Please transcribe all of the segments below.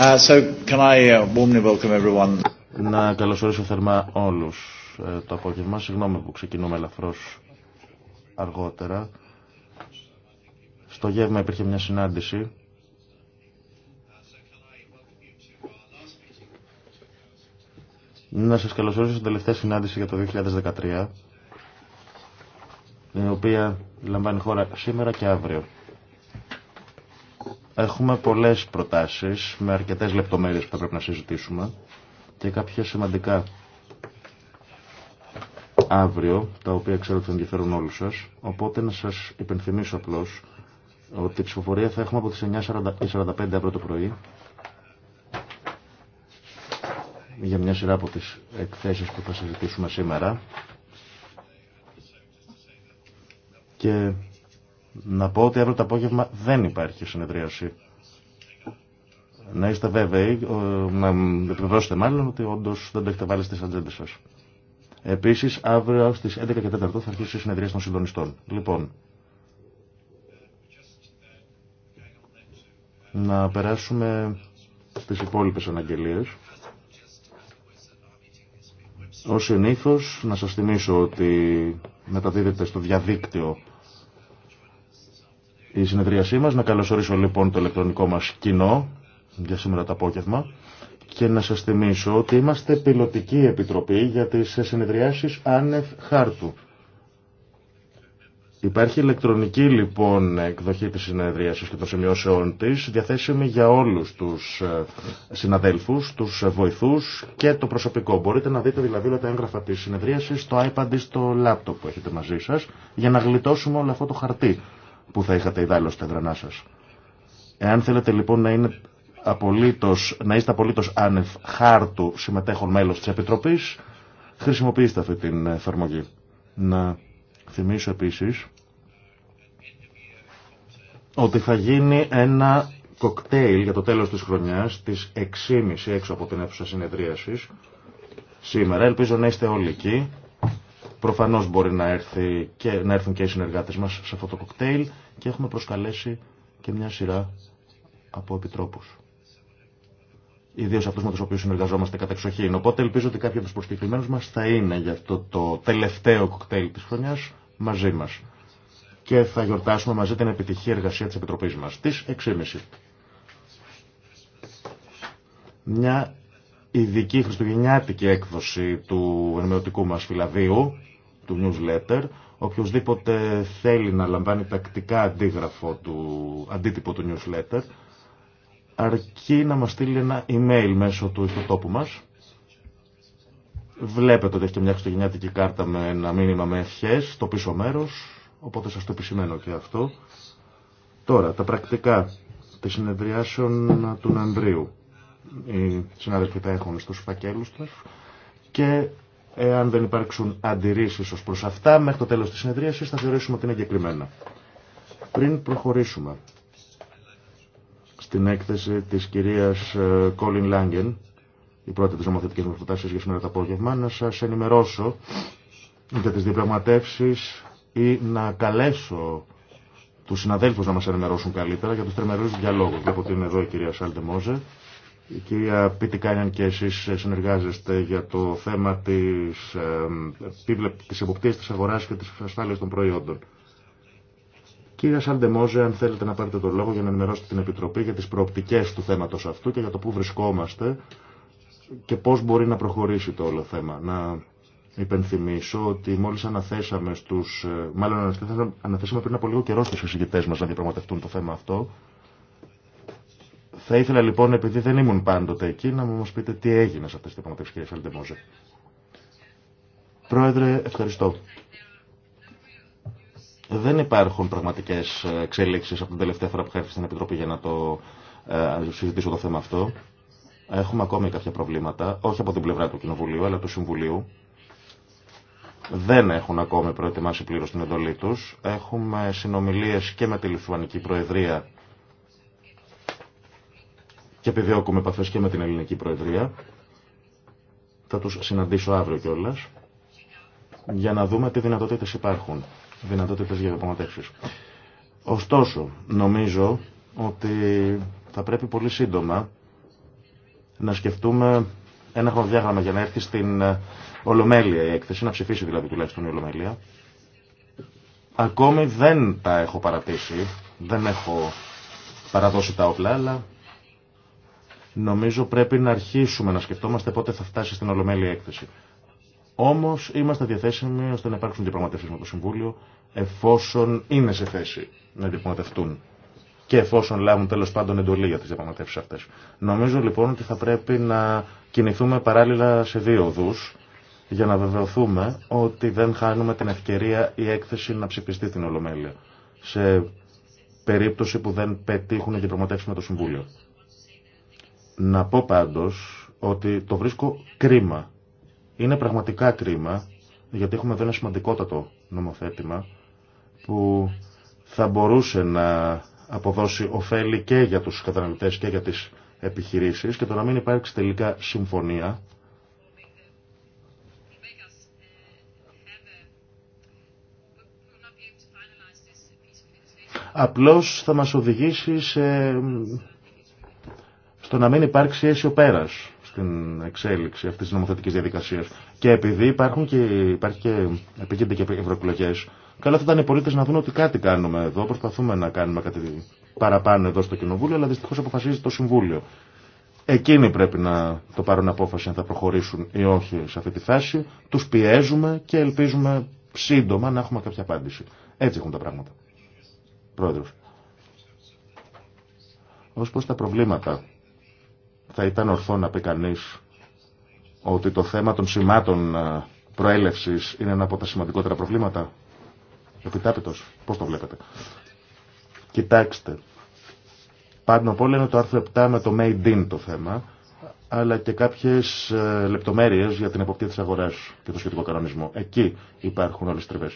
Uh, uh, Να καλωσορίσω θερμά όλους ε, το απόγευμα. Συγγνώμη που ξεκινούμε ελαφρώς αργότερα. Στο γεύμα υπήρχε μια συνάντηση. Να σας καλωσορίσω στην τελευταία συνάντηση για το 2013, η οποία λαμβάνει χώρα σήμερα και αύριο. Έχουμε πολλές προτάσεις με αρκετές λεπτομέρειες που θα πρέπει να συζητήσουμε και κάποια σημαντικά αύριο, τα οποία ξέρω ότι θα ενδιαφέρουν όλους σας. Οπότε να σας υπενθυμίσω απλώς ότι η ψηφοφορία θα έχουμε από τις 9.45 αύριο το πρωί για μια σειρά από τις εκθέσεις που θα συζητήσουμε σήμερα. Και να πω ότι αύριο το απόγευμα δεν υπάρχει συνεδρίαση. Να είστε βέβαιοι, να επιβεβαιώσετε μάλλον ότι όντω δεν το έχετε βάλει στι ατζέντε σα. Επίση, αύριο στι 11 και 4 θα αρχίσει η συνεδρίαση των συντονιστών. Λοιπόν, να περάσουμε στι υπόλοιπε αναγγελίε. Ω συνήθω, να σα θυμίσω ότι μεταδίδεται στο διαδίκτυο η συνεδρίασή μας. Να καλωσορίσω λοιπόν το ηλεκτρονικό μας κοινό για σήμερα το απόγευμα και να σας θυμίσω ότι είμαστε πιλωτική επιτροπή για τις συνεδριάσεις άνευ χάρτου. Υπάρχει ηλεκτρονική λοιπόν εκδοχή της συνεδρίασης και των σημειώσεών της διαθέσιμη για όλους τους ε, συναδέλφους, τους βοηθούς και το προσωπικό. Μπορείτε να δείτε δηλαδή όλα τα έγγραφα της συνεδρίασης στο iPad ή στο laptop που έχετε μαζί σας για να γλιτώσουμε όλο αυτό το χαρτί που θα είχατε ιδάλω στα δρανά σα. Εάν θέλετε λοιπόν να, είναι απολύτως, να είστε απολύτω άνευ χάρτου συμμετέχων μέλο τη Επιτροπή, χρησιμοποιήστε αυτή την εφαρμογή. Να θυμίσω επίση ότι θα γίνει ένα κοκτέιλ για το τέλο τη χρονιά της 6.30 έξω από την αίθουσα συνεδρίαση σήμερα. Ελπίζω να είστε όλοι εκεί. Προφανώς μπορεί να, έρθει και, να έρθουν και οι συνεργάτες μας σε αυτό το κοκτέιλ και έχουμε προσκαλέσει και μια σειρά από επιτρόπους. Ιδίω αυτού με του οποίου συνεργαζόμαστε κατά εξοχήν. Οπότε ελπίζω ότι κάποιοι από του προσκεκλημένου μα θα είναι για αυτό το τελευταίο κοκτέιλ τη χρονιά μαζί μα. Και θα γιορτάσουμε μαζί την επιτυχή εργασία τη Επιτροπή μα. Τη 6.30. Μια ειδική χριστουγεννιάτικη έκδοση του ενημερωτικού μας φυλαδίου του newsletter. Οποιοςδήποτε θέλει να λαμβάνει τακτικά αντίγραφο του, αντίτυπο του newsletter, αρκεί να μας στείλει ένα email μέσω του ιστοτόπου μας. Βλέπετε ότι και μια χριστουγεννιάτικη κάρτα με ένα μήνυμα με ευχές στο πίσω μέρος, οπότε σας το επισημαίνω και αυτό. Τώρα, τα πρακτικά της συνεδριάσεων του Νοεμβρίου. Οι συνάδελφοι τα έχουν στους φακέλους τους και Εάν δεν υπάρξουν αντιρρήσει ως προς αυτά, μέχρι το τέλος της συνεδρίασης θα θεωρήσουμε ότι είναι εγκεκριμένα. Πριν προχωρήσουμε στην έκθεση της κυρίας Κόλιν ε, Λάγκεν, η πρώτη τη νομοθετική μα για σήμερα το απόγευμα, να σα ενημερώσω για τις διαπραγματεύσει ή να καλέσω του συναδέλφου να μα ενημερώσουν καλύτερα για του τρεμερού διαλόγου. Βλέπω ότι είναι εδώ η κυρία Σάλτε Μόζε. Η κυρία Πιτικάνιαν και εσείς συνεργάζεστε για το θέμα της, ε, της εποπτείας της αγοράς και της ασφάλειας των προϊόντων. Κύριε Σαντεμόζε, αν θέλετε να πάρετε το λόγο για να ενημερώσετε την Επιτροπή για τις προοπτικές του θέματος αυτού και για το πού βρισκόμαστε και πώς μπορεί να προχωρήσει το όλο θέμα. Να υπενθυμίσω ότι μόλις αναθέσαμε στους, ε, μάλλον αναθέσαμε πριν από λίγο καιρό στους συζητητέ μας να διαπραγματευτούν το θέμα αυτό θα ήθελα λοιπόν, επειδή δεν ήμουν πάντοτε εκεί, να μου πείτε τι έγινε σε αυτές τις πραγματεύσει, κύριε Φελντεμόζε. Πρόεδρε, ευχαριστώ. Δεν υπάρχουν πραγματικές εξέλιξεις από την τελευταία φορά που είχα έρθει στην Επιτροπή για να το ε, συζητήσω το θέμα αυτό. Έχουμε ακόμη κάποια προβλήματα, όχι από την πλευρά του Κοινοβουλίου, αλλά του Συμβουλίου. Δεν έχουν ακόμη προετοιμάσει πλήρω την εντολή του. Έχουμε συνομιλίε και με τη Λιθουανική Προεδρία και επιδιώκουμε επαφέ και με την ελληνική προεδρία. Θα τους συναντήσω αύριο κιόλα για να δούμε τι δυνατότητες υπάρχουν, δυνατότητες για διαπραγματεύσεις. Ωστόσο, νομίζω ότι θα πρέπει πολύ σύντομα να σκεφτούμε ένα χρονοδιάγραμμα για να έρθει στην ε, Ολομέλεια η έκθεση, να ψηφίσει δηλαδή τουλάχιστον η Ολομέλεια. Ακόμη δεν τα έχω παρατήσει, δεν έχω παραδώσει τα όπλα, αλλά Νομίζω πρέπει να αρχίσουμε να σκεφτόμαστε πότε θα φτάσει στην ολομέλη έκθεση. Όμω είμαστε διαθέσιμοι ώστε να υπάρξουν διαπραγματεύσει με το Συμβούλιο εφόσον είναι σε θέση να διαπραγματευτούν και εφόσον λάβουν τέλο πάντων εντολή για τι διαπραγματεύσει αυτέ. Νομίζω λοιπόν ότι θα πρέπει να κινηθούμε παράλληλα σε δύο οδού για να βεβαιωθούμε ότι δεν χάνουμε την ευκαιρία η έκθεση να ψηφιστεί την Ολομέλεια σε περίπτωση που δεν πετύχουν οι διαπραγματεύσει με το Συμβούλιο. Να πω πάντως ότι το βρίσκω κρίμα. Είναι πραγματικά κρίμα, γιατί έχουμε εδώ ένα σημαντικότατο νομοθέτημα που θα μπορούσε να αποδώσει ωφέλη και για τους καταναλωτές και για τις επιχειρήσεις και το να μην υπάρξει τελικά συμφωνία απλώς θα μας οδηγήσει σε στο να μην υπάρξει αίσιο πέρα στην εξέλιξη αυτή τη νομοθετική διαδικασία. Και επειδή υπάρχουν και, υπάρχει και επίκενται και ευρωεκλογέ, καλό θα ήταν οι πολίτε να δουν ότι κάτι κάνουμε εδώ. Προσπαθούμε να κάνουμε κάτι παραπάνω εδώ στο Κοινοβούλιο, αλλά δυστυχώ αποφασίζει το Συμβούλιο. Εκείνοι πρέπει να το πάρουν απόφαση αν θα προχωρήσουν ή όχι σε αυτή τη φάση. Του πιέζουμε και ελπίζουμε σύντομα να έχουμε κάποια απάντηση. Έτσι έχουν τα πράγματα. Πρόεδρος. Ως προς τα προβλήματα θα ήταν ορθό να πει κανεί ότι το θέμα των σημάτων ε, προέλευση είναι ένα από τα σημαντικότερα προβλήματα. Επιτάπητο, πώς το βλέπετε. Κοιτάξτε, πάνω από όλα είναι το άρθρο 7 με το made in το θέμα, αλλά και κάποιες ε, λεπτομέρειες για την εποπτεία της αγοράς και το σχετικό κανονισμό. Εκεί υπάρχουν όλε τι τριβέ.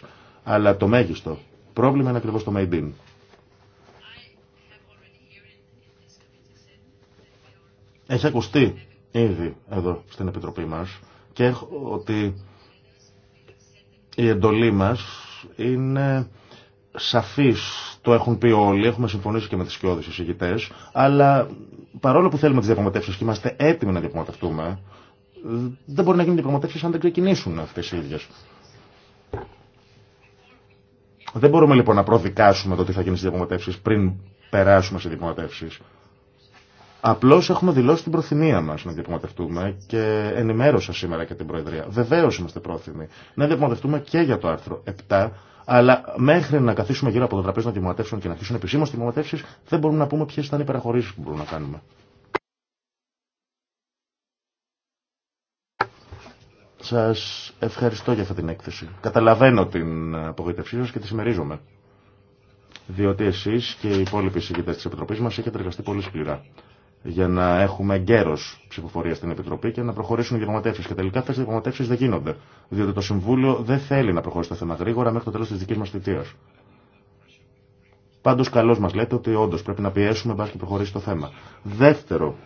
Αλλά το μέγιστο πρόβλημα είναι ακριβώ το made in. Έχει ακουστεί ήδη εδώ στην Επιτροπή μας και ότι η εντολή μας είναι σαφής, το έχουν πει όλοι, έχουμε συμφωνήσει και με τις σκιώδεις εισηγητές, αλλά παρόλο που θέλουμε τις διαπραγματεύσεις και είμαστε έτοιμοι να διαπραγματευτούμε, δεν μπορεί να γίνουν διαπραγματεύσεις αν δεν ξεκινήσουν αυτές οι ίδιες. Δεν μπορούμε λοιπόν να προδικάσουμε το τι θα γίνει στις διαπραγματεύσεις πριν περάσουμε σε διαπραγματεύσεις. Απλώ έχουμε δηλώσει την προθυμία μα να διαπραγματευτούμε και ενημέρωσα σήμερα και την Προεδρία. Βεβαίω είμαστε πρόθυμοι να διαπραγματευτούμε και για το άρθρο 7, αλλά μέχρι να καθίσουμε γύρω από το τραπέζι να διαπραγματεύσουν και να αρχίσουν επισήμω διαπραγματεύσει, δεν μπορούμε να πούμε ποιε θα είναι οι παραχωρήσει που μπορούμε να κάνουμε. Σα ευχαριστώ για αυτή την έκθεση. Καταλαβαίνω την απογοήτευσή σα και τη συμμερίζομαι. Διότι εσεί και οι υπόλοιποι συγκεκριτέ τη Επιτροπή μα έχετε εργαστεί πολύ σκληρά για να έχουμε γέρο ψηφοφορία στην Επιτροπή και να προχωρήσουν οι διαπραγματεύσει. Και τελικά αυτέ οι διαπραγματεύσει δεν γίνονται. Διότι το Συμβούλιο δεν θέλει να προχωρήσει το θέμα γρήγορα μέχρι το τέλο τη δική μα θητεία. Πάντω, καλώ μα λέτε ότι όντω πρέπει να πιέσουμε μπα και προχωρήσει το θέμα. Δεύτερο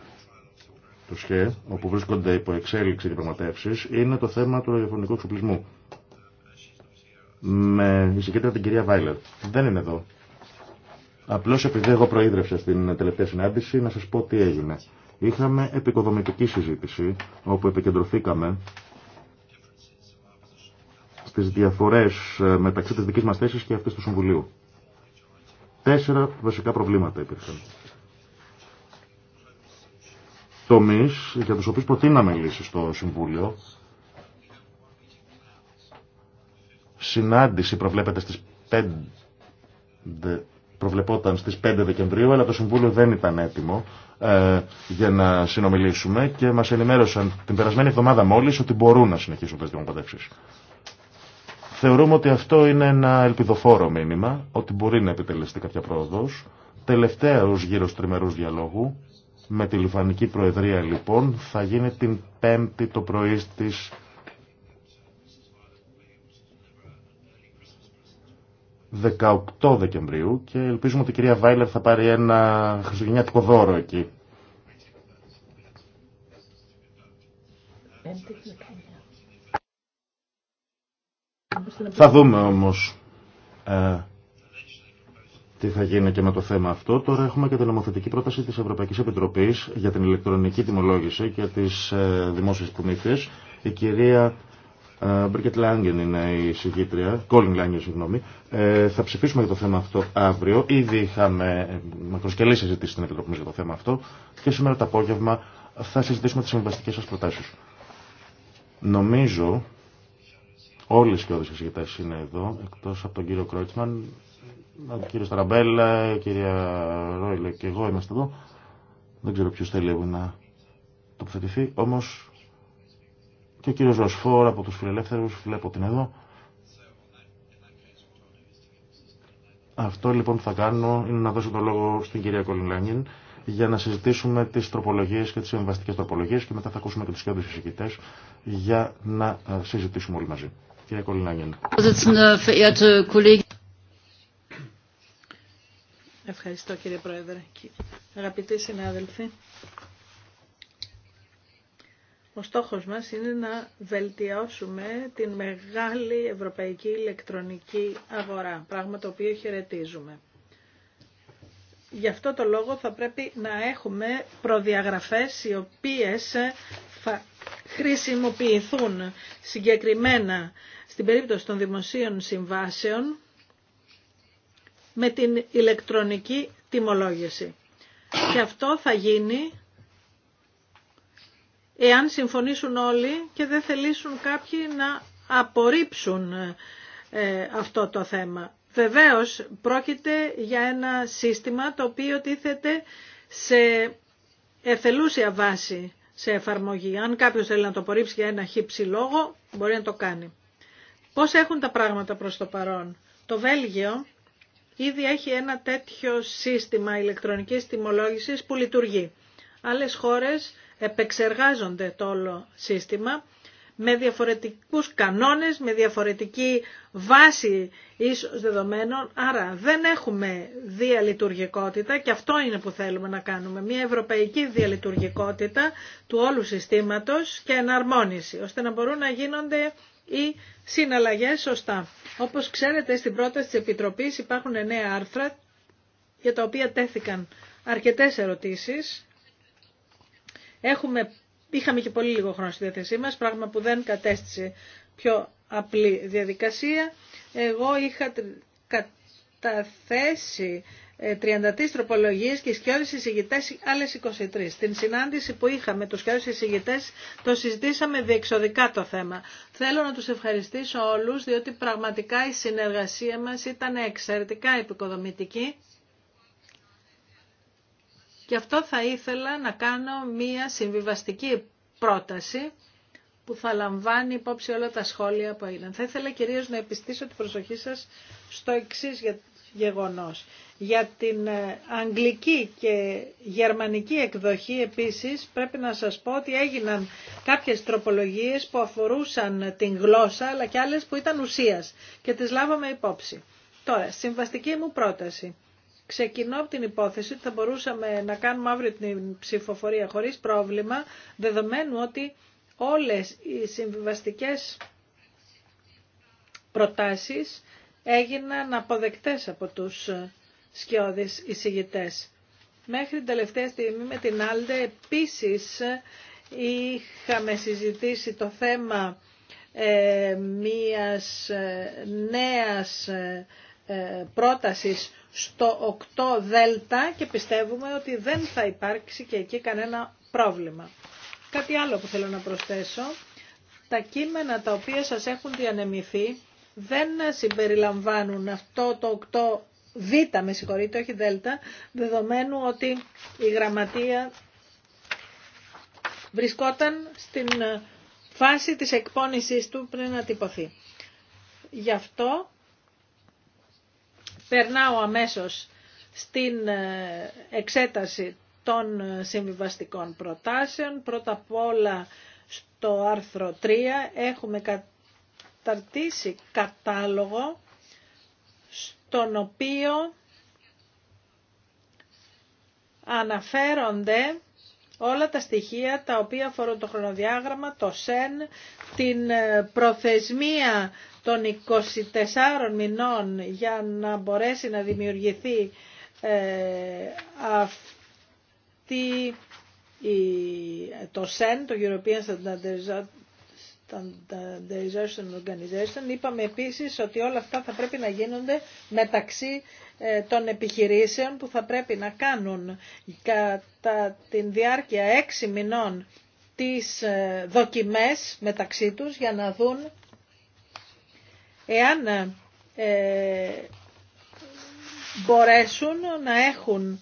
του ΣΧΕ, όπου βρίσκονται υπό εξέλιξη διαπραγματεύσει, είναι το θέμα του ραδιοφωνικού εξοπλισμού. Με εισηγήτρια την κυρία Βάιλερ. Δεν είναι εδώ. Απλώς επειδή εγώ προείδρευσα στην τελευταία συνάντηση να σας πω τι έγινε. Είχαμε επικοδομητική συζήτηση όπου επικεντρωθήκαμε στις διαφορές ε, μεταξύ της δικής μας θέσης και αυτής του Συμβουλίου. Τέσσερα βασικά προβλήματα υπήρχαν. Τομείς για τους οποίους προτείναμε λύσει στο Συμβούλιο. Συνάντηση προβλέπεται στις 5 προβλεπόταν στις 5 Δεκεμβρίου, αλλά το Συμβούλιο δεν ήταν έτοιμο ε, για να συνομιλήσουμε και μας ενημέρωσαν την περασμένη εβδομάδα μόλις ότι μπορούν να συνεχίσουν τις δημοκρατήσεις. Θεωρούμε ότι αυτό είναι ένα ελπιδοφόρο μήνυμα, ότι μπορεί να επιτελεστεί κάποια πρόοδος. Τελευταίος γύρος τριμερούς διαλόγου με τη Λιβανική Προεδρία λοιπόν θα γίνει την 5η το πρωί στις 18 Δεκεμβρίου και ελπίζουμε ότι η κυρία Βάιλερ θα πάρει ένα χριστουγεννιάτικο δώρο εκεί. Θα δούμε όμως ε, τι θα γίνει και με το θέμα αυτό. Τώρα έχουμε και την νομοθετική πρόταση της Ευρωπαϊκής Επιτροπής για την ηλεκτρονική τιμολόγηση και τις ε, δημόσιες Η κυρία ε, Μπρίκετ Λάγκεν είναι η συγγήτρια, Κόλλιν Λάγκεν, συγγνώμη. Ε, θα ψηφίσουμε για το θέμα αυτό αύριο. Ήδη είχαμε ε, μακροσκελή συζήτηση στην Επιτροπή για το θέμα αυτό και σήμερα το απόγευμα θα συζητήσουμε τι συμβαστικέ σα προτάσει. Νομίζω όλε και όλε οι συζητητέ είναι εδώ, εκτό από τον κύριο Κρόιτσμαν, τον κύριο Σταραμπέλα, η κυρία Ρόιλε και εγώ είμαστε εδώ. Δεν ξέρω ποιο θέλει να τοποθετηθεί, όμω και ο κύριο Ροσφόρ από του φιλελεύθερου, βλέπω την εδώ. Αυτό λοιπόν που θα κάνω είναι να δώσω το λόγο στην κυρία Κολυλάνιν για να συζητήσουμε τι τροπολογίε και τι συμβαστικέ τροπολογίε, και μετά θα ακούσουμε και του κέντρου συζητητές για να ε, συζητήσουμε όλοι μαζί. Κυρία Κολυλάνιν. Ευχαριστώ κύριε Πρόεδρε. Αγαπητοί συνάδελφοι, ο στόχος μας είναι να βελτιώσουμε την μεγάλη ευρωπαϊκή ηλεκτρονική αγορά, πράγμα το οποίο χαιρετίζουμε. Γι' αυτό το λόγο θα πρέπει να έχουμε προδιαγραφές οι οποίες θα χρησιμοποιηθούν συγκεκριμένα στην περίπτωση των δημοσίων συμβάσεων με την ηλεκτρονική τιμολόγηση. Και αυτό θα γίνει εάν συμφωνήσουν όλοι και δεν θελήσουν κάποιοι να απορρίψουν ε, αυτό το θέμα. Βεβαίως πρόκειται για ένα σύστημα το οποίο τίθεται σε εθελούσια βάση σε εφαρμογή. Αν κάποιος θέλει να το απορρίψει για ένα χύψη λόγο, μπορεί να το κάνει. Πώς έχουν τα πράγματα προς το παρόν. Το Βέλγιο ήδη έχει ένα τέτοιο σύστημα ηλεκτρονικής τιμολόγησης που λειτουργεί. Άλλες χώρες επεξεργάζονται το όλο σύστημα με διαφορετικούς κανόνες, με διαφορετική βάση ίσως δεδομένων. Άρα δεν έχουμε διαλειτουργικότητα και αυτό είναι που θέλουμε να κάνουμε. Μια ευρωπαϊκή διαλειτουργικότητα του όλου συστήματος και εναρμόνιση, ώστε να μπορούν να γίνονται οι συναλλαγές σωστά. Όπως ξέρετε στην πρόταση της Επιτροπής υπάρχουν νέα άρθρα για τα οποία τέθηκαν αρκετές ερωτήσεις Έχουμε, είχαμε και πολύ λίγο χρόνο στη διάθεσή μας, πράγμα που δεν κατέστησε πιο απλή διαδικασία. Εγώ είχα καταθέσει 33 ε, τροπολογίες και οι σκιώδεις εισηγητές άλλες 23. Στην συνάντηση που είχαμε τους σκιώδεις εισηγητές το συζητήσαμε διεξοδικά το θέμα. Θέλω να τους ευχαριστήσω όλους διότι πραγματικά η συνεργασία μας ήταν εξαιρετικά επικοδομητική Γι' αυτό θα ήθελα να κάνω μία συμβιβαστική πρόταση που θα λαμβάνει υπόψη όλα τα σχόλια που έγιναν. Θα ήθελα κυρίως να επιστήσω την προσοχή σας στο εξής γεγονός. Για την ε, αγγλική και γερμανική εκδοχή επίσης πρέπει να σας πω ότι έγιναν κάποιες τροπολογίες που αφορούσαν την γλώσσα αλλά και άλλες που ήταν ουσίας και τις λάβαμε υπόψη. Τώρα, συμβαστική μου πρόταση. Ξεκινώ από την υπόθεση ότι θα μπορούσαμε να κάνουμε αύριο την ψηφοφορία χωρίς πρόβλημα, δεδομένου ότι όλες οι συμβιβαστικές προτάσεις έγιναν αποδεκτές από τους σκιώδεις εισηγητές. Μέχρι την τελευταία στιγμή με την Άλντε επίσης είχαμε συζητήσει το θέμα ε, μιας ε, νέας ε, πρότασης στο 8 δέλτα και πιστεύουμε ότι δεν θα υπάρξει και εκεί κανένα πρόβλημα. Κάτι άλλο που θέλω να προσθέσω. Τα κείμενα τα οποία σας έχουν διανεμηθεί δεν συμπεριλαμβάνουν αυτό το 8 β, με συγχωρείτε, όχι δέλτα, δεδομένου ότι η γραμματεία βρισκόταν στην φάση της εκπόνησής του πριν να τυπωθεί. Γι' αυτό Περνάω αμέσως στην ε, εξέταση των ε, συμβιβαστικών προτάσεων. Πρώτα απ' όλα στο άρθρο 3 έχουμε καταρτήσει κατάλογο στον οποίο αναφέρονται όλα τα στοιχεία τα οποία αφορούν το χρονοδιάγραμμα, το ΣΕΝ, την ε, προθεσμία των 24 μηνών για να μπορέσει να δημιουργηθεί ε, αυτή το ΣΕΝ, το European Standardization Organization. Είπαμε επίσης ότι όλα αυτά θα πρέπει να γίνονται μεταξύ ε, των επιχειρήσεων που θα πρέπει να κάνουν κατά την διάρκεια 6 μηνών τις ε, δοκιμές μεταξύ τους για να δουν εάν ε, ε, μπορέσουν να έχουν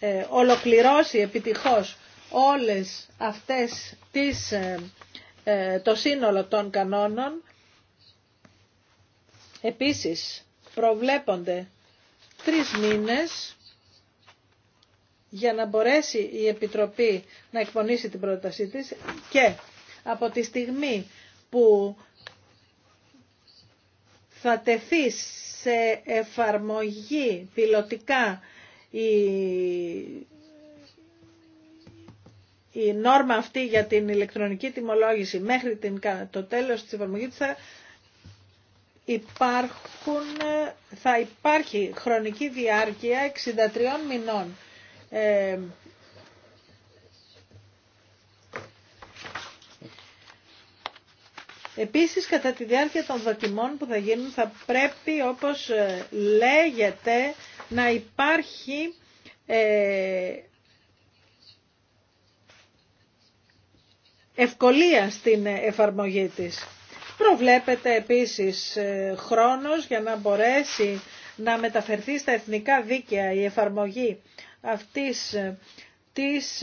ε, ολοκληρώσει επιτυχώς όλες αυτές τις, το σύνολο των κανόνων, επίσης προβλέπονται τρεις μήνες για να μπορέσει η Επιτροπή να εκπονήσει την πρότασή της και από τη στιγμή που θα τεθεί σε εφαρμογή πιλωτικά η, η νόρμα αυτή για την ηλεκτρονική τιμολόγηση μέχρι την, το τέλος της εφαρμογής θα, υπάρχουν, υπάρχει χρονική διάρκεια 63 μηνών. Ε, Επίσης, κατά τη διάρκεια των δοκιμών που θα γίνουν, θα πρέπει, όπως ε, λέγεται, να υπάρχει ε, ευκολία στην εφαρμογή της. Προβλέπεται επίσης ε, χρόνος για να μπορέσει να μεταφερθεί στα εθνικά δίκαια η εφαρμογή αυτής της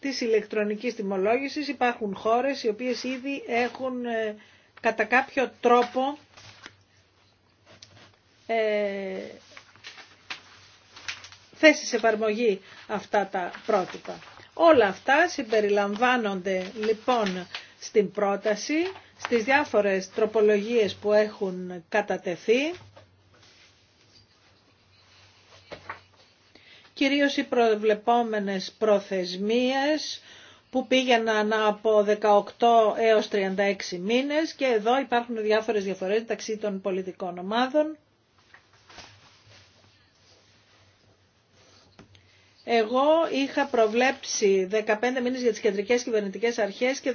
της ηλεκτρονικής τιμολόγησης. Υπάρχουν χώρες οι οποίες ήδη έχουν ε, κατά κάποιο τρόπο ε, θέσει σε εφαρμογή αυτά τα πρότυπα. Όλα αυτά συμπεριλαμβάνονται λοιπόν στην πρόταση, στις διάφορες τροπολογίες που έχουν κατατεθεί κυρίως οι προβλεπόμενες προθεσμίες που πήγαιναν από 18 έως 36 μήνες και εδώ υπάρχουν διάφορες διαφορές μεταξύ των πολιτικών ομάδων. Εγώ είχα προβλέψει 15 μήνες για τις κεντρικές κυβερνητικές αρχές και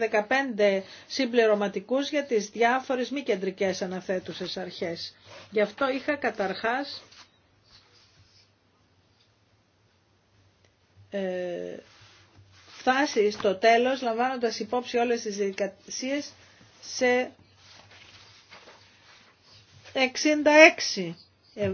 15 συμπληρωματικούς για τις διάφορες μη κεντρικές αναθέτουσες αρχές. Γι' αυτό είχα καταρχάς Ε, φτάσει στο τέλος λαμβάνοντας υπόψη όλες τις διαδικασίες σε 66 ε,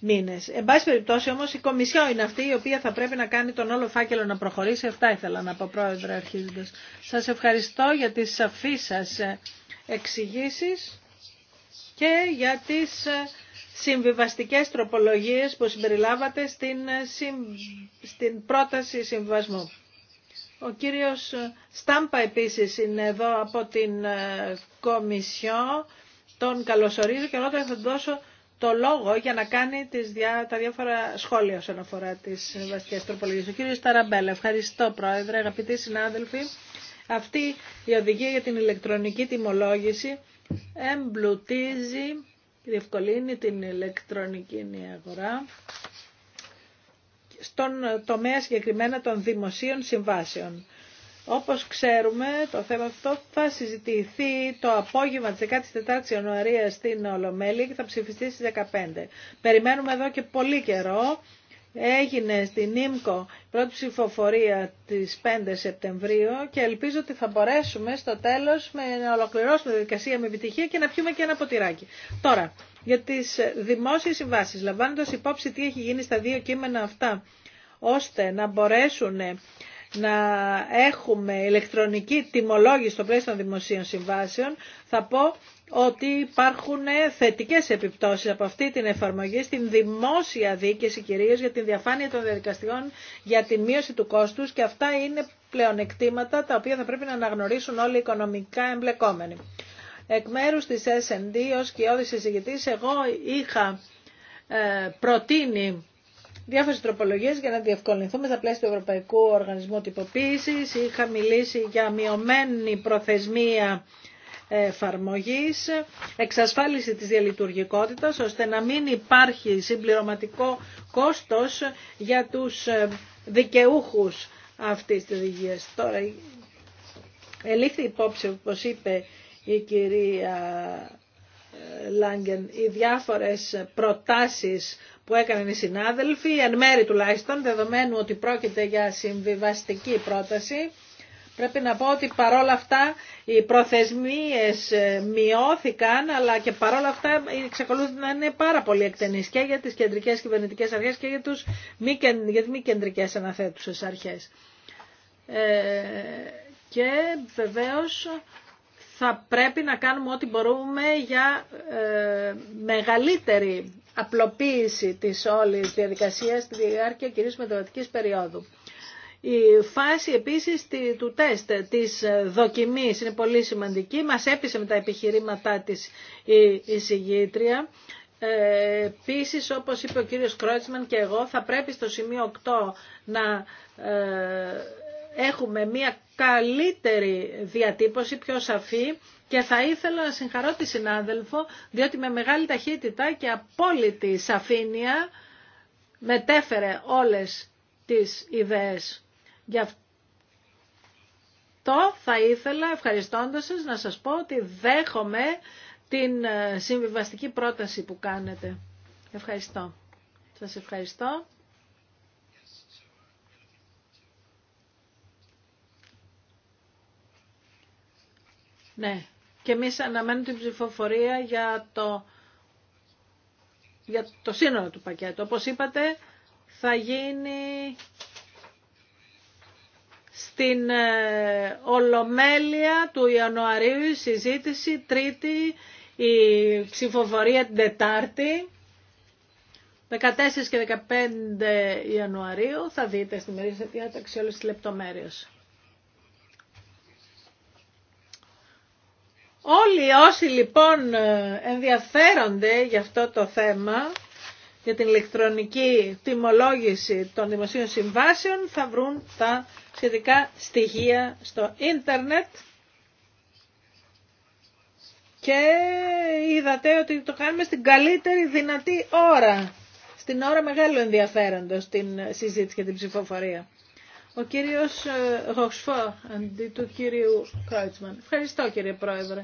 μήνες. Εν πάση περιπτώσει όμως η Κομισιό είναι αυτή η οποία θα πρέπει να κάνει τον όλο φάκελο να προχωρήσει. Αυτά ήθελα να πω πρόεδρε αρχίζοντας. Σας ευχαριστώ για τις σαφείς σας ε, εξηγήσεις και για τις συμβιβαστικές τροπολογίες που συμπεριλάβατε στην, στην πρόταση συμβιβασμού. Ο κύριος Στάμπα επίσης είναι εδώ από την ε, Κομισιό. Τον καλωσορίζω και όταν θα του δώσω το λόγο για να κάνει τις διά, τα διάφορα σχόλια όσον αφορά τις βασικές τροπολογίες. Ο κύριος Ταραμπέλα, ευχαριστώ πρόεδρε, αγαπητοί συνάδελφοι. Αυτή η οδηγία για την ηλεκτρονική τιμολόγηση εμπλουτίζει διευκολύνει την ηλεκτρονική αγορά στον τομέα συγκεκριμένα των δημοσίων συμβάσεων. Όπως ξέρουμε, το θέμα αυτό θα συζητηθεί το απόγευμα της 14ης Ιανουαρίας στην Ολομέλη και θα ψηφιστεί στις 15. Περιμένουμε εδώ και πολύ καιρό Έγινε στην ΙΜΚΟ πρώτη ψηφοφορία της 5 Σεπτεμβρίου και ελπίζω ότι θα μπορέσουμε στο τέλος με, να ολοκληρώσουμε τη δικασία με επιτυχία και να πιούμε και ένα ποτηράκι. Τώρα, για τις δημόσιες συμβάσεις, λαμβάνοντας υπόψη τι έχει γίνει στα δύο κείμενα αυτά, ώστε να μπορέσουν να έχουμε ηλεκτρονική τιμολόγηση στο πλαίσιο των δημοσίων συμβάσεων, θα πω ότι υπάρχουν θετικές επιπτώσεις από αυτή την εφαρμογή στην δημόσια δίκαιση κυρίως για την διαφάνεια των διαδικαστικών, για την μείωση του κόστους και αυτά είναι πλεονεκτήματα τα οποία θα πρέπει να αναγνωρίσουν όλοι οι οικονομικά εμπλεκόμενοι. Εκ μέρους της S&D ως κοιόδης συζητητής εγώ είχα ε, προτείνει Διάφορε τροπολογίε για να διευκολυνθούμε στα πλαίσια του Ευρωπαϊκού Οργανισμού Τυποποίηση. Είχα μιλήσει για μειωμένη προθεσμία εφαρμογή, εξασφάλιση της διαλειτουργικότητας, ώστε να μην υπάρχει συμπληρωματικό κόστος για τους δικαιούχους αυτή τη οδηγία. Τώρα, ελήφθη υπόψη, όπω είπε η κυρία Λάγκεν, οι διάφορες προτάσεις που έκαναν οι συνάδελφοι, εν μέρη τουλάχιστον, δεδομένου ότι πρόκειται για συμβιβαστική πρόταση, πρέπει να πω ότι παρόλα αυτά οι προθεσμίες ε, μειώθηκαν, αλλά και παρόλα αυτά εξακολουθούν να είναι πάρα πολύ εκτενείς και για τις κεντρικές κυβερνητικές αρχές και για, τους μη, για τις μη κεντρικές αναθέτουσες αρχές. Ε, και βεβαίως θα πρέπει να κάνουμε ό,τι μπορούμε για ε, μεγαλύτερη απλοποίηση της όλης διαδικασίας στη διάρκεια κυρίως μεταβατικής περίοδου. Η φάση επίσης του τεστ της δοκιμής είναι πολύ σημαντική. Μας έπεισε με τα επιχειρήματά της η εισηγήτρια. Ε, Επίση, όπως είπε ο κύριος Κρότσμαν και εγώ, θα πρέπει στο σημείο 8 να ε, έχουμε μια καλύτερη διατύπωση, πιο σαφή και θα ήθελα να συγχαρώ τη συνάδελφο διότι με μεγάλη ταχύτητα και απόλυτη σαφήνεια μετέφερε όλες τις ιδέες. Γι' αυτό θα ήθελα ευχαριστώντας σας να σας πω ότι δέχομαι την ε, συμβιβαστική πρόταση που κάνετε. Ευχαριστώ. Σας ευχαριστώ. Ναι. Και εμεί αναμένουμε την ψηφοφορία για το, για το σύνολο του πακέτου. Όπως είπατε, θα γίνει στην ε, Ολομέλεια του Ιανουαρίου η συζήτηση, τρίτη η ψηφοφορία την Τετάρτη. 14 και 15 Ιανουαρίου θα δείτε στη μερίδα διάταξη όλες τις λεπτομέρειες. Όλοι όσοι λοιπόν ε, ενδιαφέρονται για αυτό το θέμα, για την ηλεκτρονική τιμολόγηση των δημοσίων συμβάσεων, θα βρουν τα σχετικά στοιχεία στο ίντερνετ. Και είδατε ότι το κάνουμε στην καλύτερη δυνατή ώρα, στην ώρα μεγάλου ενδιαφέροντος, στην συζήτηση και την ψηφοφορία. Ο κύριος Γοξφό ε, αντί του κύριου Κρόιτσμαν. Ευχαριστώ κύριε Πρόεδρε.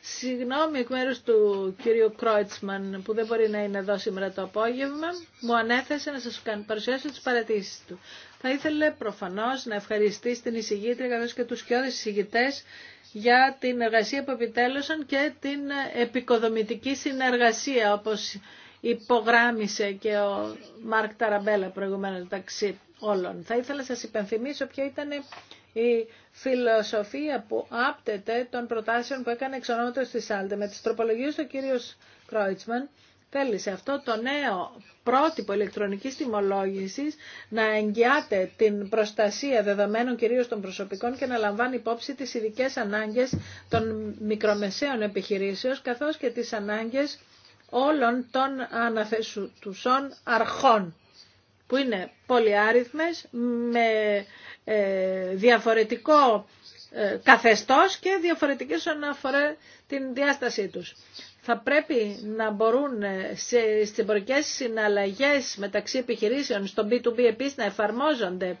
Συγγνώμη εκ μέρους του κύριου Κρόιτσμαν που δεν μπορεί να είναι εδώ σήμερα το απόγευμα. Μου ανέθεσε να σας παρουσιάσω τις παρατήσεις του. Θα ήθελε προφανώς να ευχαριστήσει την εισηγήτρια καθώς και τους κοιόδες εισηγητές για την εργασία που επιτέλωσαν και την επικοδομητική συνεργασία όπως υπογράμμισε και ο Μάρκ Ταραμπέλα προηγουμένως μεταξύ όλων. Θα ήθελα να σας υπενθυμίσω ποια ήταν η φιλοσοφία που άπτεται των προτάσεων που έκανε εξ ονόματος της Άλτε. Με τις τροπολογίες του κύριος Κρόιτσμαν θέλησε αυτό το νέο πρότυπο ηλεκτρονικής τιμολόγησης να εγγυάται την προστασία δεδομένων κυρίως των προσωπικών και να λαμβάνει υπόψη τις ειδικές ανάγκες των μικρομεσαίων επιχειρήσεων καθώς και τις ανάγκες όλων των αναθεσουσών αρχών που είναι πολυάριθμες με ε, διαφορετικό ε, καθεστώς και διαφορετικές όσον αφορά την διάστασή τους. Θα πρέπει να μπορούν ε, σε, στις εμπορικές συναλλαγές μεταξύ επιχειρήσεων στο B2B επίσης να εφαρμόζονται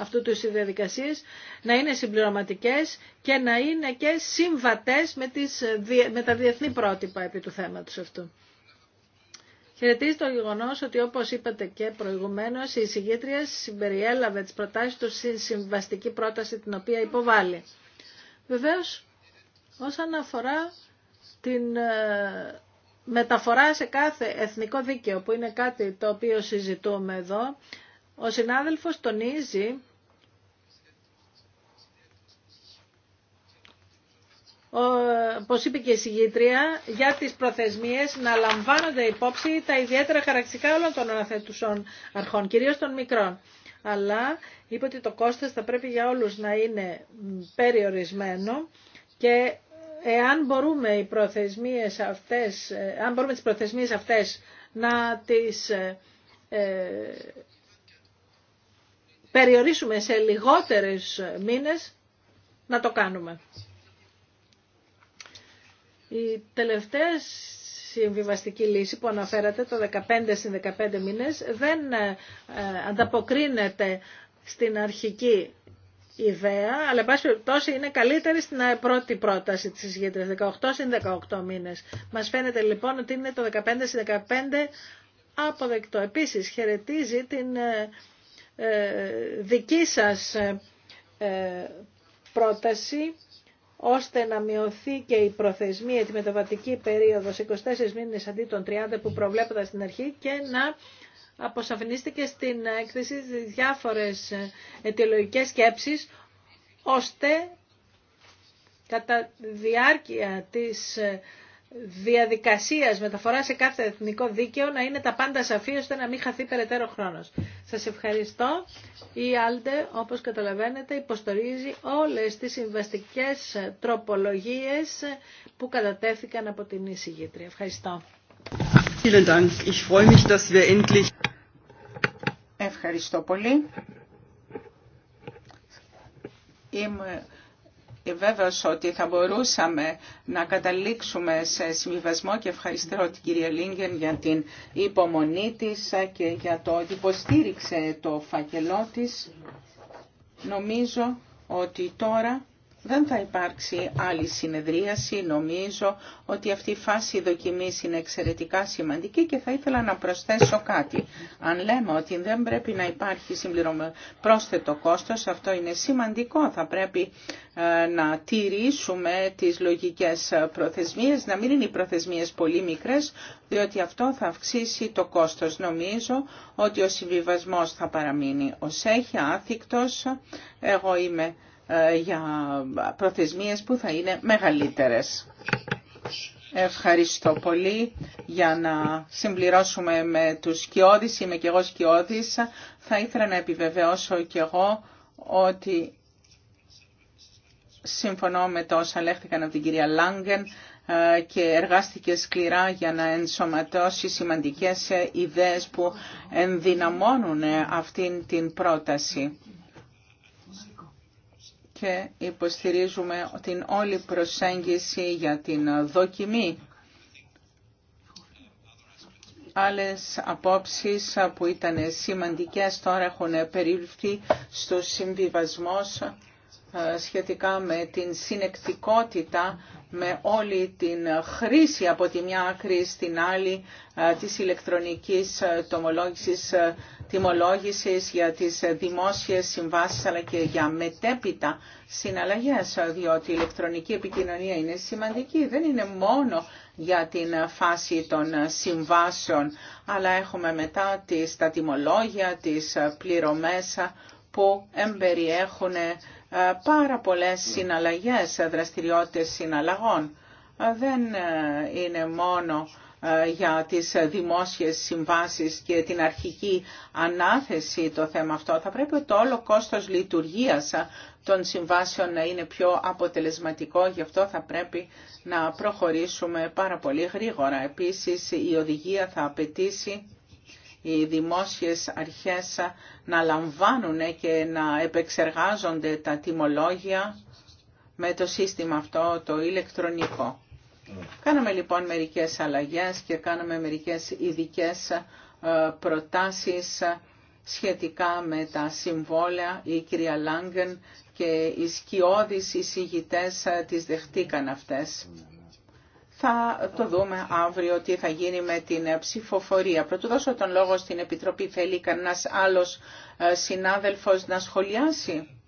αυτού του διαδικασίες, να είναι συμπληρωματικές και να είναι και συμβατές με, τις, με τα διεθνή πρότυπα επί του θέματος αυτού. Χαιρετίζει το γεγονό ότι όπω είπατε και προηγουμένω η εισηγήτρια συμπεριέλαβε τι προτάσει του στην συμβαστική πρόταση την οποία υποβάλλει. Βεβαίω, όσον αφορά την ε, μεταφορά σε κάθε εθνικό δίκαιο που είναι κάτι το οποίο συζητούμε εδώ, ο συνάδελφος τονίζει Όπω είπε και η συγγήτρια, για τις προθεσμίες να λαμβάνονται υπόψη τα ιδιαίτερα χαρακτηριστικά όλων των αναθετουσών αρχών, κυρίως των μικρών. Αλλά είπε ότι το κόστος θα πρέπει για όλους να είναι περιορισμένο και ε, εάν μπορούμε, οι προθεσμίες αυτές, ε, αν μπορούμε τις προθεσμίες αυτές να τις ε, περιορίσουμε σε λιγότερες μήνες, να το κάνουμε. Η τελευταία συμβιβαστική λύση που αναφέρατε, το 15 συν 15 μήνες, δεν ε, ανταποκρίνεται στην αρχική ιδέα, αλλά εν πάση περιπτώσει είναι καλύτερη στην πρώτη πρόταση της εισηγήτρια, 18 συν 18 μήνες. Μας φαίνεται λοιπόν ότι είναι το 15 συν 15 αποδεκτό. Επίσης χαιρετίζει την ε, ε, δική σας πρόταση ώστε να μειωθεί και η προθεσμία, τη μεταβατική περίοδος 24 μήνες αντί των 30 που προβλέπονταν στην αρχή και να αποσαφινίστηκε στην έκθεση διάφορες αιτιολογικές σκέψεις ώστε κατά διάρκεια της Διαδικασία μεταφορά σε κάθε εθνικό δίκαιο να είναι τα πάντα σαφή ώστε να μην χαθεί περαιτέρω χρόνος. Σας ευχαριστώ. Η Άλτε, όπως καταλαβαίνετε, υποστορίζει όλες τις συμβαστικέ τροπολογίες που κατατέθηκαν από την εισηγήτρια. Ευχαριστώ. Ευχαριστώ πολύ. Είμαι βέβαιος ότι θα μπορούσαμε να καταλήξουμε σε συμβιβασμό και ευχαριστώ την κυρία Λίγκεν για την υπομονή της και για το ότι υποστήριξε το φακελό της. Νομίζω ότι τώρα δεν θα υπάρξει άλλη συνεδρίαση. Νομίζω ότι αυτή η φάση δοκιμής είναι εξαιρετικά σημαντική και θα ήθελα να προσθέσω κάτι. Αν λέμε ότι δεν πρέπει να υπάρχει πρόσθετο κόστος, αυτό είναι σημαντικό. Θα πρέπει ε, να τηρήσουμε τις λογικές προθεσμίες, να μην είναι οι προθεσμίες πολύ μικρές, διότι αυτό θα αυξήσει το κόστος. Νομίζω ότι ο συμβιβασμός θα παραμείνει ως έχει άθικτος. Εγώ είμαι ε, για προθεσμίες που θα είναι μεγαλύτερες. Ευχαριστώ πολύ. Για να συμπληρώσουμε με τους σκιώδεις, είμαι και εγώ σκιώδης, θα ήθελα να επιβεβαιώσω και εγώ ότι συμφωνώ με το όσα λέχθηκαν από την κυρία Λάγκεν ε, και εργάστηκε σκληρά για να ενσωματώσει σημαντικές ε, ιδέες που ενδυναμώνουν αυτήν την πρόταση και υποστηρίζουμε την όλη προσέγγιση για την δοκιμή. Άλλες απόψεις που ήταν σημαντικές τώρα έχουν περιληφθεί στο συμβιβασμό ε, σχετικά με την συνεκτικότητα με όλη την χρήση από τη μια άκρη στην άλλη ε, της ηλεκτρονικής ε, τομολόγησης Τιμολόγηση για τις δημόσιες συμβάσεις αλλά και για μετέπειτα συναλλαγές, διότι η ηλεκτρονική επικοινωνία είναι σημαντική. Δεν είναι μόνο για την φάση των συμβάσεων, αλλά έχουμε μετά τις, τα τιμολόγια, τις πληρωμές που εμπεριέχουν ε, πάρα πολλές συναλλαγές, δραστηριότητες συναλλαγών. Ε, δεν ε, είναι μόνο ε, για τις δημόσιες συμβάσεις και την αρχική ανάθεση το θέμα αυτό. Θα πρέπει το όλο κόστος λειτουργίας των συμβάσεων να είναι πιο αποτελεσματικό, γι' αυτό θα πρέπει να προχωρήσουμε πάρα πολύ γρήγορα. Επίσης η οδηγία θα απαιτήσει οι δημόσιες αρχές να λαμβάνουν και να επεξεργάζονται τα τιμολόγια με το σύστημα αυτό το ηλεκτρονικό. Κάναμε λοιπόν μερικές αλλαγές και κάναμε μερικές ειδικέ ε, προτάσεις ε, σχετικά με τα συμβόλαια. Η κυρία Λάγκεν και οι σκιώδεις εισηγητές ε, τις δεχτήκαν αυτές. Θα το δούμε αύριο τι θα γίνει με την ψηφοφορία. Πρωτού δώσω τον λόγο στην Επιτροπή. Θέλει κανένα άλλος συνάδελφος να σχολιάσει.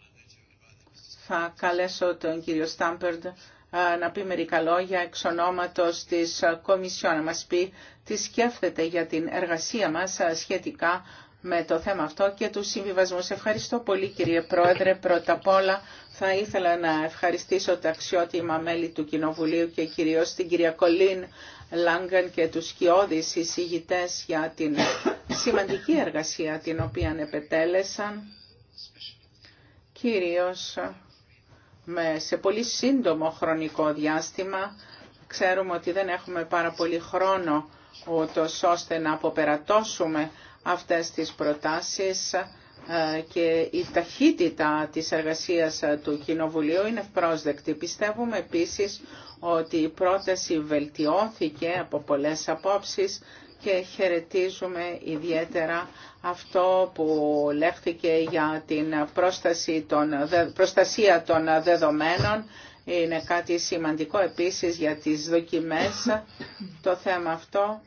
Θα καλέσω τον κύριο Στάμπερντ να πει μερικά λόγια εξ ονόματος της Κομισιόν, να μας πει τι σκέφτεται για την εργασία μας σχετικά με το θέμα αυτό και του συμβιβασμού. Ευχαριστώ πολύ κύριε Πρόεδρε. Πρώτα απ' όλα θα ήθελα να ευχαριστήσω τα αξιότιμα μέλη του Κοινοβουλίου και κυρίως την κυρία Κολίν Λάγκαν και τους σκιώδεις εισηγητές για την σημαντική εργασία την οποία επετέλεσαν. Κυρίως με, σε πολύ σύντομο χρονικό διάστημα. Ξέρουμε ότι δεν έχουμε πάρα πολύ χρόνο ούτως ώστε να αποπερατώσουμε αυτές τις προτάσεις ε, και η ταχύτητα της εργασίας του Κοινοβουλίου είναι ευπρόσδεκτη. Πιστεύουμε επίσης ότι η πρόταση βελτιώθηκε από πολλές απόψεις και χαιρετίζουμε ιδιαίτερα αυτό που λέχθηκε για την προστασία των δεδομένων είναι κάτι σημαντικό επίσης για τις δοκιμές. Το θέμα αυτό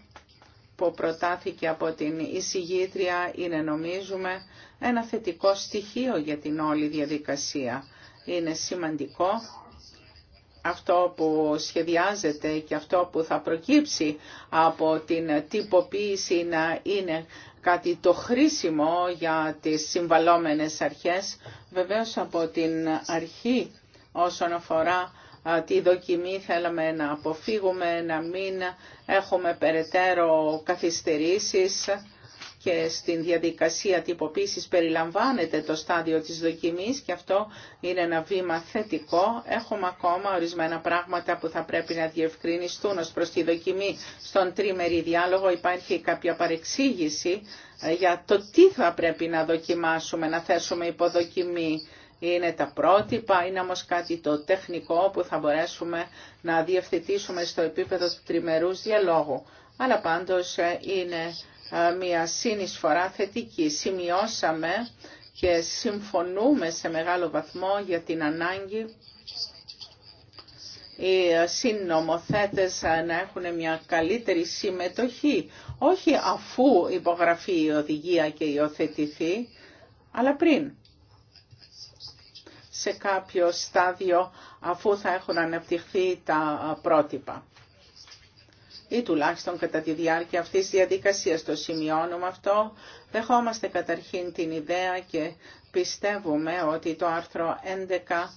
που προτάθηκε από την εισηγήτρια είναι νομίζουμε ένα θετικό στοιχείο για την όλη διαδικασία. Είναι σημαντικό αυτό που σχεδιάζεται και αυτό που θα προκύψει από την τυποποίηση να είναι κάτι το χρήσιμο για τις συμβαλόμενες αρχές. Βεβαίως από την αρχή όσον αφορά τη δοκιμή θέλαμε να αποφύγουμε, να μην έχουμε περαιτέρω καθυστερήσεις και στην διαδικασία τυποποίησης περιλαμβάνεται το στάδιο της δοκιμής και αυτό είναι ένα βήμα θετικό. Έχουμε ακόμα ορισμένα πράγματα που θα πρέπει να διευκρινιστούν ως προς τη δοκιμή στον τρίμερη διάλογο. Υπάρχει κάποια παρεξήγηση ε, για το τι θα πρέπει να δοκιμάσουμε, να θέσουμε υποδοκιμή. Είναι τα πρότυπα, είναι όμως κάτι το τεχνικό που θα μπορέσουμε να διευθετήσουμε στο επίπεδο του τριμερούς διαλόγου. Αλλά πάντως ε, είναι ε, μια συνεισφορά θετική. Σημειώσαμε και συμφωνούμε σε μεγάλο βαθμό για την ανάγκη οι συνομοθέτες να έχουν μια καλύτερη συμμετοχή, όχι αφού υπογραφεί η οδηγία και υιοθετηθεί, αλλά πριν. Σε κάποιο στάδιο αφού θα έχουν αναπτυχθεί τα πρότυπα ή τουλάχιστον κατά τη διάρκεια αυτής της διαδικασίας. Το σημειώνουμε αυτό. Δεχόμαστε καταρχήν την ιδέα και πιστεύουμε ότι το άρθρο 11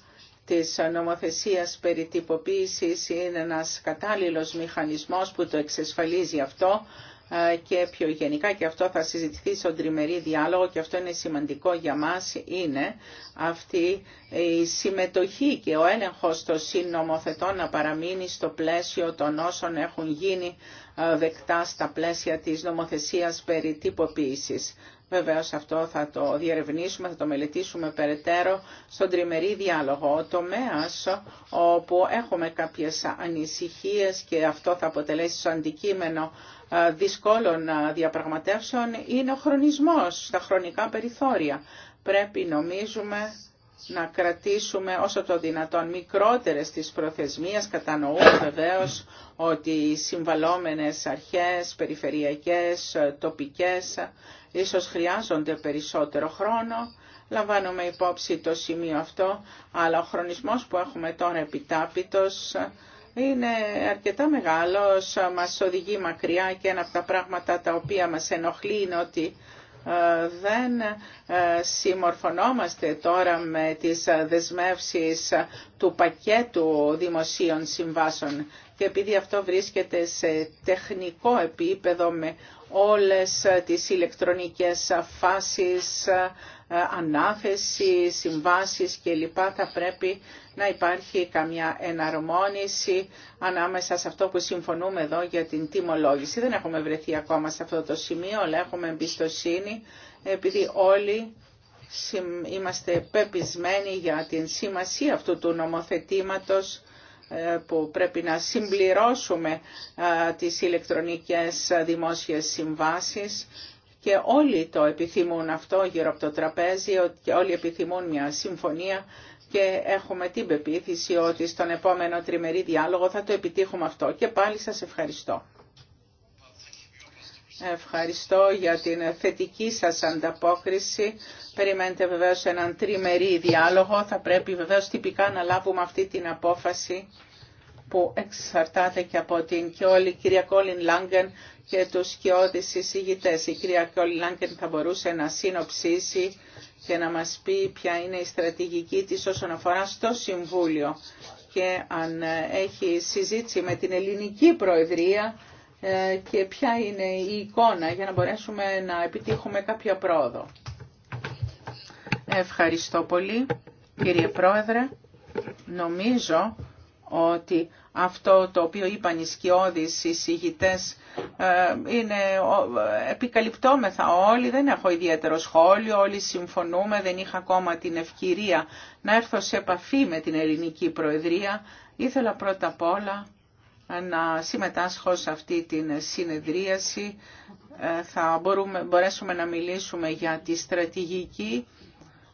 της νομοθεσίας περί τυποποίησης είναι ένας κατάλληλος μηχανισμός που το εξασφαλίζει αυτό ε, και πιο γενικά και αυτό θα συζητηθεί στον τριμερή διάλογο και αυτό είναι σημαντικό για μας είναι αυτή η συμμετοχή και ο έλεγχος των συνομοθετών να παραμείνει στο πλαίσιο των όσων έχουν γίνει ε, δεκτά στα πλαίσια της νομοθεσίας περί τυποποίησης. Βεβαίω, αυτό θα το διερευνήσουμε, θα το μελετήσουμε περαιτέρω στον τριμερή διάλογο. Ο τομέα όπου έχουμε κάποιε ανησυχίε, και αυτό θα αποτελέσει στο αντικείμενο ε, δυσκόλων ε, διαπραγματεύσεων είναι ο χρονισμός, τα χρονικά περιθώρια. Πρέπει νομίζουμε να κρατήσουμε όσο το δυνατόν μικρότερες τις προθεσμίες. Κατανοούμε βεβαίως ότι οι συμβαλόμενες αρχές, περιφερειακές, τοπικές, ίσως χρειάζονται περισσότερο χρόνο. Λαμβάνουμε υπόψη το σημείο αυτό, αλλά ο χρονισμός που έχουμε τώρα επιτάπητος είναι αρκετά μεγάλος, μας οδηγεί μακριά και ένα από τα πράγματα τα οποία μας ενοχλεί είναι ότι ε, δεν ε, συμμορφωνόμαστε τώρα με τις δεσμεύσεις του πακέτου δημοσίων συμβάσεων και επειδή αυτό βρίσκεται σε τεχνικό επίπεδο με όλες τις ηλεκτρονικές φάσεις ε, ανάθεση, συμβάσεις κλπ. Θα πρέπει να υπάρχει καμιά εναρμόνιση ανάμεσα σε αυτό που συμφωνούμε εδώ για την τιμολόγηση. Δεν έχουμε βρεθεί ακόμα σε αυτό το σημείο, αλλά έχουμε εμπιστοσύνη επειδή όλοι είμαστε πεπισμένοι για την σημασία αυτού του νομοθετήματος ε, που πρέπει να συμπληρώσουμε ε, τις ηλεκτρονικές δημόσιες συμβάσεις και όλοι το επιθυμούν αυτό γύρω από το τραπέζι, και όλοι επιθυμούν μια συμφωνία και έχουμε την πεποίθηση ότι στον επόμενο τριμερή διάλογο θα το επιτύχουμε αυτό. Και πάλι σας ευχαριστώ. Ευχαριστώ για την θετική σας ανταπόκριση. Περιμένετε βεβαίως έναν τριμερή διάλογο. Θα πρέπει βεβαίως τυπικά να λάβουμε αυτή την απόφαση που εξαρτάται και από την και όλη κυρία Κόλιν Λάγκεν και τους σκιώδεις συζητητές. Η κυρία Κόλλιν Λάγκεν θα μπορούσε να συνοψίσει και να μας πει ποια είναι η στρατηγική της όσον αφορά στο Συμβούλιο και αν ε, έχει συζήτηση με την ελληνική Προεδρία ε, και ποια είναι η εικόνα για να μπορέσουμε να επιτύχουμε κάποια πρόοδο. Ευχαριστώ πολύ κύριε Πρόεδρε. Νομίζω ότι αυτό το οποίο είπαν οι σκιώδεις εισηγητές ε, είναι επικαλυπτόμεθα όλοι, δεν έχω ιδιαίτερο σχόλιο, όλοι συμφωνούμε, δεν είχα ακόμα την ευκαιρία να έρθω σε επαφή με την ελληνική προεδρία. Ήθελα πρώτα απ' όλα ε, να συμμετάσχω σε αυτή την συνεδρίαση. Ε, θα μπορούμε, μπορέσουμε να μιλήσουμε για τη στρατηγική,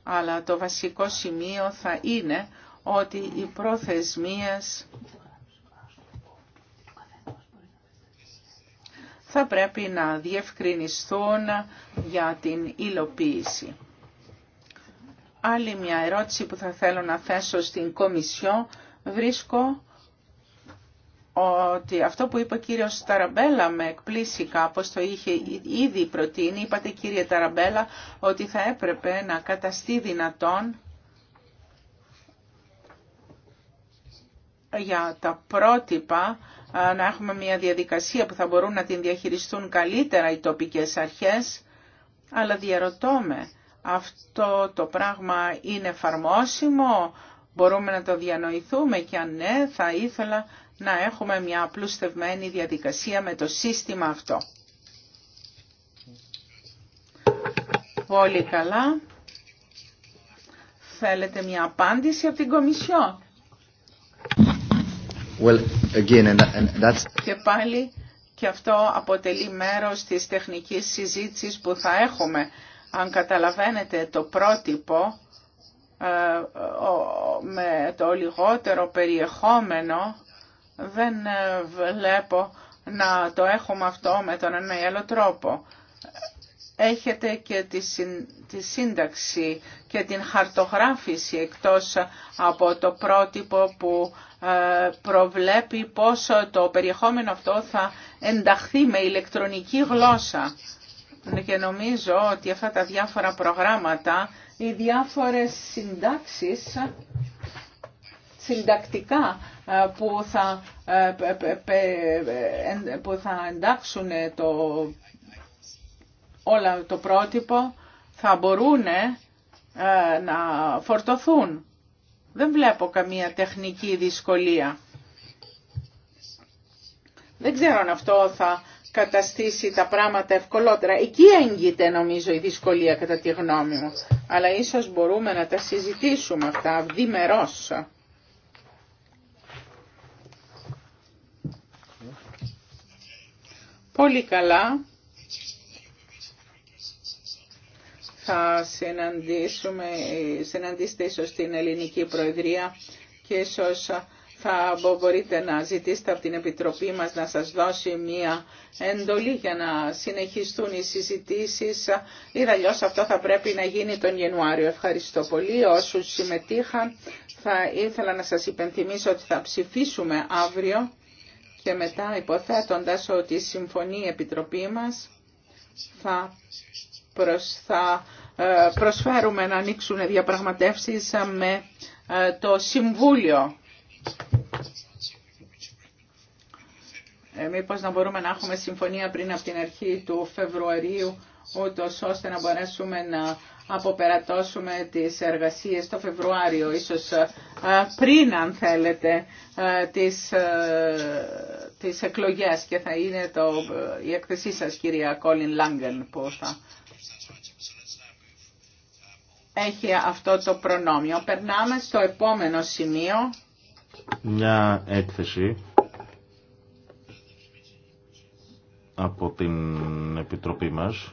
αλλά το βασικό σημείο θα είναι ότι η προθεσμίας θα πρέπει να διευκρινιστούν για την υλοποίηση. Άλλη μια ερώτηση που θα θέλω να θέσω στην Κομισιό βρίσκω ότι αυτό που είπε ο κύριος Ταραμπέλα με εκπλήσει κάπως, το είχε ήδη προτείνει, είπατε κύριε Ταραμπέλα ότι θα έπρεπε να καταστεί δυνατόν για τα πρότυπα να έχουμε μια διαδικασία που θα μπορούν να την διαχειριστούν καλύτερα οι τοπικές αρχές, αλλά διαρωτώ αυτό το πράγμα είναι εφαρμόσιμο, μπορούμε να το διανοηθούμε και αν ναι θα ήθελα να έχουμε μια απλουστευμένη διαδικασία με το σύστημα αυτό. Πολύ καλά. Θέλετε μια απάντηση από την Κομισιό. Well, Και πάλι και αυτό αποτελεί μέρος της τεχνικής συζήτησης που θα έχουμε. Αν καταλαβαίνετε το πρότυπο ε, με το λιγότερο περιεχόμενο δεν ε, βλέπω να το έχουμε αυτό με τον ένα ή άλλο τρόπο. Έχετε και τη τη σύνταξη και την χαρτογράφηση εκτός από το πρότυπο που ε, προβλέπει πόσο το περιεχόμενο αυτό θα ενταχθεί με ηλεκτρονική γλώσσα. Και νομίζω ότι αυτά τα διάφορα προγράμματα, οι διάφορες συντάξεις συντακτικά ε, που θα, ε, που θα εντάξουν το, όλα το πρότυπο θα μπορούν ε, να φορτωθούν. Δεν βλέπω καμία τεχνική δυσκολία. Δεν ξέρω αν αυτό θα καταστήσει τα πράγματα ευκολότερα. Εκεί έγκυται νομίζω η δυσκολία κατά τη γνώμη μου. Αλλά ίσως μπορούμε να τα συζητήσουμε αυτά διμερώς. Πολύ καλά. θα συναντήσουμε, συναντήσετε ίσως την ελληνική προεδρία και ίσως θα μπορείτε να ζητήσετε από την Επιτροπή μας να σας δώσει μία εντολή για να συνεχιστούν οι συζητήσεις ή αλλιώ αυτό θα πρέπει να γίνει τον Ιανουάριο. Ευχαριστώ πολύ όσους συμμετείχαν. Θα ήθελα να σας υπενθυμίσω ότι θα ψηφίσουμε αύριο και μετά υποθέτοντας ότι συμφωνεί η Επιτροπή μας θα, προς, ε, προσφέρουμε να ανοίξουν διαπραγματεύσεις ε, με ε, το Συμβούλιο. μήπως να μπορούμε να έχουμε συμφωνία πριν από την αρχή του Φεβρουαρίου, ούτως ώστε να μπορέσουμε να αποπερατώσουμε τις εργασίες το Φεβρουάριο, ίσως πριν αν θέλετε τις, τις εκλογές και θα είναι το, η έκθεσή σας κυρία Κόλιν Λάγκεν που θα έχει αυτό το προνόμιο. Περνάμε στο επόμενο σημείο. Μια έκθεση από την Επιτροπή μας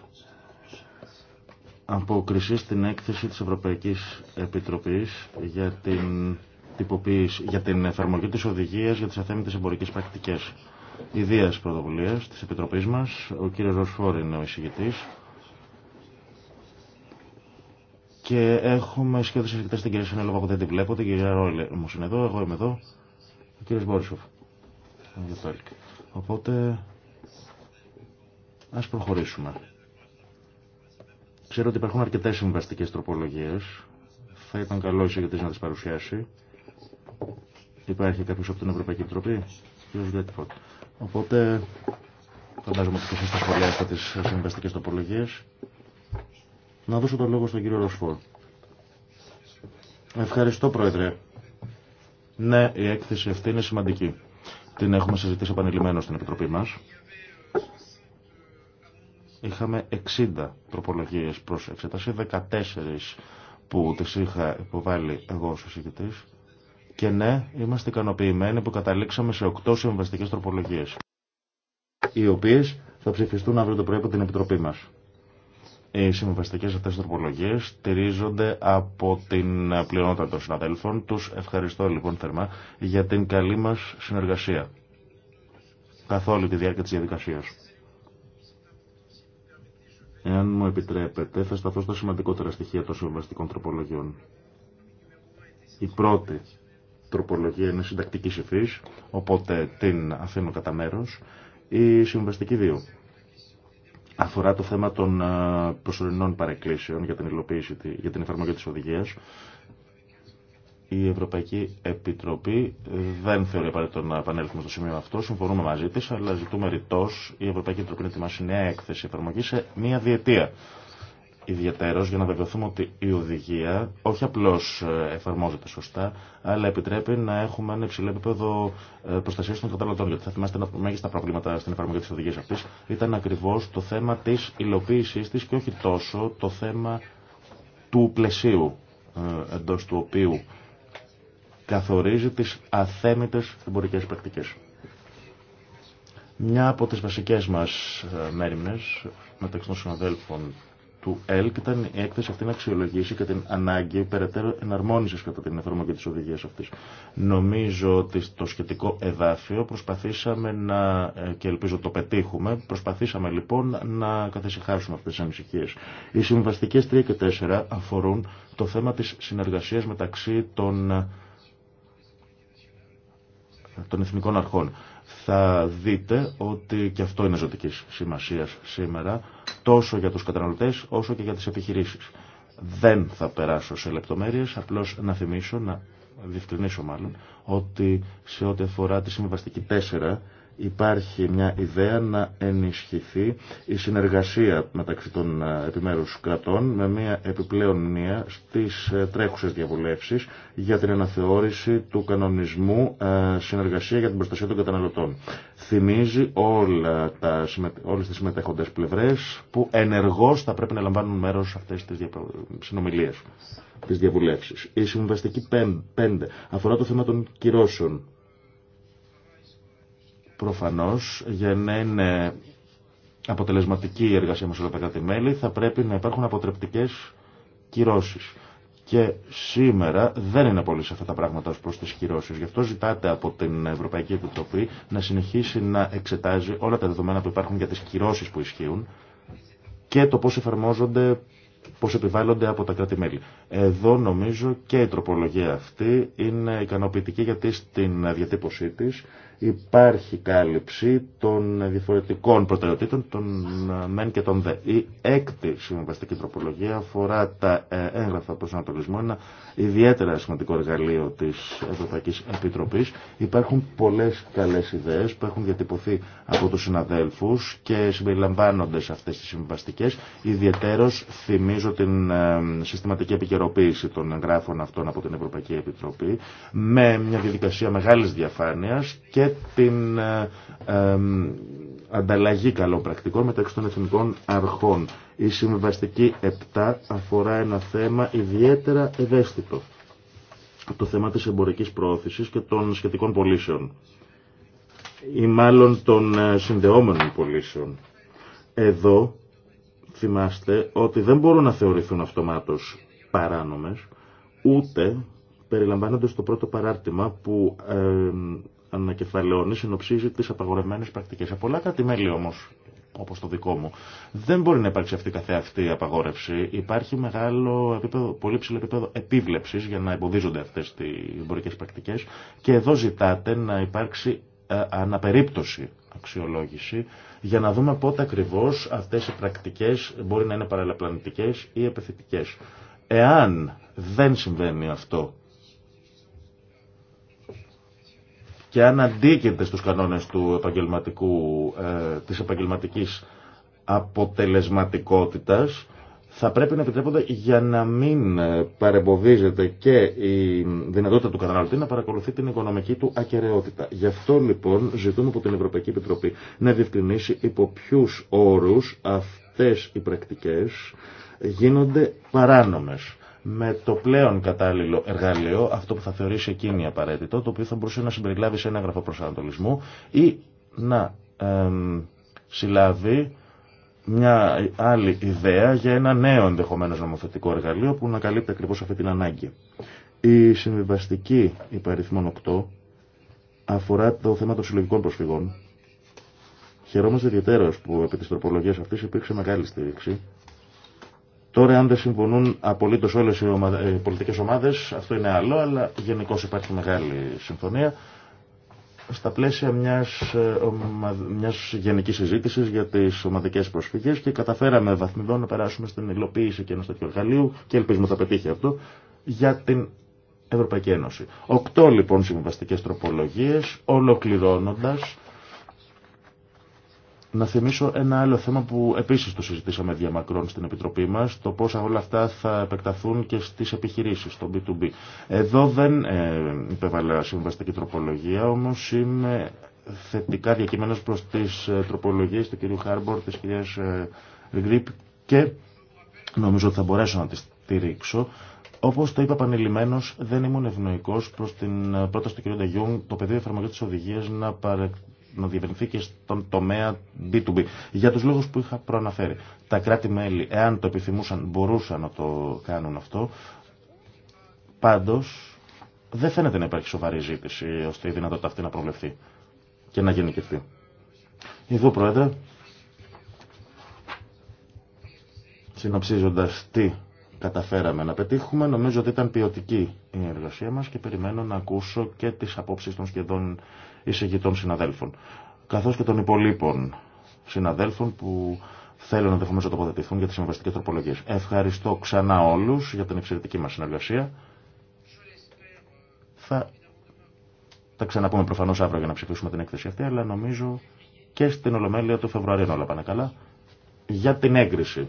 αποκρισή στην έκθεση της Ευρωπαϊκής Επιτροπής για την, τυποποίηση, για την εφαρμογή της οδηγίας για τις αθέμητες εμπορικές πρακτικές. Ιδίας πρωτοβουλίας της Επιτροπής μας, ο κύριος Ροσφόρη είναι ο εισηγητής. Και έχουμε σχεδόν αρκετέ στην κυρία Σινέλοβα που δεν τη βλέπω, την κυρία Ρόιλε όμω είναι εδώ, εγώ είμαι εδώ, ο κύριο Μπόρισοφ. Οπότε Α προχωρήσουμε. Ξέρω ότι υπάρχουν αρκετέ συμβαστικέ τροπολογίε. Θα ήταν καλό η να τι παρουσιάσει. Υπάρχει κάποιο από την Ευρωπαϊκή Επιτροπή. Οπότε φαντάζομαι ότι και εσείς τα σχολιάσετε τι συμβαστικέ τροπολογίε. Να δώσω το λόγο στον κύριο Ροσφόρ. Ευχαριστώ, Πρόεδρε. Ναι, η έκθεση αυτή είναι σημαντική. Την έχουμε συζητήσει επανειλημμένως στην Επιτροπή μας. Είχαμε 60 τροπολογίες προς εξέταση, 14 που τις είχα υποβάλει εγώ ως εισηγητής. Και ναι, είμαστε ικανοποιημένοι που καταλήξαμε σε 8 συμβαστικές τροπολογίες, οι οποίες θα ψηφιστούν αύριο το πρωί από την Επιτροπή μας. Οι συμβαστικέ αυτέ τροπολογίε στηρίζονται από την πλειονότητα των συναδέλφων. Του ευχαριστώ λοιπόν θερμά για την καλή μα συνεργασία καθ' όλη τη διάρκεια τη διαδικασία. Εάν μου επιτρέπετε, θα σταθώ στα σημαντικότερα στοιχεία των συμβαστικών τροπολογιών. Η πρώτη τροπολογία είναι συντακτική υφή, οπότε την αφήνω κατά μέρο. Η συμβαστική δύο αφορά το θέμα των ε, προσωρινών παρεκκλήσεων για την, υλοποίηση, για την εφαρμογή της οδηγίας. Η Ευρωπαϊκή Επιτροπή ε, δεν θεωρεί απαραίτητο να επανέλθουμε στο σημείο αυτό. Συμφωνούμε μαζί τη, αλλά ζητούμε ρητό η Ευρωπαϊκή Επιτροπή να ετοιμάσει νέα έκθεση εφαρμογή σε μία διετία ιδιαίτερο για να βεβαιωθούμε ότι η οδηγία όχι απλώ ε, εφαρμόζεται σωστά, αλλά επιτρέπει να έχουμε ένα υψηλό επίπεδο ε, προστασία των καταναλωτών. Γιατί θα θυμάστε ένα από τα μέγιστα προβλήματα στην εφαρμογή τη οδηγία αυτή ήταν ακριβώ το θέμα τη υλοποίησή τη και όχι τόσο το θέμα του πλαισίου ε, εντό του οποίου καθορίζει τις αθέμητες εμπορικές πρακτικές. Μια από τις βασικές μας μέρημνες μεταξύ των συναδέλφων του ΕΛΚ ήταν η έκθεση αυτή να αξιολογήσει και την ανάγκη περαιτέρω εναρμόνιση κατά την εφαρμογή τη οδηγία αυτή. Νομίζω ότι στο σχετικό εδάφιο προσπαθήσαμε να, ε, και ελπίζω το πετύχουμε, προσπαθήσαμε λοιπόν να καθησυχάσουμε αυτέ τι ανησυχίε. Οι συμβαστικέ 3 και 4 αφορούν το θέμα τη συνεργασία μεταξύ των ε, των εθνικών αρχών θα δείτε ότι και αυτό είναι ζωτικής σημασίας σήμερα, τόσο για τους καταναλωτές όσο και για τις επιχειρήσεις. Δεν θα περάσω σε λεπτομέρειες, απλώς να θυμίσω, να διευκρινίσω μάλλον, ότι σε ό,τι αφορά τη συμβαστική 4, υπάρχει μια ιδέα να ενισχυθεί η συνεργασία μεταξύ των ε, επιμέρους κρατών με μια επιπλέον μία στις ε, τρέχουσες διαβουλεύσεις για την αναθεώρηση του κανονισμού ε, συνεργασία για την προστασία των καταναλωτών. Θυμίζει όλα τα, όλες τις συμμετέχοντες πλευρές που ενεργώς θα πρέπει να λαμβάνουν μέρος σε αυτές τις συνομιλίες, τις διαβουλεύσεις. Η συμβαστική 5 αφορά το θέμα των κυρώσεων Προφανώς για να είναι αποτελεσματική η εργασία μας όλα τα κράτη-μέλη θα πρέπει να υπάρχουν αποτρεπτικές κυρώσεις. Και σήμερα δεν είναι πολύ σε αυτά τα πράγματα ω προς τις κυρώσεις. Γι' αυτό ζητάτε από την Ευρωπαϊκή Επιτροπή να συνεχίσει να εξετάζει όλα τα δεδομένα που υπάρχουν για τις κυρώσεις που ισχύουν και το πώς εφαρμόζονται, πώς επιβάλλονται από τα κράτη-μέλη. Εδώ νομίζω και η τροπολογία αυτή είναι ικανοποιητική γιατί στην διατύπωσή της υπάρχει κάλυψη των διαφορετικών προτεραιοτήτων των ε, μεν και των δε. Η έκτη συμβαστική τροπολογία αφορά τα ε, έγγραφα προς ανατολισμό, ένα ιδιαίτερα σημαντικό εργαλείο της Ευρωπαϊκής Επιτροπής. Υπάρχουν πολλές καλές ιδέες που έχουν διατυπωθεί από τους συναδέλφους και συμπεριλαμβάνονται σε αυτές τις συμβαστικές. Ιδιαίτερως θυμίζω την ε, συστηματική επικαιροποίηση των εγγράφων αυτών από την Ευρωπαϊκή Επιτροπή με μια διαδικασία μεγάλης διαφάνειας και την ε, ανταλλαγή καλών πρακτικών μεταξύ των εθνικών αρχών. Η συμβαστική 7 αφορά ένα θέμα ιδιαίτερα ευαίσθητο. Το θέμα της εμπορικής προώθησης και των σχετικών πωλήσεων. Ή μάλλον των ε, συνδεόμενων πωλήσεων. Εδώ θυμάστε ότι δεν μπορούν να θεωρηθούν αυτομάτως παράνομες, ούτε περιλαμβάνονται στο πρώτο παράρτημα που ε, ανακεφαλαιώνει συνοψίζει τι απαγορευμένε πρακτικέ. Από πολλά κράτη-μέλη όμω, όπω το δικό μου, δεν μπορεί να υπάρξει αυτή καθεαυτή η απαγόρευση. Υπάρχει μεγάλο επίπεδο, πολύ ψηλό επίπεδο επίβλεψη για να εμποδίζονται αυτέ τι εμπορικέ πρακτικέ. και εδώ ζητάτε να υπάρξει ε, αναπερίπτωση αξιολόγηση για να δούμε πότε ακριβώς αυτές οι πρακτικές μπορεί να είναι παραλαπλανητικές ή επιθετικές. Εάν δεν συμβαίνει αυτό και αν αντίκειται στους κανόνες του επαγγελματικού, ε, της επαγγελματικής αποτελεσματικότητας θα πρέπει να επιτρέπονται για να μην ε, παρεμποδίζεται και η δυνατότητα του καταναλωτή να παρακολουθεί την οικονομική του ακαιρεότητα. Γι' αυτό λοιπόν ζητούμε από την Ευρωπαϊκή Επιτροπή να διευκρινίσει υπό ποιου όρου αυτέ οι πρακτικέ γίνονται παράνομες με το πλέον κατάλληλο εργαλείο, αυτό που θα θεωρήσει εκείνη απαραίτητο, το οποίο θα μπορούσε να συμπεριλάβει σε ένα έγγραφο προσανατολισμού ή να ε, συλλάβει μια άλλη ιδέα για ένα νέο ενδεχομένω νομοθετικό εργαλείο που να καλύπτει ακριβώ αυτή την ανάγκη. Η συμβιβαστική υπαριθμών 8 αφορά το θέμα των συλλογικών προσφυγών. Χαιρόμαστε ιδιαίτερω που επί τη τροπολογία αυτή υπήρξε μεγάλη στήριξη Τώρα αν δεν συμφωνούν απολύτω όλε οι, οι πολιτικές ομάδες, αυτό είναι άλλο, αλλά γενικώ υπάρχει μεγάλη συμφωνία στα πλαίσια μιας, ε, μιας γενικής συζήτησης για τι ομαδικές προσφυγέ, και καταφέραμε βαθμιδό να περάσουμε στην υλοποίηση και ενό τέτοιου εργαλείου και ελπίζουμε θα πετύχει αυτό για την Ευρωπαϊκή Ένωση. Οκτώ λοιπόν συμβαστικέ τροπολογίε, ολοκληρώνοντα. Να θυμίσω ένα άλλο θέμα που επίσης το συζητήσαμε διαμακρών στην Επιτροπή μας, το πώς όλα αυτά θα επεκταθούν και στις επιχειρήσεις, στο B2B. Εδώ δεν ε, υπέβαλα συμβαστική τροπολογία, όμως είμαι θετικά διακείμενος προς τις ε, τροπολογίες του κ. Χάρμπορ, της κ. Ε, Γκρίπ και νομίζω ότι θα μπορέσω να τις στηρίξω. Όπω το είπα πανελειμμένω, δεν ήμουν ευνοϊκό προ την ε, πρόταση του κ. Νταγιούν το πεδίο εφαρμογή τη οδηγία να να διευρυνθεί και στον τομέα B2B. Για τους λόγους που είχα προαναφέρει. Τα κράτη-μέλη, εάν το επιθυμούσαν, μπορούσαν να το κάνουν αυτό. Πάντως, δεν φαίνεται να υπάρχει σοβαρή ζήτηση ώστε η δυνατότητα αυτή να προβλεφθεί και να γενικευθεί. Εδώ, Πρόεδρε, συνοψίζοντας τι καταφέραμε να πετύχουμε, νομίζω ότι ήταν ποιοτική η εργασία μας και περιμένω να ακούσω και τις απόψεις των σχεδόν εισηγητών συναδέλφων, καθώς και των υπολείπων συναδέλφων που θέλουν ενδεχομένω να τοποθετηθούν για τις συμβαστικές τροπολογίες. Ευχαριστώ ξανά όλους για την εξαιρετική μας συνεργασία. Θα τα ξαναπούμε προφανώς αύριο για να ψηφίσουμε την έκθεση αυτή, αλλά νομίζω και στην Ολομέλεια του Φεβρουαρίου, όλα πάνε καλά, για την έγκριση,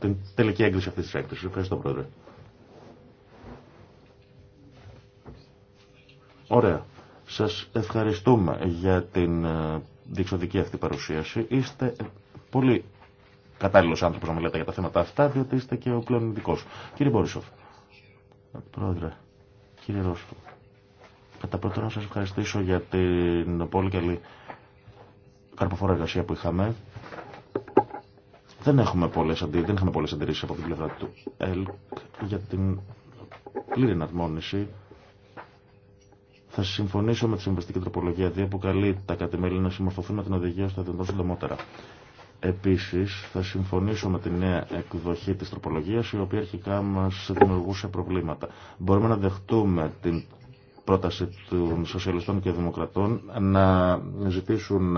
την τελική έγκριση αυτής της έκθεσης. Ευχαριστώ, Πρόεδρε. Ωραία. Σας ευχαριστούμε για την ε, διεξοδική αυτή παρουσίαση. Είστε πολύ κατάλληλο άνθρωπο να μιλάτε για τα θέματα αυτά, διότι είστε και ο πλέον ειδικό. Κύριε Μπόρισοφ, πρόεδρε, κύριε Ρώσφου, κατά πρώτον να σα ευχαριστήσω για την πολύ καλή καρποφόρα εργασία που είχαμε. Δεν, έχουμε πολλές, δεν πολλέ αντιρρήσει από την πλευρά του ΕΛΚ για την πλήρη αναδμόνηση θα συμφωνήσω με τη συμβαστική τροπολογία 2 που καλεί τα κατημέλη να συμμορφωθούν με την οδηγία στα δυνατόν συντομότερα. Επίση, θα συμφωνήσω με τη νέα εκδοχή τη τροπολογία, η οποία αρχικά μα δημιουργούσε προβλήματα. Μπορούμε να δεχτούμε την πρόταση των σοσιαλιστών και δημοκρατών να ζητήσουν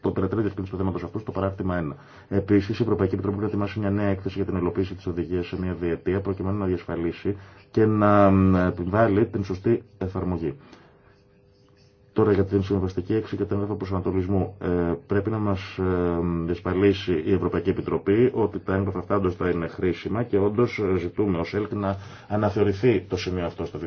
το περαιτέρω διευκρίνηση του θέματο αυτού στο παράρτημα 1. Επίση, η Ευρωπαϊκή Επιτροπή να ετοιμάσει μια νέα έκθεση για την υλοποίηση τη οδηγία σε μια διετία, προκειμένου να διασφαλίσει και να επιβάλλει την σωστή εφαρμογή. Τώρα για την συμβαστική έξι και τα έγγραφο προσανατολισμού. Ε, πρέπει να μα ε, η Ευρωπαϊκή Επιτροπή ότι τα έγγραφα αυτά όντω θα είναι χρήσιμα και όντω ε, ζητούμε ω ΕΛΚ να αναθεωρηθεί το σημείο αυτό στο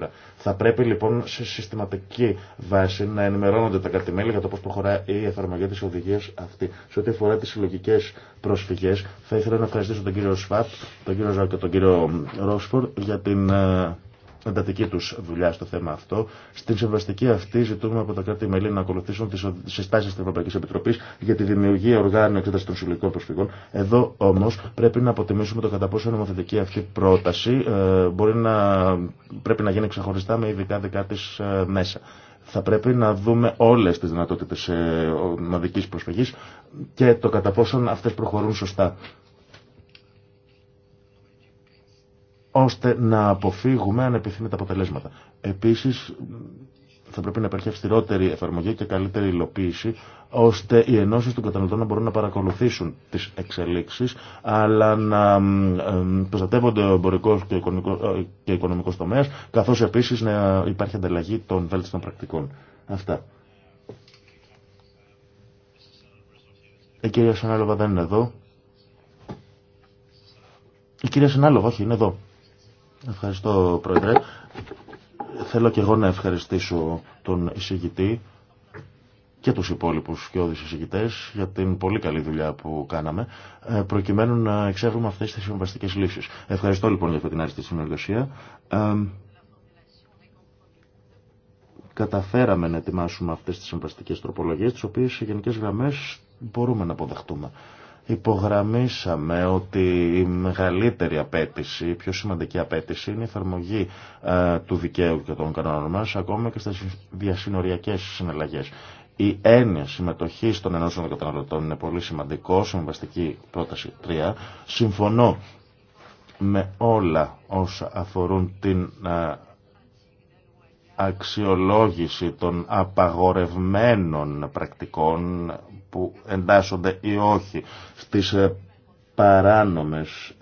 2014. Θα πρέπει λοιπόν σε συστηματική βάση να ενημερώνονται τα κατημέλη για το πώ προχωράει η εφαρμογή τη οδηγία αυτή. Σε ό,τι αφορά τι συλλογικέ προσφυγέ, θα ήθελα να ευχαριστήσω τον κύριο Σφάτ, τον κύριο Ζάκ και τον κύριο Ρόσφορ για την. Ε, εντατική του δουλειά στο θέμα αυτό. Στην συμβαστική αυτή ζητούμε από τα κράτη-μέλη να ακολουθήσουν τι συστάσει τη Ευρωπαϊκή Επιτροπή για τη δημιουργία οργάνων εξέταση των συλλογικών προσφυγών. Εδώ όμω πρέπει να αποτιμήσουμε το κατά πόσο νομοθετική αυτή πρόταση ε, μπορεί να, πρέπει να γίνει ξεχωριστά με ειδικά δικά τη ε, μέσα θα πρέπει να δούμε όλες τις δυνατότητες ε, ομαδικής προσφυγής και το κατά πόσον αυτές προχωρούν σωστά. ώστε να αποφύγουμε ανεπιθύμητα αποτελέσματα. Επίσης, θα πρέπει να υπάρχει αυστηρότερη εφαρμογή και καλύτερη υλοποίηση, ώστε οι ενώσεις των καταναλωτών να μπορούν να παρακολουθήσουν τις εξελίξεις, αλλά να προστατεύονται ο εμπορικό και ο ε, και οικονομικός τομέας, καθώς επίσης να υπάρχει ανταλλαγή των βέλτιστων πρακτικών. Αυτά. Η ε, κυρία Σανάλοβα δεν είναι εδώ. Η κυρία Σανάλοβα, όχι, είναι εδώ. Ευχαριστώ, Πρόεδρε. Θέλω και εγώ να ευχαριστήσω τον εισηγητή και τους υπόλοιπους τους εισηγητές για την πολύ καλή δουλειά που κάναμε ε, προκειμένου να εξεύρουμε αυτές τις συμβαστικές λύσεις. Ευχαριστώ λοιπόν για αυτή την άριστη συνεργασία. Ε, καταφέραμε να ετοιμάσουμε αυτές τις συμβαστικές τροπολογίες τις οποίες σε γενικές γραμμές μπορούμε να αποδεχτούμε υπογραμμίσαμε ότι η μεγαλύτερη απέτηση, η πιο σημαντική απέτηση είναι η εφαρμογή ε, του δικαίου και των κανόνων μας ακόμα και στις διασυνοριακές συναλλαγές. Η έννοια συμμετοχή των ενώσεων των καταναλωτών είναι πολύ σημαντικό, συμβαστική πρόταση 3. Συμφωνώ με όλα όσα αφορούν την ε, αξιολόγηση των απαγορευμένων πρακτικών που εντάσσονται ή όχι στις ε, παράνομες,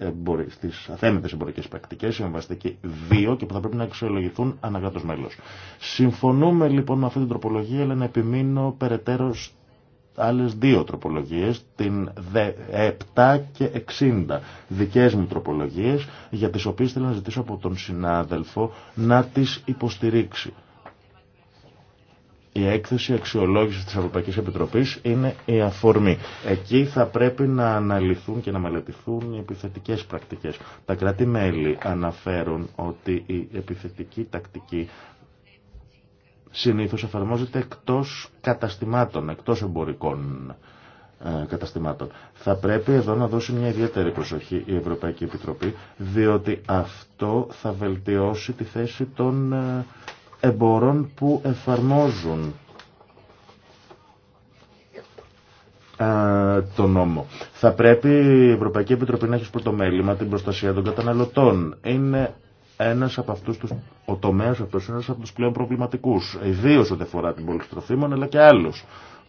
στις αθέμητες εμπορικές πρακτικές, συμβαστική δύο και που θα πρέπει να αξιολογηθούν αναγκάτως μέλος. Συμφωνούμε λοιπόν με αυτή την τροπολογία, αλλά να επιμείνω περαιτέρω άλλες δύο τροπολογίες, την 7 και 60, δικές μου τροπολογίες, για τις οποίες θέλω να ζητήσω από τον συνάδελφο να τις υποστηρίξει. Η έκθεση αξιολόγηση τη Ευρωπαϊκή Επιτροπή είναι η αφορμή. Εκεί θα πρέπει να αναλυθούν και να μελετηθούν οι επιθετικές πρακτικές. Τα κράτη-μέλη αναφέρουν ότι η επιθετική τακτική συνήθως εφαρμόζεται εκτός καταστημάτων, εκτός εμπορικών ε, καταστημάτων. Θα πρέπει εδώ να δώσει μια ιδιαίτερη προσοχή η Ευρωπαϊκή Επιτροπή, διότι αυτό θα βελτιώσει τη θέση των ε, εμπόρων που εφαρμόζουν ε, το νόμο. Θα πρέπει η Ευρωπαϊκή Επιτροπή να έχει πρωτομέλημα την προστασία των καταναλωτών. Είναι ένας από αυτούς τους, ο τομέας αυτός είναι ένας από τους πλέον προβληματικούς. Ιδίω ό,τι αφορά την πόλη τροφίμων, αλλά και άλλους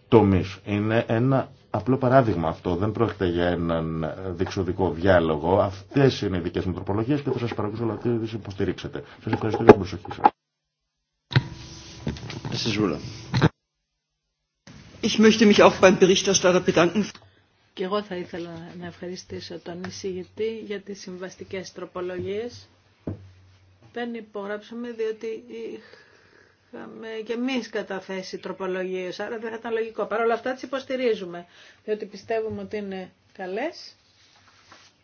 τομείς. Είναι ένα απλό παράδειγμα αυτό. Δεν πρόκειται για έναν διεξοδικό διάλογο. Αυτές είναι οι δικές μου τροπολογίες και θα σας παρακολουθήσω να τι υποστηρίξετε. Σας ευχαριστώ για την προσοχή και εγώ θα ήθελα να ευχαριστήσω τον εισηγητή για τις συμβαστικές τροπολογίες. Δεν υπογράψαμε διότι είχαμε και εμείς καταθέσει τροπολογίες, άρα δεν ήταν λογικό. Παρ' όλα αυτά τις υποστηρίζουμε, διότι πιστεύουμε ότι είναι καλές.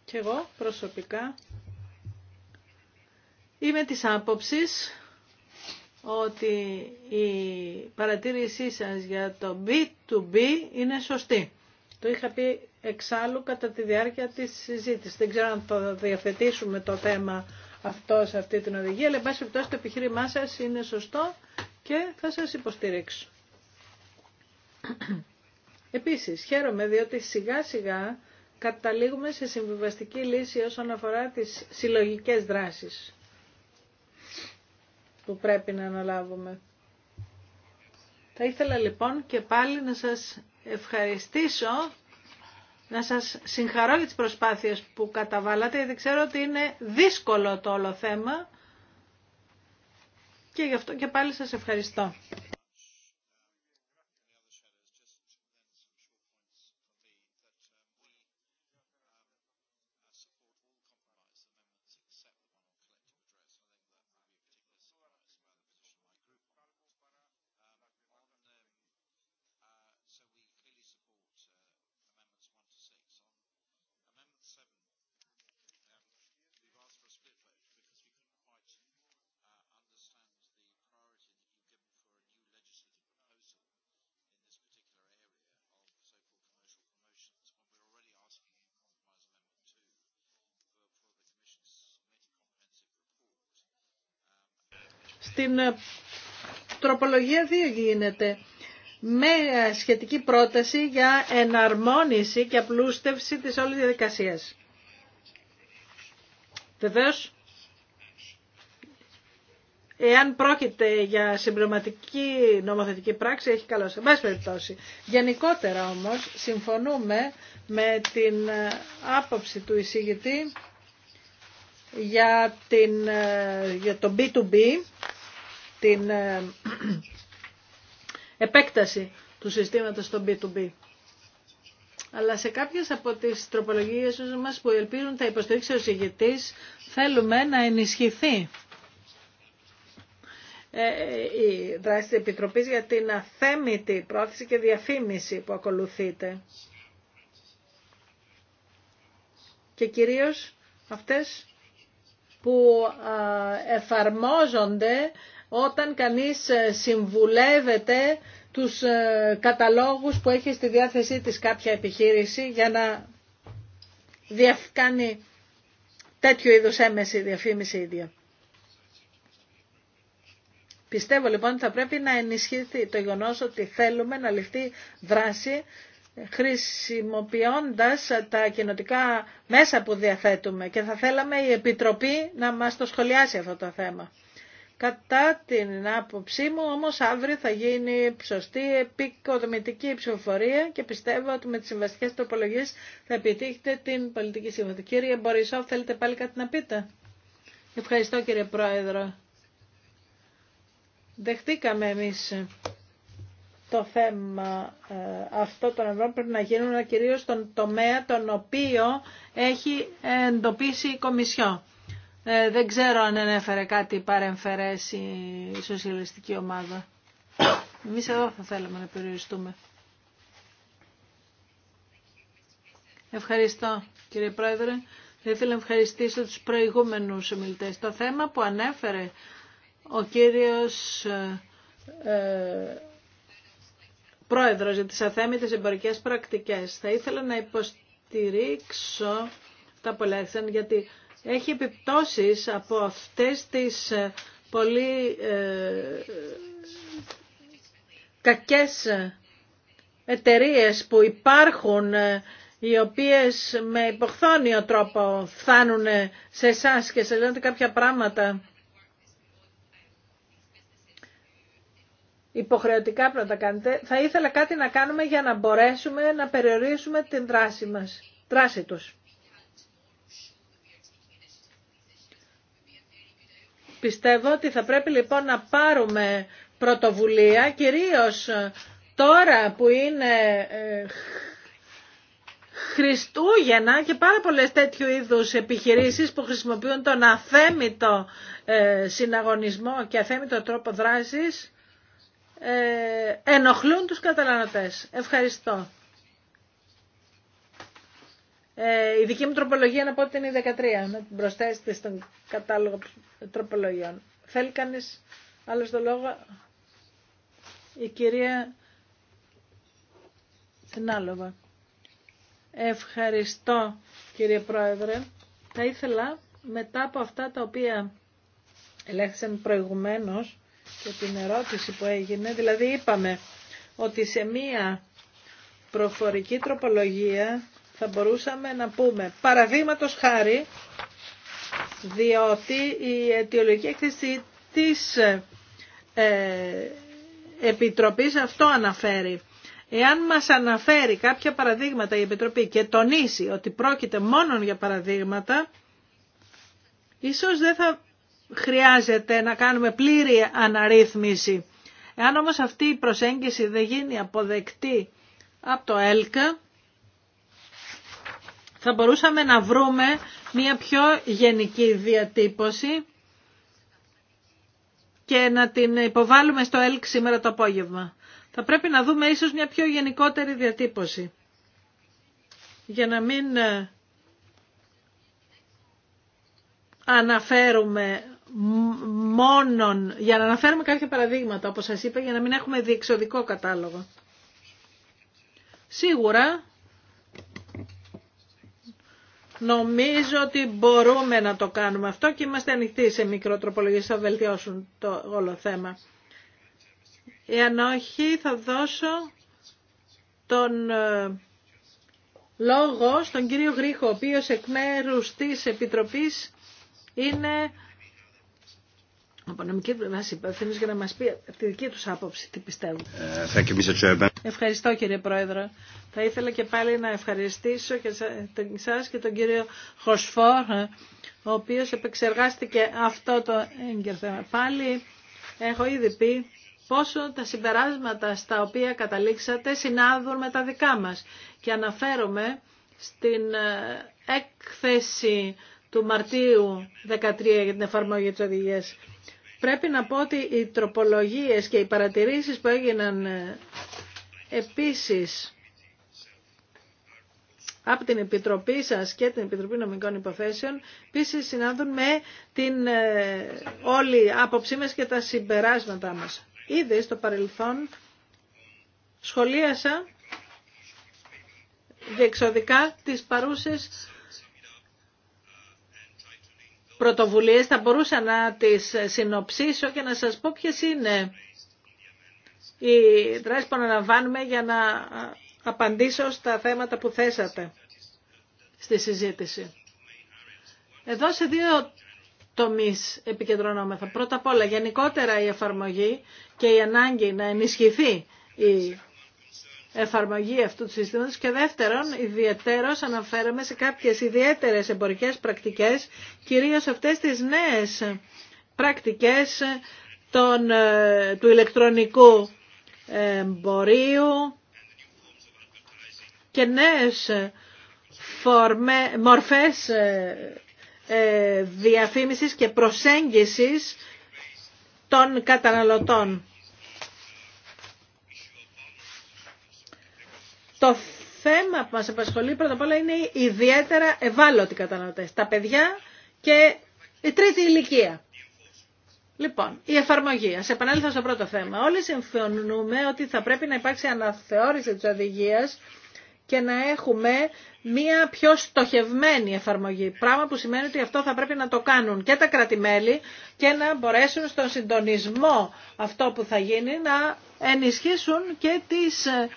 Και εγώ προσωπικά είμαι της άποψης ότι η παρατήρησή σας για το B2B είναι σωστή. Το είχα πει εξάλλου κατά τη διάρκεια της συζήτησης. Δεν ξέρω αν θα διαθετήσουμε το θέμα αυτό σε αυτή την οδηγία, αλλά εν πάση το επιχείρημά σας είναι σωστό και θα σας υποστηρίξω. Επίσης, χαίρομαι διότι σιγά σιγά καταλήγουμε σε συμβιβαστική λύση όσον αφορά τις συλλογικές δράσεις που πρέπει να αναλάβουμε. Θα ήθελα λοιπόν και πάλι να σας ευχαριστήσω, να σας συγχαρώ για τις προσπάθειες που καταβάλατε, γιατί ξέρω ότι είναι δύσκολο το όλο θέμα και γι' αυτό και πάλι σας ευχαριστώ. στην ε, τροπολογία 2 γίνεται με ε, σχετική πρόταση για εναρμόνιση και απλούστευση της όλης διαδικασίας. Βεβαίω, εάν πρόκειται για συμπληρωματική νομοθετική πράξη, έχει καλό σε περιπτώσει. Γενικότερα όμως, συμφωνούμε με την ε, άποψη του εισηγητή για, την, για το B2B, την ε, επέκταση του συστήματος στο B2B. Αλλά σε κάποιες από τις τροπολογίες μας που ελπίζουν τα υποστηρίξει ο θέλουμε να ενισχυθεί ε, η δράση της Επιτροπής για την αθέμητη πρόθεση και διαφήμιση που ακολουθείται. Και κυρίως αυτές που εφαρμόζονται όταν κανείς ε, συμβουλεύεται τους ε, καταλόγους που έχει στη διάθεσή της κάποια επιχείρηση για να κάνει τέτοιο είδους έμεση διαφήμιση ίδια. Πιστεύω λοιπόν ότι θα πρέπει να ενισχυθεί το γεγονό ότι θέλουμε να ληφθεί δράση χρησιμοποιώντας τα κοινοτικά μέσα που διαθέτουμε και θα θέλαμε η Επιτροπή να μας το σχολιάσει αυτό το θέμα. Κατά την άποψή μου όμως αύριο θα γίνει σωστή επικοδομητική ψηφοφορία και πιστεύω ότι με τις συμβαστικές τροπολογίες θα επιτύχετε την πολιτική σύμβαση. Κύριε Μπορισό, θέλετε πάλι κάτι να πείτε. Ευχαριστώ κύριε Πρόεδρο. Δεχτήκαμε εμείς το θέμα ε, αυτό των ευρώ πρέπει να γίνουν κυρίως στον τομέα τον οποίο έχει εντοπίσει η Κομισιό. Ε, δεν ξέρω αν ανέφερε κάτι παρεμφερές η σοσιαλιστική ομάδα. Εμείς εδώ θα θέλαμε να περιοριστούμε. Ευχαριστώ κύριε Πρόεδρε. Θα ήθελα να ευχαριστήσω τους προηγούμενους ομιλητές. Το θέμα που ανέφερε ο κύριος ε, ε Πρόεδρος για τις αθέμητες εμπορικές πρακτικές. Θα ήθελα να υποστηρίξω τα που γιατί έχει επιπτώσεις από αυτές τις ε, πολύ ε, κακές ε, εταιρείες που υπάρχουν ε, οι οποίες με υποχθόνιο τρόπο φτάνουν σε εσά και σε λένε κάποια πράγματα υποχρεωτικά πρέπει να τα κάνετε. Θα ήθελα κάτι να κάνουμε για να μπορέσουμε να περιορίσουμε την δράση μας, δράση τους. Πιστεύω ότι θα πρέπει λοιπόν να πάρουμε πρωτοβουλία, κυρίως τώρα που είναι ε, Χριστούγεννα και πάρα πολλές τέτοιου είδους επιχειρήσεις που χρησιμοποιούν τον αθέμητο ε, συναγωνισμό και αθέμητο τρόπο δράσης ε, ενοχλούν τους καταναλωτές. Ευχαριστώ. Ε, η δική μου τροπολογία να πω ότι είναι η 13, να την προσθέσετε στον κατάλογο τροπολογιών. Θέλει κανεί άλλο το λόγο. Η κυρία Σινάλοβα. Ευχαριστώ κύριε Πρόεδρε. Θα ήθελα μετά από αυτά τα οποία ελέγχθησαν προηγουμένως και την ερώτηση που έγινε, δηλαδή είπαμε ότι σε μία προφορική τροπολογία θα μπορούσαμε να πούμε παραδείγματος χάρη διότι η αιτιολογική έκθεση της ε, Επιτροπής αυτό αναφέρει. Εάν μας αναφέρει κάποια παραδείγματα η Επιτροπή και τονίσει ότι πρόκειται μόνο για παραδείγματα, ίσως δεν θα χρειάζεται να κάνουμε πλήρη αναρρύθμιση. Εάν όμως αυτή η προσέγγιση δεν γίνει αποδεκτή από το ΕΛΚΑ, θα μπορούσαμε να βρούμε μια πιο γενική διατύπωση και να την υποβάλουμε στο ΕΛΚ σήμερα το απόγευμα. Θα πρέπει να δούμε ίσως μια πιο γενικότερη διατύπωση για να μην ε, αναφέρουμε μόνον, για να αναφέρουμε κάποια παραδείγματα όπως σας είπα, για να μην έχουμε διεξοδικό κατάλογο. Σίγουρα Νομίζω ότι μπορούμε να το κάνουμε αυτό και είμαστε ανοιχτοί σε μικροτροπολογίες, θα βελτιώσουν το όλο θέμα. Εάν όχι, θα δώσω τον ε, λόγο στον κύριο Γρίχο, ο οποίος εκ μέρους της Επιτροπής είναι από νομική πλευρά υπεύθυνο για να μα πει από τη δική του άποψη τι πιστεύουν. Ε, Ευχαριστώ κύριε Πρόεδρο. Θα ήθελα και πάλι να ευχαριστήσω και εσά και τον κύριο Χοσφόρ, ο οποίο επεξεργάστηκε αυτό το έγκαιρ Πάλι έχω ήδη πει πόσο τα συμπεράσματα στα οποία καταλήξατε συνάδουν με τα δικά μας. Και αναφέρομαι στην ε, έκθεση του Μαρτίου 13 για την εφαρμογή της οδηγίας Πρέπει να πω ότι οι τροπολογίες και οι παρατηρήσεις που έγιναν ε, επίσης από την Επιτροπή σας και την Επιτροπή Νομικών Υποθέσεων επίση συνάδουν με την ε, όλη άποψή μας και τα συμπεράσματά μας. Ήδη στο παρελθόν σχολίασα διεξοδικά τις παρούσες πρωτοβουλίες θα μπορούσα να τις συνοψίσω και να σας πω ποιες είναι οι δράσεις που αναλαμβάνουμε για να απαντήσω στα θέματα που θέσατε στη συζήτηση. Εδώ σε δύο τομείς επικεντρωνόμεθα. Πρώτα απ' όλα γενικότερα η εφαρμογή και η ανάγκη να ενισχυθεί η εφαρμογή αυτού του συστήματος και δεύτερον ιδιαιτέρως αναφέρομαι σε κάποιες ιδιαίτερες εμπορικές πρακτικές, κυρίως αυτές τις νέες πρακτικές ε, του ηλεκτρονικού εμπορίου και νέες μορφές ε, ε, διαφήμισης και προσέγγισης των καταναλωτών. Το θέμα που μας απασχολεί πρώτα απ' όλα είναι ιδιαίτερα ευάλωτοι καταναλωτές. Τα παιδιά και η τρίτη ηλικία. Λοιπόν, η εφαρμογή. Ας επανέλθω στο πρώτο θέμα. Όλοι συμφωνούμε ότι θα πρέπει να υπάρξει αναθεώρηση της οδηγία και να έχουμε μία πιο στοχευμένη εφαρμογή. Πράγμα που σημαίνει ότι αυτό θα πρέπει να το κάνουν και τα κρατημέλη και να μπορέσουν στον συντονισμό αυτό που θα γίνει να ενισχύσουν και τις ε,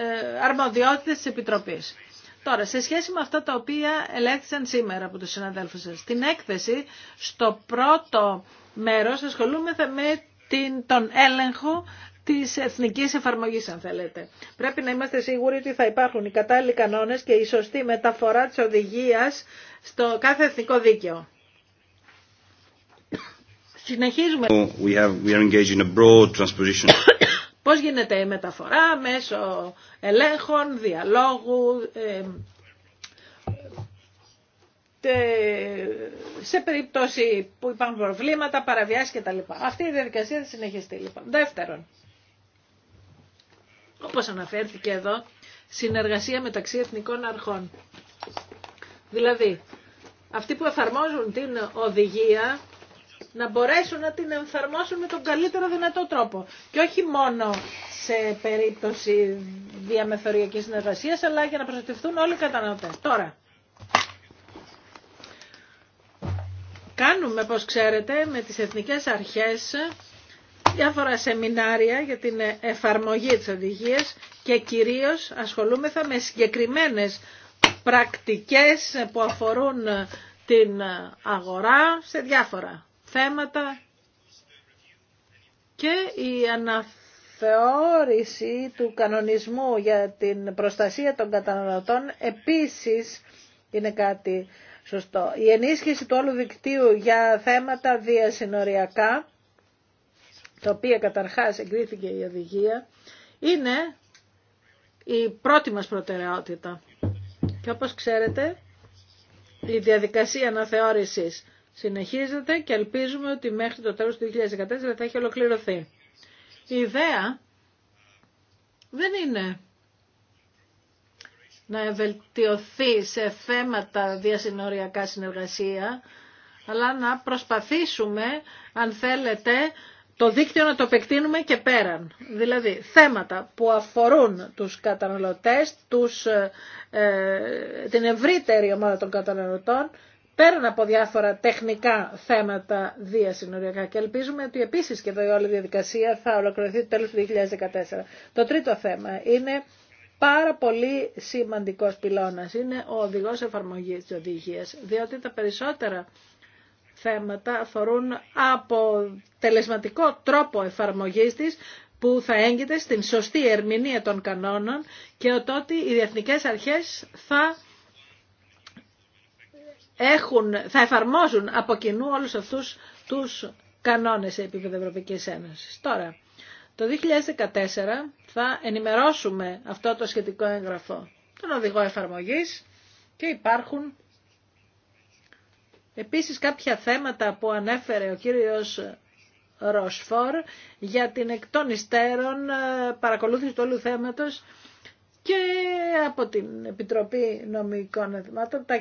ε, αρμοδιότητες της Επιτροπής. Τώρα, σε σχέση με αυτά τα οποία ελέγχθησαν σήμερα από τους συναδέλφους σας, στην έκθεση, στο πρώτο μέρος ασχολούμεθα με την, τον έλεγχο της εθνικής εφαρμογής, αν θέλετε. Πρέπει να είμαστε σίγουροι ότι θα υπάρχουν οι κατάλληλοι κανόνες και η σωστή μεταφορά της οδηγίας στο κάθε εθνικό δίκαιο. Συνεχίζουμε. We have, we are a broad transposition Πώς γίνεται η μεταφορά μέσω ελέγχων, διαλόγου, ε, σε περίπτωση που υπάρχουν προβλήματα, παραβιάσεις κτλ. Αυτή η διαδικασία θα συνεχιστεί λοιπόν. Δεύτερον, όπως αναφέρθηκε εδώ, συνεργασία μεταξύ εθνικών αρχών. Δηλαδή, αυτοί που εφαρμόζουν την οδηγία να μπορέσουν να την ενθαρμόσουν με τον καλύτερο δυνατό τρόπο. Και όχι μόνο σε περίπτωση διαμεθοριακής συνεργασίας, αλλά για να προστατευτούν όλοι οι καταναλωτές. Τώρα, κάνουμε, όπως ξέρετε, με τις εθνικές αρχές διάφορα σεμινάρια για την εφαρμογή της οδηγίας και κυρίως ασχολούμεθα με συγκεκριμένες πρακτικές που αφορούν την αγορά σε διάφορα θέματα και η αναθεώρηση του κανονισμού για την προστασία των καταναλωτών επίσης είναι κάτι σωστό. Η ενίσχυση του όλου δικτύου για θέματα διασυνοριακά, τα οποία καταρχάς εγκρίθηκε η οδηγία, είναι η πρώτη μας προτεραιότητα. Και όπως ξέρετε, η διαδικασία αναθεώρησης συνεχίζεται και ελπίζουμε ότι μέχρι το τέλος του 2014 θα έχει ολοκληρωθεί. Η ιδέα δεν είναι να βελτιωθεί σε θέματα διασυνοριακά συνεργασία, αλλά να προσπαθήσουμε, αν θέλετε, το δίκτυο να το επεκτείνουμε και πέραν. Δηλαδή, θέματα που αφορούν τους καταναλωτές, τους, ε, ε, την ευρύτερη ομάδα των καταναλωτών, πέραν από διάφορα τεχνικά θέματα διασυνοριακά και ελπίζουμε ότι επίσης και εδώ η όλη διαδικασία θα ολοκληρωθεί το τέλος του 2014. Το τρίτο θέμα είναι πάρα πολύ σημαντικός πυλώνας, είναι ο οδηγός εφαρμογής της οδηγίας, διότι τα περισσότερα θέματα αφορούν από τελεσματικό τρόπο εφαρμογής της, που θα έγκυται στην σωστή ερμηνεία των κανόνων και ότι οι διεθνικές αρχές θα έχουν, θα εφαρμόζουν από κοινού όλους αυτούς τους κανόνες σε επίπεδο Ευρωπαϊκής Ένωσης. Τώρα, το 2014 θα ενημερώσουμε αυτό το σχετικό έγγραφο τον οδηγό εφαρμογής και υπάρχουν επίσης κάποια θέματα που ανέφερε ο κύριος Ροσφόρ για την εκ των υστέρων ε, παρακολούθηση του όλου θέματος και από την Επιτροπή Νομικών θέματων τα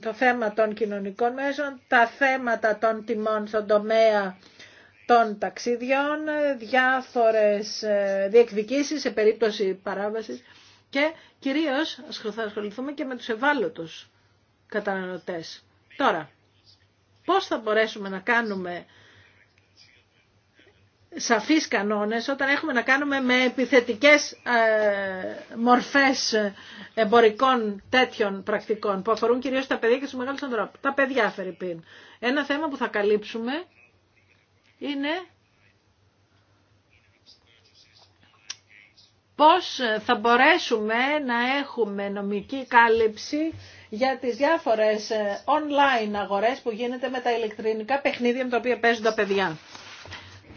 το θέμα των κοινωνικών μέσων, τα θέματα των τιμών στον τομέα των ταξίδιων, διάφορες ε, διεκδικήσεις σε περίπτωση παράβασης και κυρίως θα ασχοληθούμε και με τους ευάλωτους καταναλωτές. Τώρα, πώς θα μπορέσουμε να κάνουμε σαφείς κανόνες όταν έχουμε να κάνουμε με επιθετικές ε, μορφές εμπορικών τέτοιων πρακτικών που αφορούν κυρίως τα παιδιά και τους μεγάλους ανθρώπους. Τα παιδιά, Φερρυπίν. Ένα θέμα που θα καλύψουμε είναι πώς θα μπορέσουμε να έχουμε νομική κάλυψη για τις διάφορες ε, online αγορές που γίνεται με τα ηλεκτρονικά παιχνίδια με τα οποία παίζουν τα παιδιά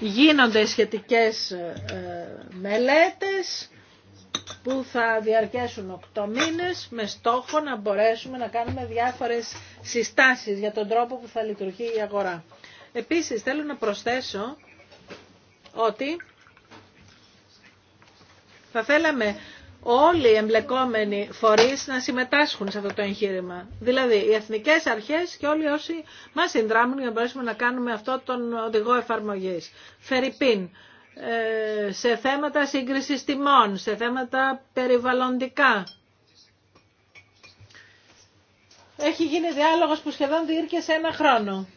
γίνονται σχετικές ε, ε, μελέτες που θα διαρκέσουν 8 μήνες με στόχο να μπορέσουμε να κάνουμε διάφορες συστάσεις για τον τρόπο που θα λειτουργεί η αγορά. Επίσης θέλω να προσθέσω ότι θα θέλαμε όλοι οι εμπλεκόμενοι φορείς να συμμετάσχουν σε αυτό το εγχείρημα. Δηλαδή οι εθνικές αρχές και όλοι όσοι μας συνδράμουν για να μπορέσουμε να κάνουμε αυτό τον οδηγό εφαρμογής. Φερρυπίν, ε, σε θέματα σύγκρισης τιμών, σε θέματα περιβαλλοντικά. Έχει γίνει διάλογος που σχεδόν διήρκε σε ένα χρόνο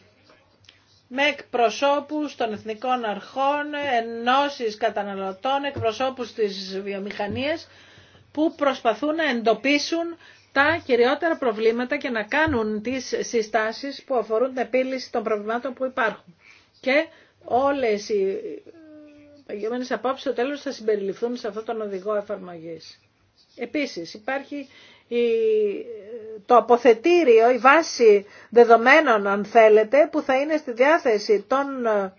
με εκπροσώπους των εθνικών αρχών, ενώσεις καταναλωτών, εκπροσώπους της βιομηχανίας που προσπαθούν να εντοπίσουν τα κυριότερα προβλήματα και να κάνουν τις συστάσεις που αφορούν την επίλυση των προβλημάτων που υπάρχουν. Και όλες οι παγιωμένες απόψεις στο τέλος θα συμπεριληφθούν σε αυτόν τον οδηγό εφαρμογής. Επίσης υπάρχει το αποθετήριο, η βάση δεδομένων αν θέλετε, που θα είναι στη διάθεση των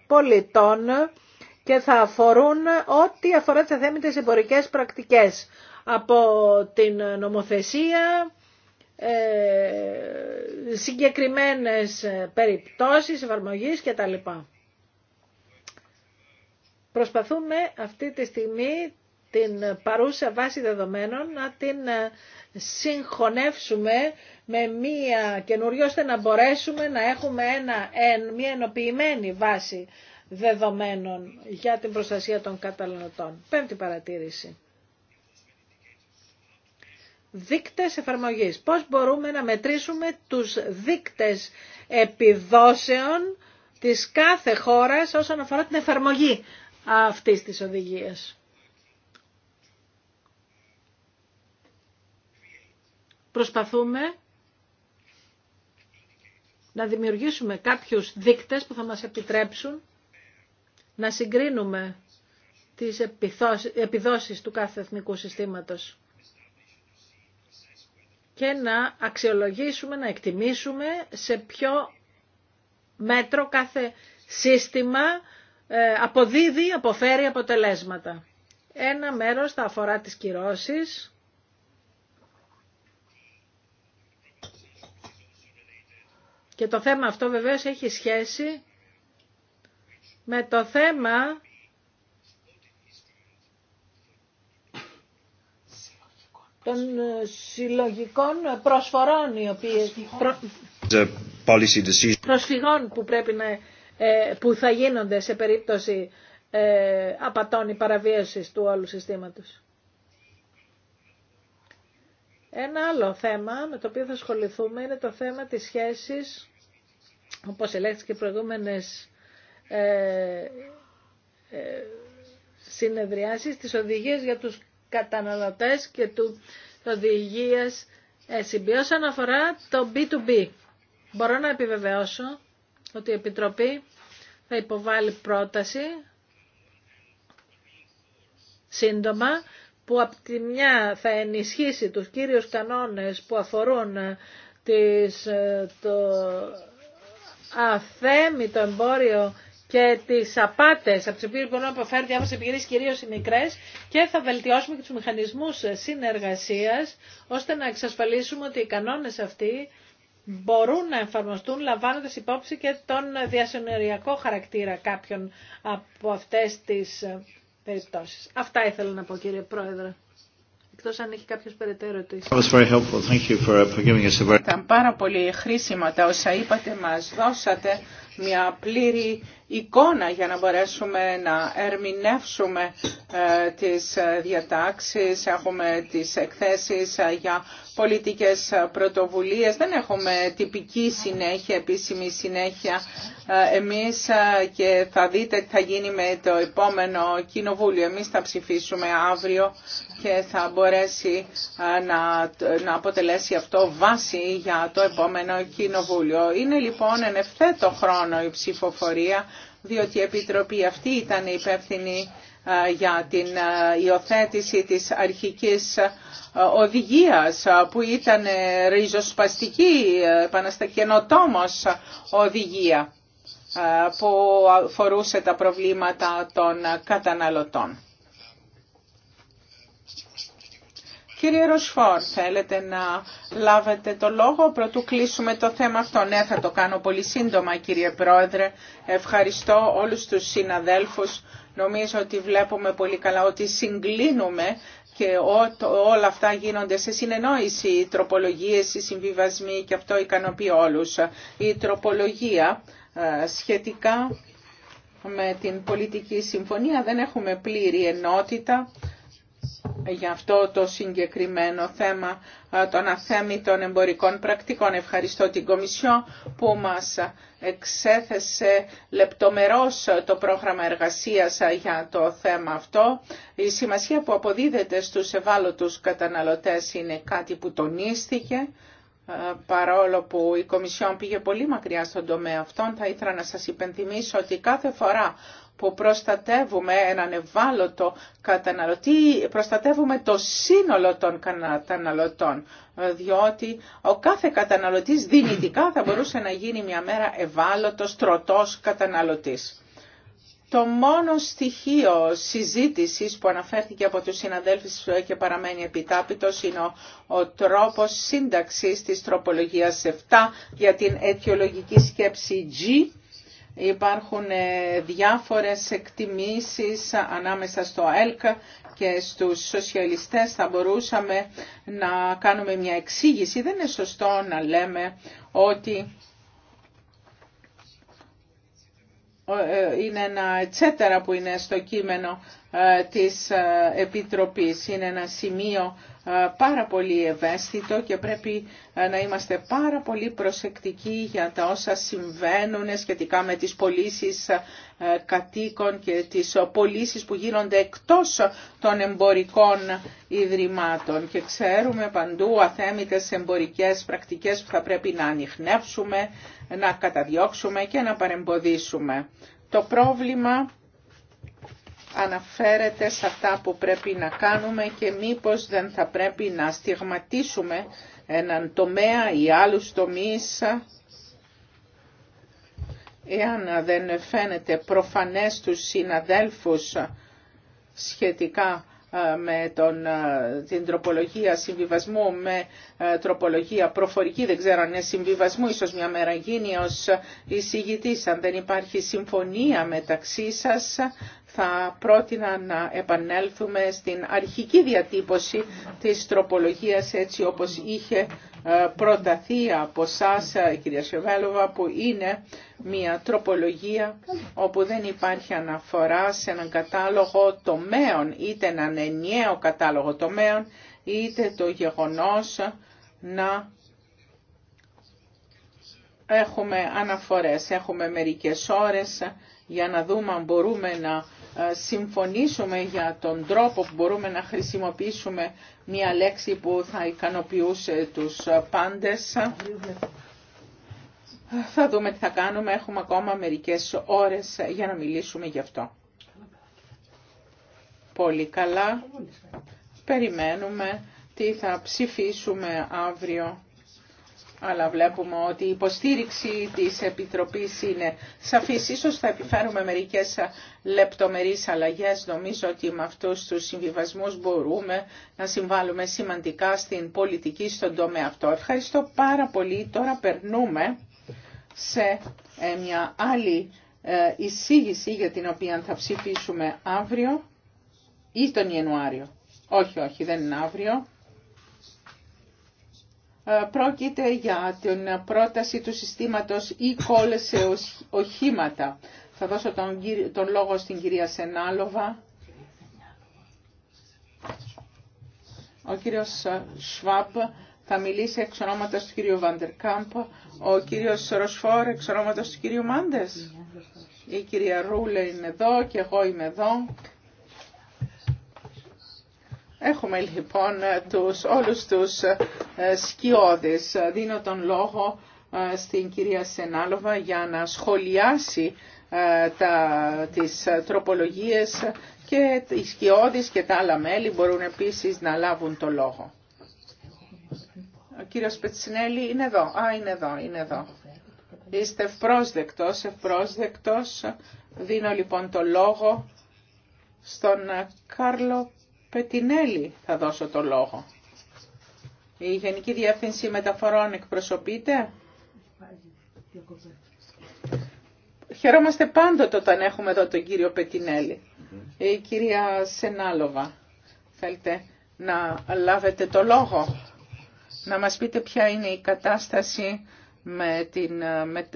πολιτών και θα αφορούν ό,τι αφορά τις αθέμητες εμπορικές πρακτικές από την νομοθεσία, ε, συγκεκριμένες περιπτώσεις εφαρμογής κτλ. Προσπαθούμε αυτή τη στιγμή την παρούσα βάση δεδομένων να την ε, συγχωνεύσουμε με μία καινούργια ώστε να μπορέσουμε να έχουμε ένα, μία ενοποιημένη βάση δεδομένων για την προστασία των καταναλωτών. Πέμπτη παρατήρηση δίκτες εφαρμογής. Πώς μπορούμε να μετρήσουμε τους δίκτες επιδόσεων της κάθε χώρας όσον αφορά την εφαρμογή αυτής της οδηγίας. Προσπαθούμε να δημιουργήσουμε κάποιους δίκτες που θα μας επιτρέψουν να συγκρίνουμε τις επιδόσεις του κάθε εθνικού συστήματος και να αξιολογήσουμε, να εκτιμήσουμε σε ποιο μέτρο κάθε σύστημα ε, αποδίδει, αποφέρει αποτελέσματα. Ένα μέρος θα αφορά τις κυρώσεις. Και το θέμα αυτό βεβαίως έχει σχέση με το θέμα των ε, συλλογικών προσφορών οι οποίες, προσφυγών που, πρέπει να, ε, που θα γίνονται σε περίπτωση ε, απατών ή παραβίασης του όλου συστήματος. Ένα άλλο θέμα με το οποίο θα ασχοληθούμε είναι το θέμα της σχέσης, όπως ελέγχθηκε και προηγούμενες ε, ε, συνεδριάσεις, της οδηγίας για τους καταναλωτές και του οδηγίας SCB. Ε, όσον αφορά το B2B, μπορώ να επιβεβαιώσω ότι η Επιτροπή θα υποβάλει πρόταση σύντομα που από τη μια θα ενισχύσει τους κύριους κανόνες που αφορούν ε, τις, ε, το αθέμητο εμπόριο και τι απάτε από τι οποίε μπορούν να αποφέρουν διάφορε επιχειρήσει, κυρίως οι μικρές, και θα βελτιώσουμε και του μηχανισμού συνεργασία, ώστε να εξασφαλίσουμε ότι οι κανόνε αυτοί μπορούν να εφαρμοστούν λαμβάνοντας υπόψη και τον διασυνοριακό χαρακτήρα κάποιων από αυτές τις περιπτώσεις. Αυτά ήθελα να πω κύριε Πρόεδρε. Εκτός αν έχει κάποιος περαιτέρω Ήταν πάρα πολύ χρήσιμα τα όσα είπατε, μας δώσατε μια πλήρη εικόνα για να μπορέσουμε να ερμηνεύσουμε ε, τις ε, διατάξεις. Έχουμε τις εκθέσεις ε, για πολιτικές πρωτοβουλίες. Δεν έχουμε τυπική συνέχεια, επίσημη συνέχεια εμείς και θα δείτε τι θα γίνει με το επόμενο κοινοβούλιο. Εμείς θα ψηφίσουμε αύριο και θα μπορέσει να, να αποτελέσει αυτό βάση για το επόμενο κοινοβούλιο. Είναι λοιπόν εν ευθέτω χρόνο η ψηφοφορία διότι η Επιτροπή αυτή ήταν υπεύθυνη για την υιοθέτηση της αρχικής οδηγίας που ήταν ε, ριζοσπαστική, ε, επαναστακενοτόμος οδηγία που αφορούσε τα προβλήματα των καταναλωτών. Κύριε Ροσφόρ, θέλετε να λάβετε το λόγο πρωτού κλείσουμε το θέμα αυτό. Ναι, θα το κάνω πολύ σύντομα κύριε Πρόεδρε. Ευχαριστώ όλους τους συναδέλφους. Νομίζω ότι βλέπουμε πολύ καλά ότι συγκλίνουμε και όλα αυτά γίνονται σε συνεννόηση, οι τροπολογίες, οι συμβιβασμοί και αυτό ικανοποιεί όλους. Η τροπολογία ε, σχετικά με την πολιτική συμφωνία δεν έχουμε πλήρη ενότητα για αυτό το συγκεκριμένο θέμα των αθέμητων εμπορικών πρακτικών. Ευχαριστώ την Κομισιό που μας εξέθεσε λεπτομερώς το πρόγραμμα εργασίας για το θέμα αυτό. Η σημασία που αποδίδεται στους ευάλωτους καταναλωτές είναι κάτι που τονίστηκε παρόλο που η Κομισιόν πήγε πολύ μακριά στον τομέα αυτόν, θα ήθελα να σας υπενθυμίσω ότι κάθε φορά που προστατεύουμε έναν ευάλωτο καταναλωτή, προστατεύουμε το σύνολο των καταναλωτών, διότι ο κάθε καταναλωτής δυνητικά θα μπορούσε να γίνει μια μέρα ευάλωτος, τροτός καταναλωτής. Το μόνο στοιχείο συζήτησης που αναφέρθηκε από τους συναδέλφους και παραμένει επιτάπητος είναι ο, ο τρόπος σύνταξης της τροπολογίας 7 για την αιτιολογική σκέψη G Υπάρχουν ε, διάφορες εκτιμήσεις ανάμεσα στο ΕΛΚ και στους σοσιαλιστές. Θα μπορούσαμε να κάνουμε μια εξήγηση. Δεν είναι σωστό να λέμε ότι ε, ε, είναι ένα ετσέτερα που είναι στο κείμενο. Ε, της ε, Επιτροπής. Είναι ένα σημείο ε, πάρα πολύ ευαίσθητο και πρέπει να είμαστε πάρα πολύ προσεκτικοί για τα όσα συμβαίνουν σχετικά με τις πωλήσει κατοίκων και τις πωλήσει που γίνονται εκτός των εμπορικών ιδρυμάτων. Και ξέρουμε παντού αθέμητες εμπορικές πρακτικές που θα πρέπει να ανοιχνεύσουμε, να καταδιώξουμε και να παρεμποδίσουμε. Το πρόβλημα αναφέρεται σε αυτά που πρέπει να κάνουμε και μήπως δεν θα πρέπει να στιγματίσουμε έναν τομέα ή άλλους τομείς εάν δεν φαίνεται προφανές τους συναδέλφους σχετικά με τον, την τροπολογία συμβιβασμού με τροπολογία προφορική, δεν ξέρω αν είναι συμβιβασμού, ίσως μια μέρα γίνει ως εισηγητής. Αν δεν υπάρχει συμφωνία μεταξύ σας, θα πρότεινα να επανέλθουμε στην αρχική διατύπωση της τροπολογίας έτσι όπως είχε ε, προταθεί από εσά, κυρία Σεβέλοβα, που είναι μια τροπολογία όπου δεν υπάρχει αναφορά σε έναν κατάλογο τομέων, είτε έναν ενιαίο κατάλογο τομέων, είτε το γεγονός να έχουμε αναφορές, έχουμε μερικές ώρες για να δούμε αν μπορούμε να ε, συμφωνήσουμε για τον τρόπο που μπορούμε να χρησιμοποιήσουμε μια λέξη που θα ικανοποιούσε τους πάντες. Θα δούμε τι θα κάνουμε. Έχουμε ακόμα μερικές ώρες για να μιλήσουμε γι' αυτό. Πολύ καλά. Περιμένουμε τι θα ψηφίσουμε αύριο αλλά βλέπουμε ότι η υποστήριξη της Επιτροπής είναι σαφής. Ίσως θα επιφέρουμε μερικές λεπτομερείς αλλαγές. Νομίζω ότι με αυτούς τους συμβιβασμούς μπορούμε να συμβάλλουμε σημαντικά στην πολιτική στον τομέα αυτό. Ευχαριστώ πάρα πολύ. Τώρα περνούμε σε ε, μια άλλη ε, εισήγηση για την οποία θα ψηφίσουμε αύριο ή τον Ιανουάριο. Όχι, όχι, δεν είναι αύριο. Ε, πρόκειται για την πρόταση του συστήματος e-call σε οχήματα. Θα δώσω τον, λόγο στην κυρία Σενάλοβα. Ο κύριος Σβάπ θα μιλήσει εξ ονόματος του κύριου Βαντερκάμπ, ο κύριος Ροσφόρ εξ ονόματος του κύριου Μάντες. Η κυρία Ρούλε είναι εδώ και εγώ είμαι εδώ. Έχουμε λοιπόν τους, όλους τους ε, σκιώδες. Δίνω τον λόγο ε, στην κυρία Σενάλοβα για να σχολιάσει ε, τα, τις τροπολογίες και οι σκιώδεις και τα άλλα μέλη μπορούν επίσης να λάβουν το λόγο. Ο κύριος Πετσινέλη είναι εδώ. Α, είναι εδώ, είναι εδώ. Είστε ευπρόσδεκτος, ευπρόσδεκτος. Δίνω λοιπόν το λόγο στον Κάρλο Πετινέλη θα δώσω το λόγο. Η Γενική Διεύθυνση Μεταφορών εκπροσωπείται. Χαιρόμαστε πάντοτε όταν έχουμε εδώ τον κύριο Πετινέλη. Η κυρία Σενάλοβα, θέλετε να λάβετε το λόγο, να μας πείτε ποια είναι η κατάσταση με, την,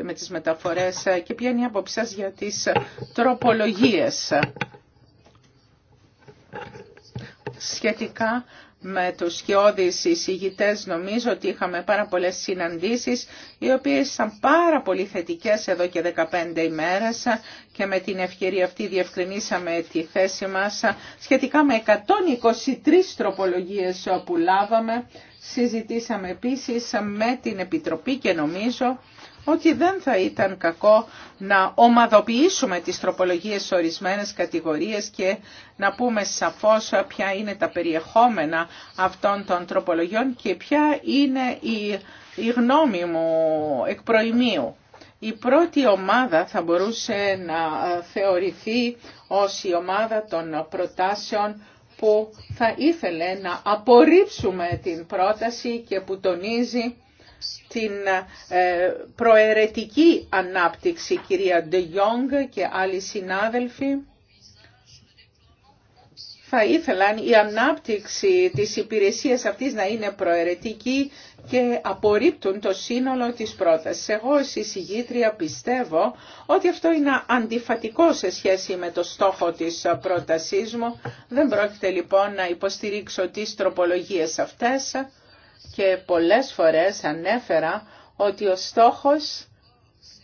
με, τις μεταφορές και ποια είναι η άποψη σας για τις τροπολογίες σχετικά με τους σκιώδεις εισηγητές νομίζω ότι είχαμε πάρα πολλές συναντήσεις οι οποίες ήταν πάρα πολύ θετικές εδώ και 15 ημέρες και με την ευκαιρία αυτή διευκρινίσαμε τη θέση μας σχετικά με 123 τροπολογίες που λάβαμε. Συζητήσαμε επίσης με την Επιτροπή και νομίζω ότι δεν θα ήταν κακό να ομαδοποιήσουμε τις τροπολογίες σε ορισμένες κατηγορίες και να πούμε σαφώς ποια είναι τα περιεχόμενα αυτών των τροπολογιών και ποια είναι η, γνώμη μου εκ προημίου. Η πρώτη ομάδα θα μπορούσε να θεωρηθεί ως η ομάδα των προτάσεων που θα ήθελε να απορρίψουμε την πρόταση και που τονίζει την ε, προαιρετική ανάπτυξη, κυρία Ντε και άλλοι συνάδελφοι. Θα ήθελαν η ανάπτυξη της υπηρεσίας αυτής να είναι προαιρετική και απορρίπτουν το σύνολο της πρότασης. Εγώ ως εισηγήτρια πιστεύω ότι αυτό είναι αντιφατικό σε σχέση με το στόχο της πρότασής μου. Δεν πρόκειται λοιπόν να υποστηρίξω τις τροπολογίες αυτές και πολλές φορές ανέφερα ότι ο στόχος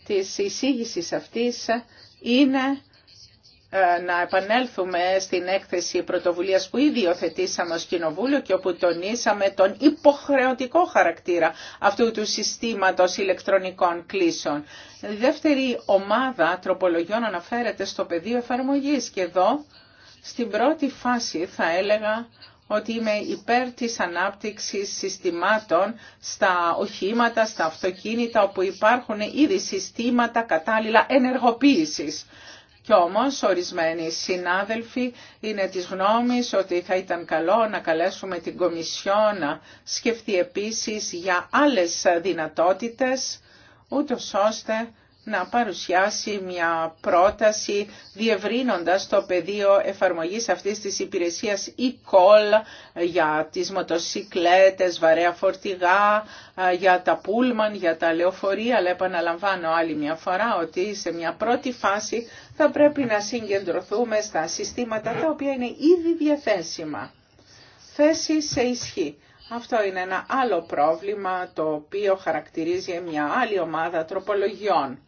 της εισήγησης αυτής είναι ε, να επανέλθουμε στην έκθεση πρωτοβουλίας που ήδη υιοθετήσαμε ως Κοινοβούλιο και όπου τονίσαμε τον υποχρεωτικό χαρακτήρα αυτού του συστήματος ηλεκτρονικών κλήσεων. Η δεύτερη ομάδα τροπολογιών αναφέρεται στο πεδίο εφαρμογής και εδώ στην πρώτη φάση θα έλεγα ότι είμαι υπέρ της ανάπτυξης συστημάτων στα οχήματα, στα αυτοκίνητα, όπου υπάρχουν ήδη συστήματα κατάλληλα ενεργοποίησης. Κι όμως ορισμένοι συνάδελφοι είναι της γνώμης ότι θα ήταν καλό να καλέσουμε την Κομισιό να σκεφτεί επίσης για άλλες δυνατότητες, ούτως ώστε να παρουσιάσει μια πρόταση διευρύνοντας το πεδίο εφαρμογής αυτής της υπηρεσίας e-call για τις μοτοσικλέτες, βαρέα φορτηγά, ε, για τα πούλμαν, για τα λεωφορεία, αλλά επαναλαμβάνω άλλη μια φορά ότι σε μια πρώτη φάση θα πρέπει να συγκεντρωθούμε στα συστήματα τα οποία είναι ήδη διαθέσιμα. Θέση σε ισχύ. Αυτό είναι ένα άλλο πρόβλημα το οποίο χαρακτηρίζει μια άλλη ομάδα τροπολογιών.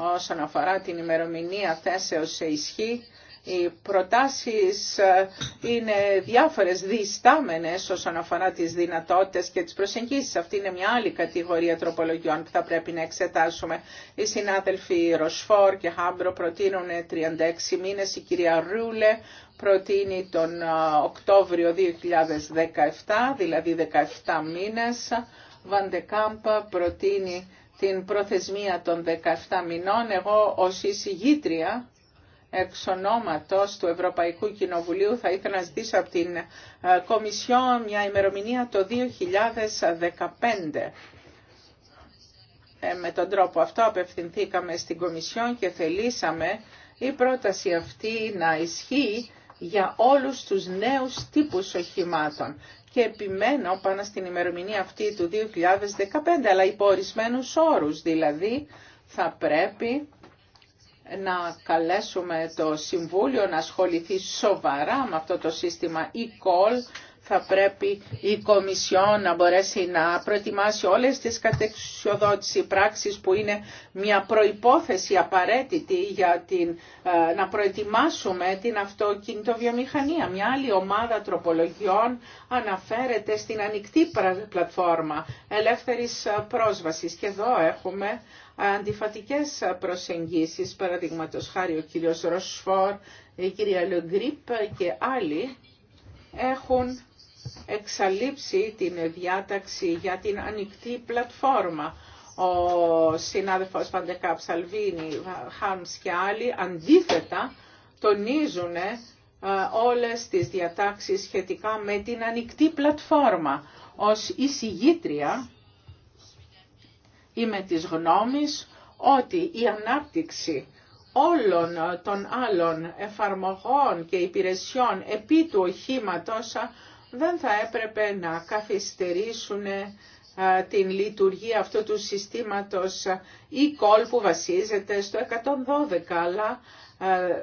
Όσον αφορά την ημερομηνία θέσεως σε ισχύ, οι προτάσεις ε, είναι διάφορες διστάμενες όσον αφορά τις δυνατότητες και τις προσεγγίσεις. Αυτή είναι μια άλλη κατηγορία τροπολογιών που θα πρέπει να εξετάσουμε. Οι συνάδελφοι Ροσφόρ και Χάμπρο προτείνουν 36 μήνες. Η κυρία Ρούλε προτείνει τον ε, Οκτώβριο 2017, δηλαδή 17 μήνες. Βαντεκάμπα προτείνει την προθεσμία των 17 μηνών, εγώ ως εισηγήτρια εξ ονόματος του Ευρωπαϊκού Κοινοβουλίου θα ήθελα να ζητήσω από την ε, Κομισιόν μια ημερομηνία το 2015. Ε, με τον τρόπο αυτό απευθυνθήκαμε στην Κομισιόν και θελήσαμε η πρόταση αυτή να ισχύει για όλους τους νέους τύπους οχημάτων και επιμένω πάνω στην ημερομηνία αυτή του 2015, αλλά υπό ορισμένου όρους. Δηλαδή θα πρέπει να καλέσουμε το Συμβούλιο να ασχοληθεί σοβαρά με αυτό το σύστημα e-call, θα πρέπει η Κομισιόν να μπορέσει να προετοιμάσει όλες τις κατεξιοδότηση πράξεις που είναι μια προϋπόθεση απαραίτητη για την, ε, να προετοιμάσουμε την αυτοκινητοβιομηχανία. Μια άλλη ομάδα τροπολογιών αναφέρεται στην ανοιχτή πλατφόρμα ελεύθερης πρόσβασης και εδώ έχουμε αντιφατικές προσεγγίσεις, παραδείγματος χάρη ο κύριος Ροσφόρ, η κυρία Λεγκρίπ και άλλοι έχουν εξαλείψει την διάταξη για την ανοιχτή πλατφόρμα. Ο συνάδελφος Παντεκά Σαλβίνη, Χάμς και άλλοι αντίθετα τονίζουν ε, όλες τις διατάξεις σχετικά με την ανοιχτή πλατφόρμα. Ως εισηγήτρια είμαι της γνώμης ότι η ανάπτυξη όλων των άλλων εφαρμογών και υπηρεσιών επί του οχήματος δεν θα έπρεπε να καθυστερήσουν ε, την λειτουργία αυτού του συστήματος ή e-call που βασίζεται στο 112, αλλά ε, ε,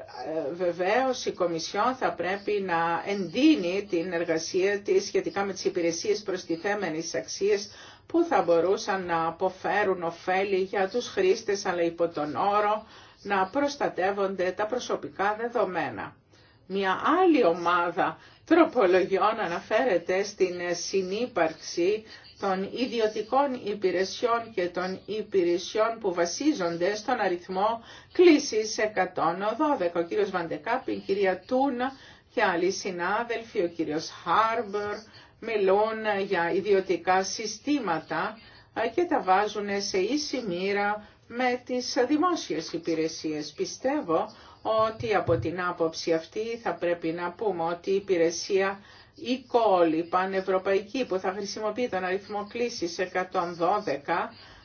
βεβαίως η Κομισιόν θα πρέπει να εντείνει την εργασία της σχετικά με τις υπηρεσίες προστιθέμενης αξίες που θα μπορούσαν να αποφέρουν ωφέλη για τους χρήστες, αλλά υπό τον όρο να προστατεύονται τα προσωπικά δεδομένα. Μια άλλη ομάδα τροπολογιών αναφέρεται στην συνύπαρξη των ιδιωτικών υπηρεσιών και των υπηρεσιών που βασίζονται στον αριθμό κλήσης 112. Ο κύριος Βαντεκάπη, η κυρία Τούν και άλλοι συνάδελφοι, ο κύριος Χάρμπορ, μιλούν για ιδιωτικά συστήματα και τα βάζουν σε ίση μοίρα με τις δημόσιες υπηρεσίες. Πιστεύω ότι από την άποψη αυτή θα πρέπει να πούμε ότι η υπηρεσία η πανευρωπαϊκή που θα χρησιμοποιεί τον αριθμό 112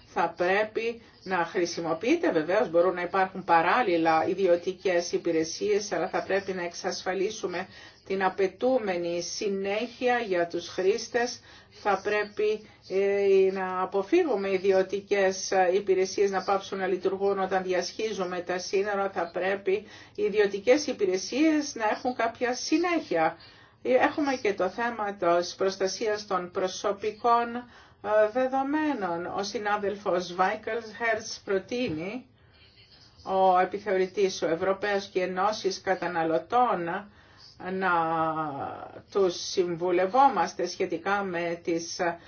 θα πρέπει να χρησιμοποιείται. Βεβαίως μπορούν να υπάρχουν παράλληλα ιδιωτικές υπηρεσίες, αλλά θα πρέπει να εξασφαλίσουμε την απαιτούμενη συνέχεια για τους χρήστες. Θα πρέπει ε, να αποφύγουμε ιδιωτικές ε, υπηρεσίες να πάψουν να λειτουργούν όταν διασχίζουμε τα σύνορα. Θα πρέπει οι ιδιωτικές υπηρεσίες να έχουν κάποια συνέχεια. Έχουμε και το θέμα της προστασίας των προσωπικών ε, δεδομένων. Ο συνάδελφος Βάικελ Χέρτς προτείνει ο επιθεωρητής ο Ευρωπαίος και Καταναλωτών να τους συμβουλευόμαστε σχετικά με τις ε,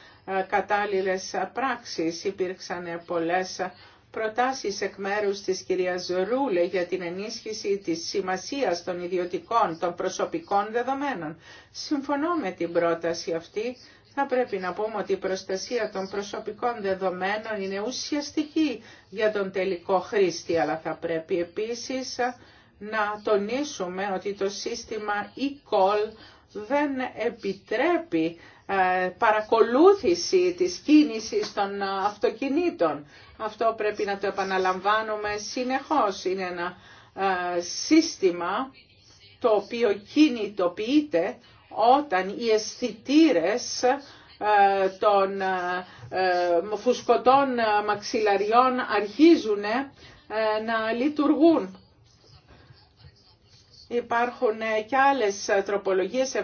κατάλληλες πράξεις. Υπήρξαν πολλές προτάσεις εκ μέρους της κυρίας Ρούλε για την ενίσχυση της σημασίας των ιδιωτικών, των προσωπικών δεδομένων. Συμφωνώ με την πρόταση αυτή. Θα πρέπει να πούμε ότι η προστασία των προσωπικών δεδομένων είναι ουσιαστική για τον τελικό χρήστη, αλλά θα πρέπει επίσης ε, να τονίσουμε ότι το σύστημα e-call δεν επιτρέπει ε, παρακολούθηση της κίνησης των ε, αυτοκινήτων. Αυτό πρέπει να το επαναλαμβάνουμε συνεχώς. Είναι ένα ε, σύστημα το οποίο κινητοποιείται όταν οι αισθητήρε των φουσκωτών μαξιλαριών αρχίζουν να λειτουργούν. Υπάρχουν ε, και άλλες τροπολογίες 73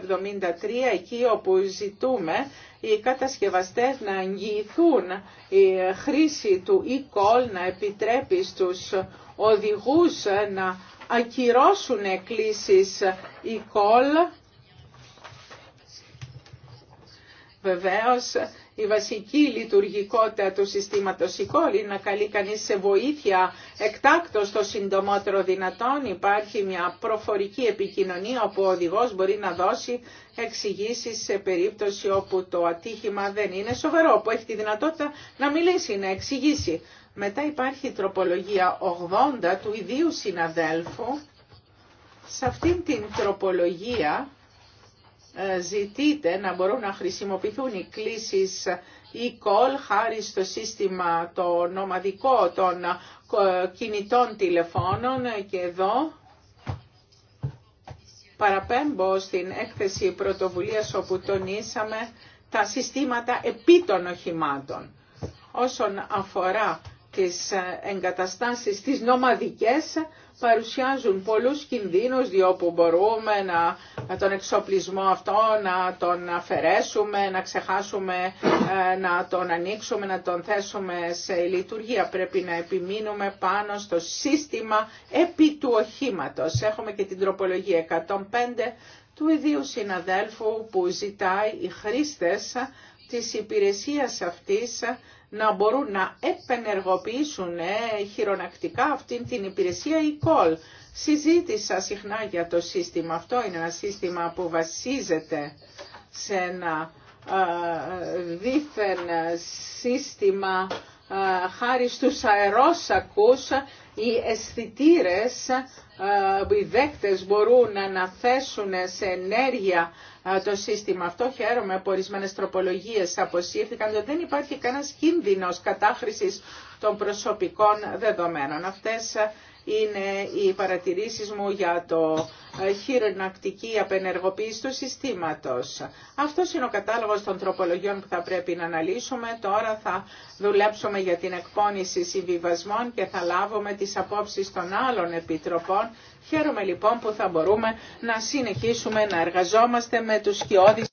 εκεί όπου ζητούμε οι κατασκευαστές να αγγιηθούν η χρήση του e-call να επιτρέπει στους οδηγούς ε, να ακυρωσουν εκλίσεις εκκλήσεις e-call. Βεβαίως η βασική λειτουργικότητα του συστηματος η είναι να καλεί κανείς σε βοήθεια εκτάκτως το συντομότερο δυνατόν. Υπάρχει μια προφορική επικοινωνία όπου ο οδηγός μπορεί να δώσει εξηγήσει σε περίπτωση όπου το ατύχημα δεν είναι σοβαρό, που έχει τη δυνατότητα να μιλήσει, να εξηγήσει. Μετά υπάρχει η τροπολογία 80 του ιδίου συναδέλφου. Σε αυτήν την τροπολογία ε, ζητείτε να μπορούν να χρησιμοποιηθούν οι κλήσεις e-call χάρη στο σύστημα το νομαδικό των ε, κινητών τηλεφώνων και εδώ παραπέμπω στην έκθεση πρωτοβουλίας όπου τονίσαμε τα συστήματα επί των οχημάτων. Όσον αφορά τις ε, εγκαταστάσεις, τις νομαδικές, παρουσιάζουν πολλούς κινδύνους, διόπου μπορούμε να τον εξοπλισμό αυτό να τον αφαιρέσουμε, να ξεχάσουμε, ε, να τον ανοίξουμε, να τον θέσουμε σε λειτουργία. Πρέπει να επιμείνουμε πάνω στο σύστημα επί του οχήματος. Έχουμε και την τροπολογία 105 του ιδίου συναδέλφου που ζητάει οι χρήστες της υπηρεσίας αυτής να μπορούν να επενεργοποιήσουν ε, χειρονακτικά αυτή την υπηρεσία η call. Συζήτησα συχνά για το σύστημα αυτό, είναι ένα σύστημα που βασίζεται σε ένα ε, δίθεν σύστημα ε, χάρη στους αερόσακους οι αισθητήρε, οι δέκτες μπορούν να θέσουν σε ενέργεια το σύστημα αυτό. Χαίρομαι που ορισμένε τροπολογίε αποσύρθηκαν, διότι δεν υπάρχει κανένα κίνδυνο κατάχρηση των προσωπικών δεδομένων. Αυτές είναι οι παρατηρήσει μου για το ε, χειρονακτική απενεργοποίηση του συστήματος. Αυτό είναι ο κατάλογος των τροπολογιών που θα πρέπει να αναλύσουμε. Τώρα θα δουλέψουμε για την εκπόνηση συμβιβασμών και θα λάβουμε τις απόψει των άλλων επιτροπών. Χαίρομαι λοιπόν που θα μπορούμε να συνεχίσουμε να εργαζόμαστε με του σκιώδει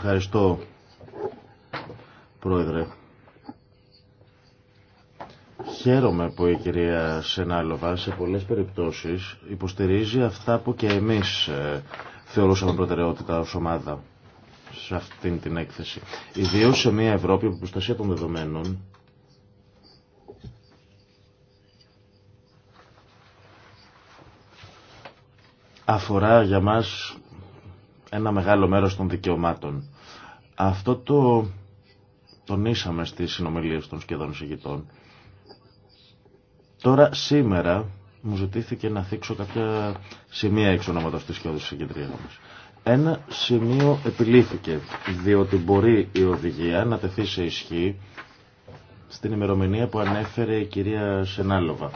Ευχαριστώ, Πρόεδρε. Χαίρομαι που η κυρία Σενάλοβα σε πολλές περιπτώσεις υποστηρίζει αυτά που και εμείς ε, θεωρούσαμε προτεραιότητα ως ομάδα σε αυτήν την έκθεση. Ιδίως σε μια Ευρώπη που προστασία των δεδομένων αφορά για μας ένα μεγάλο μέρος των δικαιωμάτων. Αυτό το τονίσαμε στις συνομιλίες των σχεδόν εισηγητών. Τώρα σήμερα μου ζητήθηκε να θίξω κάποια σημεία εξ ονόματος της σχεδόν συγκεντρίας μας. Ένα σημείο επιλήθηκε, διότι μπορεί η οδηγία να τεθεί σε ισχύ στην ημερομηνία που ανέφερε η κυρία Σενάλοβα.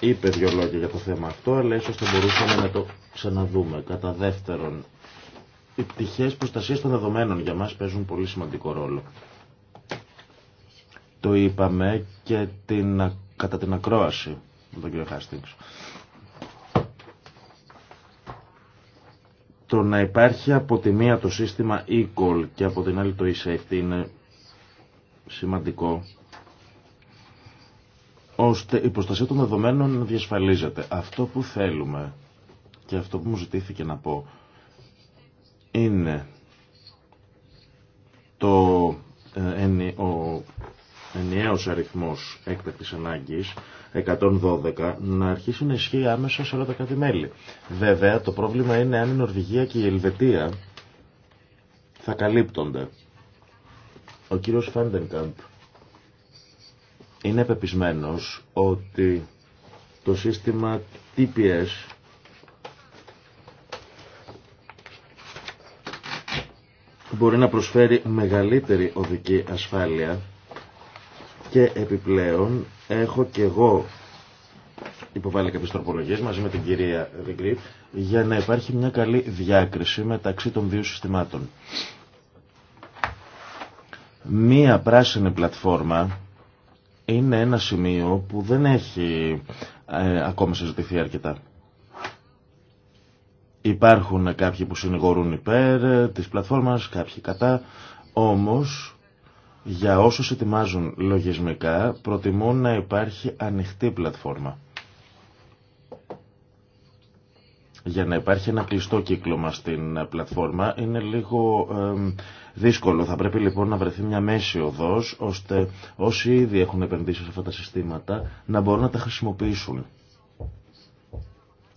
Είπε δυο λόγια για το θέμα αυτό, αλλά ίσως θα μπορούσαμε να το ξαναδούμε. Κατά δεύτερον, οι πτυχές προστασία των δεδομένων για μας παίζουν πολύ σημαντικό ρόλο. Το είπαμε και την, κατά την ακρόαση με τον κύριο Χάστινγκς. Το να υπάρχει από τη μία το σύστημα e-call και από την άλλη το e-safety είναι σημαντικό ώστε η προστασία των δεδομένων να διασφαλίζεται. Αυτό που θέλουμε και αυτό που μου ζητήθηκε να πω είναι το, ε, ο ενιαίος αριθμός έκτακτης ανάγκης 112 να αρχίσει να ισχύει άμεσα σε όλα τα κάτι μέλη. Βέβαια το πρόβλημα είναι αν η Νορβηγία και η Ελβετία θα καλύπτονται. Ο κύριος Φάντενκαμπ είναι πεπισμένος ότι το σύστημα TPS μπορεί να προσφέρει μεγαλύτερη οδική ασφάλεια και επιπλέον έχω και εγώ υποβάλει κάποιες τροπολογίες μαζί με την κυρία Δεγκρή για να υπάρχει μια καλή διάκριση μεταξύ των δύο συστημάτων. Μία πράσινη πλατφόρμα είναι ένα σημείο που δεν έχει ε, ακόμα συζητηθεί αρκετά. Υπάρχουν κάποιοι που συνηγορούν υπέρ ε, της πλατφόρμας, κάποιοι κατά, όμως για όσους ετοιμάζουν λογισμικά προτιμούν να υπάρχει ανοιχτή πλατφόρμα. Για να υπάρχει ένα κλειστό κύκλωμα στην ε, πλατφόρμα είναι λίγο δύσκολο. Θα πρέπει λοιπόν να βρεθεί μια μέση οδός ώστε όσοι ήδη έχουν επενδύσει σε αυτά τα συστήματα να μπορούν να τα χρησιμοποιήσουν.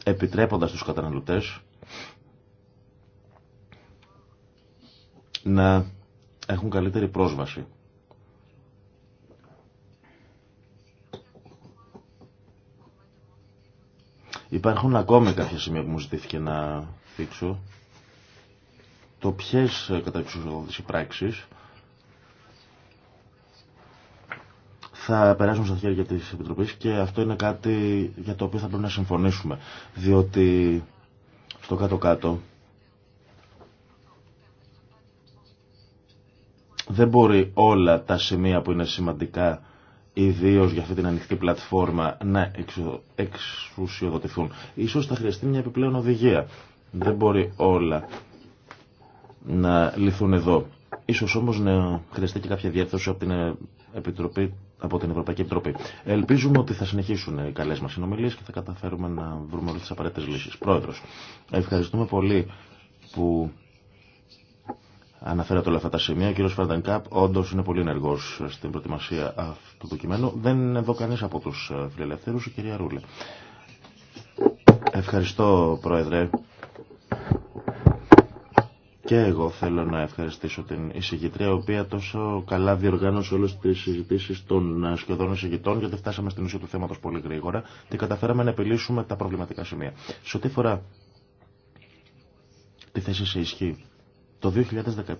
Επιτρέποντας τους καταναλωτές να έχουν καλύτερη πρόσβαση. Υπάρχουν ακόμη κάποια σημεία που μου ζητήθηκε να δείξω. Το ποιε κατά τι πράξει θα περάσουν στα χέρια τη Επιτροπή και αυτό είναι κάτι για το οποίο θα πρέπει να συμφωνήσουμε. Διότι στο κάτω-κάτω Δεν μπορεί όλα τα σημεία που είναι σημαντικά ιδίω για αυτή την ανοιχτή πλατφόρμα να εξουσιοδοτηθούν. Ίσως θα χρειαστεί μια επιπλέον οδηγία. Δεν μπορεί όλα να λυθούν εδώ. Ίσως όμως να χρειαστεί και κάποια διεύθυνση από την ε, Επιτροπή από την Ευρωπαϊκή Επιτροπή. Ελπίζουμε ότι θα συνεχίσουν οι καλέ μα συνομιλίε και θα καταφέρουμε να βρούμε όλε τι απαραίτητε λύσει. Πρόεδρο, ευχαριστούμε πολύ που αναφέρατε όλα αυτά τα σημεία. Ο κύριος Φαρντανκάπ όντω είναι πολύ ενεργό στην προετοιμασία αυτού του κειμένου. Δεν είναι εδώ κανεί από του ε, φιλελευθέρου, η κυρία Ρούλε. Ευχαριστώ, Πρόεδρε. Και εγώ θέλω να ευχαριστήσω την εισηγητρία, η οποία τόσο καλά διοργάνωσε όλε τι συζητήσει των ε, σχεδόν εισηγητών, γιατί φτάσαμε στην ουσία του θέματο πολύ γρήγορα και καταφέραμε να επιλύσουμε τα προβληματικά σημεία. Σε ό,τι αφορά τη θέση σε ισχύ το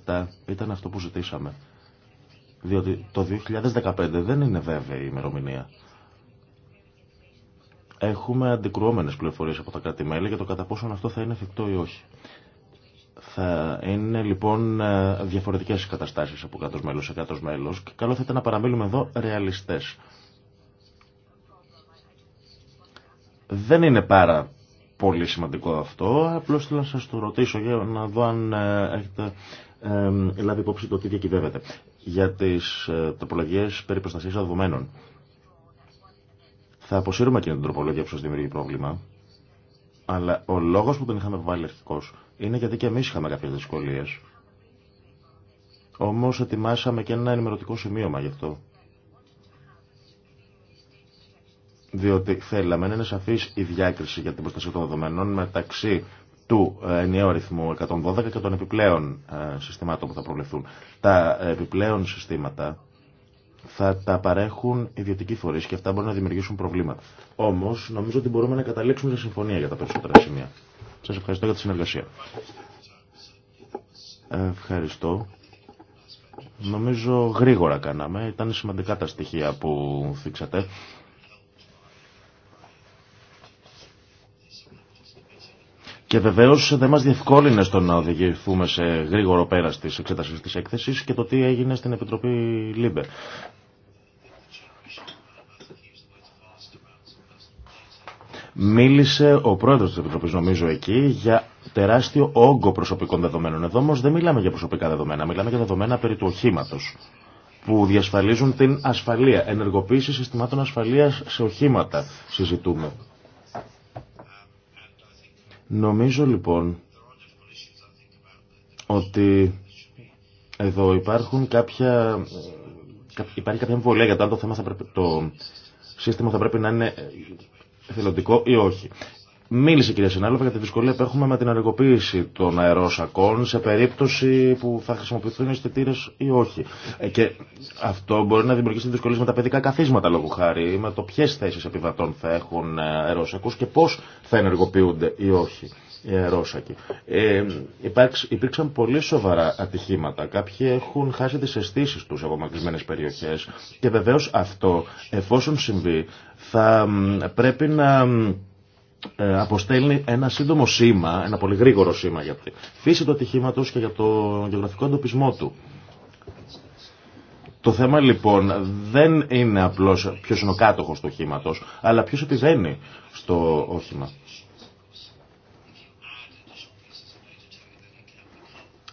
2017 ήταν αυτό που ζητήσαμε. Διότι το 2015 δεν είναι βέβαιη η ημερομηνία. Έχουμε αντικρουόμενες πληροφορίες από τα κράτη-μέλη για το κατά πόσο αυτό θα είναι εφικτό ή όχι. Θα είναι λοιπόν ε, διαφορετικές οι καταστάσεις από κάτω μέλος σε κάτω μέλος και καλό θα ήταν να παραμείνουμε εδώ ρεαλιστές. Δεν είναι πάρα πολύ σημαντικό αυτό. Απλώς θέλω να σας το ρωτήσω για να δω αν ε, έχετε ε, λάβει υπόψη το τι διακυβεύεται. Για τις ε, τροπολογίες περί δεδομένων. Θα αποσύρουμε και την τροπολογία που σας δημιουργεί πρόβλημα. Αλλά ο λόγος που τον είχαμε βάλει αρχικώς είναι γιατί και εμείς είχαμε κάποιες δυσκολίες. Όμως ετοιμάσαμε και ένα ενημερωτικό σημείωμα γι' αυτό διότι θέλαμε να είναι σαφή η διάκριση για την προστασία των δεδομένων μεταξύ του ε, ενιαίου αριθμού 112 και των επιπλέον ε, συστημάτων που θα προβλεφθούν. Τα ε, επιπλέον συστήματα θα τα παρέχουν ιδιωτικοί φορείς και αυτά μπορούν να δημιουργήσουν προβλήματα. Όμω, νομίζω ότι μπορούμε να καταλήξουμε σε συμφωνία για τα περισσότερα σημεία. Σα ευχαριστώ για τη συνεργασία. Ευχαριστώ. Νομίζω γρήγορα κάναμε. Ήταν σημαντικά τα στοιχεία που θίξατε. Και βεβαίω δεν μα διευκόλυνε στο να οδηγηθούμε σε γρήγορο πέρα τη εξέταση τη έκθεση και το τι έγινε στην Επιτροπή Λίμπερ. Μίλησε ο πρόεδρο τη Επιτροπή, νομίζω, εκεί για τεράστιο όγκο προσωπικών δεδομένων. Εδώ όμω δεν μιλάμε για προσωπικά δεδομένα, μιλάμε για δεδομένα περί του οχήματο που διασφαλίζουν την ασφαλεία, ενεργοποίηση συστημάτων ασφαλεία σε οχήματα συζητούμε. Νομίζω λοιπόν ότι εδώ υπάρχουν κάποια, υπάρχει κάποια εμβολία για το αν το, θέμα θα το σύστημα θα πρέπει να είναι εθελοντικό ή όχι. Μίλησε κυρία Συνάλλοφα για τη δυσκολία που έχουμε με την ενεργοποίηση των αερόσακών σε περίπτωση που θα χρησιμοποιηθούν αισθητήρε ή όχι. Ε, και αυτό μπορεί να δημιουργήσει δυσκολίε με τα παιδικά καθίσματα λόγου χάρη, με το ποιε θέσει επιβατών θα έχουν ε, αερόσακου και πώ θα ενεργοποιούνται ή όχι οι αερόσακοι. Ε, υπάρξ, υπήρξαν πολύ σοβαρά ατυχήματα. Κάποιοι έχουν χάσει τι αισθήσει του από μακρισμένε περιοχέ και βεβαίω αυτό εφόσον συμβεί θα πρέπει να ε, αποστέλνει ένα σύντομο σήμα, ένα πολύ γρήγορο σήμα για τη φύση του ατυχήματο και για το γεωγραφικό εντοπισμό του. Το θέμα λοιπόν δεν είναι απλώς ποιος είναι ο κάτοχος του οχήματος, αλλά ποιος επιβαίνει στο όχημα.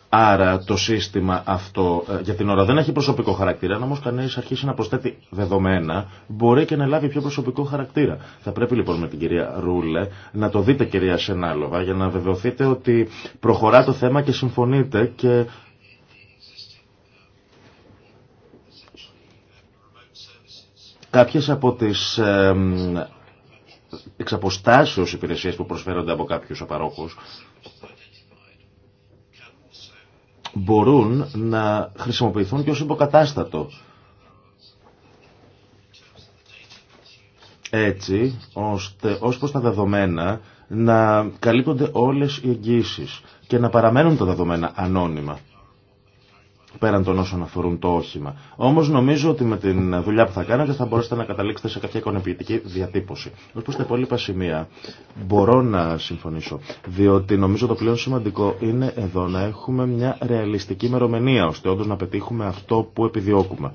Άρα το σύστημα αυτό ε, για την ώρα δεν έχει προσωπικό χαρακτήρα, αν όμω κανένα αρχίσει να προσθέτει δεδομένα, μπορεί και να λάβει πιο προσωπικό χαρακτήρα. Θα πρέπει λοιπόν με την κυρία Ρούλε να το δείτε κυρία Σενάλοβα για να βεβαιωθείτε ότι προχωρά το θέμα και συμφωνείτε και κάποιες από τις ε, υπηρεσίες που προσφέρονται από κάποιους απαρόχους μπορούν να χρησιμοποιηθούν και ως υποκατάστατο. Έτσι, ώστε ως προς τα δεδομένα να καλύπτονται όλες οι εγγύσεις και να παραμένουν τα δεδομένα ανώνυμα πέραν των όσων αφορούν το όχημα. Όμω νομίζω ότι με την δουλειά που θα κάνετε θα μπορέσετε να καταλήξετε σε κάποια εικονοποιητική διατύπωση. Ω προ τα υπόλοιπα σημεία μπορώ να συμφωνήσω. Διότι νομίζω το πλέον σημαντικό είναι εδώ να έχουμε μια ρεαλιστική ημερομηνία ώστε όντω να πετύχουμε αυτό που επιδιώκουμε.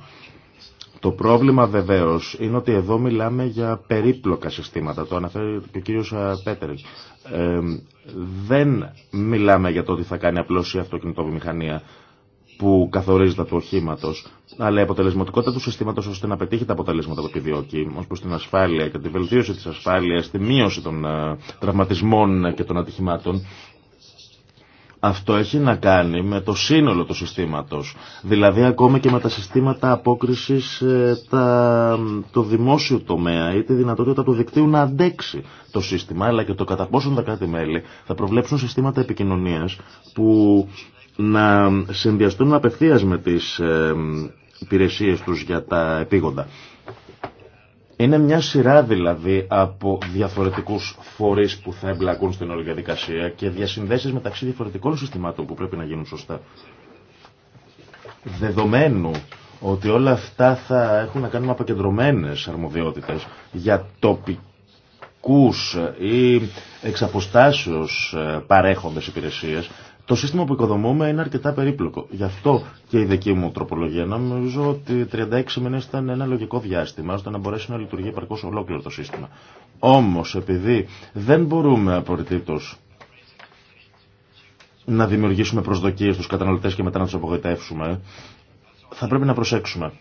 Το πρόβλημα βεβαίω είναι ότι εδώ μιλάμε για περίπλοκα συστήματα. Το αναφέρει και ο κύριο Πέτερη. Ε, δεν μιλάμε για το ότι θα κάνει απλώ η αυτοκινητοβιομηχανία που καθορίζεται το οχήματο, αλλά η αποτελεσματικότητα του συστήματο ώστε να πετύχει τα αποτελέσματα που επιδιώκει ω προ την ασφάλεια και τη βελτίωση τη ασφάλεια, τη μείωση των ε, τραυματισμών και των ατυχημάτων, αυτό έχει να κάνει με το σύνολο του συστήματος, δηλαδή ακόμα και με τα συστήματα απόκριση ε, τα, το δημόσιο τομέα ή τη δυνατότητα του δικτύου να αντέξει το σύστημα, αλλά και το κατά πόσον τα κράτη-μέλη θα προβλέψουν συστήματα επικοινωνίας που να συνδυαστούν απευθεία με τις ε, υπηρεσίε τους για τα επίγοντα. Είναι μια σειρά δηλαδή από διαφορετικούς φορείς που θα εμπλακούν στην όλη διαδικασία και διασυνδέσεις μεταξύ διαφορετικών συστημάτων που πρέπει να γίνουν σωστά. Δεδομένου ότι όλα αυτά θα έχουν να κάνουν αποκεντρωμένες αρμοδιότητες για τοπικούς ή αποστάσεως ε, παρέχοντες υπηρεσίες, το σύστημα που οικοδομούμε είναι αρκετά περίπλοκο. Γι' αυτό και η δική μου τροπολογία. Νομίζω ότι 36 μήνε ήταν ένα λογικό διάστημα ώστε να μπορέσει να λειτουργεί επαρκώ ολόκληρο το σύστημα. Όμω, επειδή δεν μπορούμε απορριτήτω να δημιουργήσουμε προσδοκίε στου καταναλωτέ και μετά να του απογοητεύσουμε, θα πρέπει να προσέξουμε.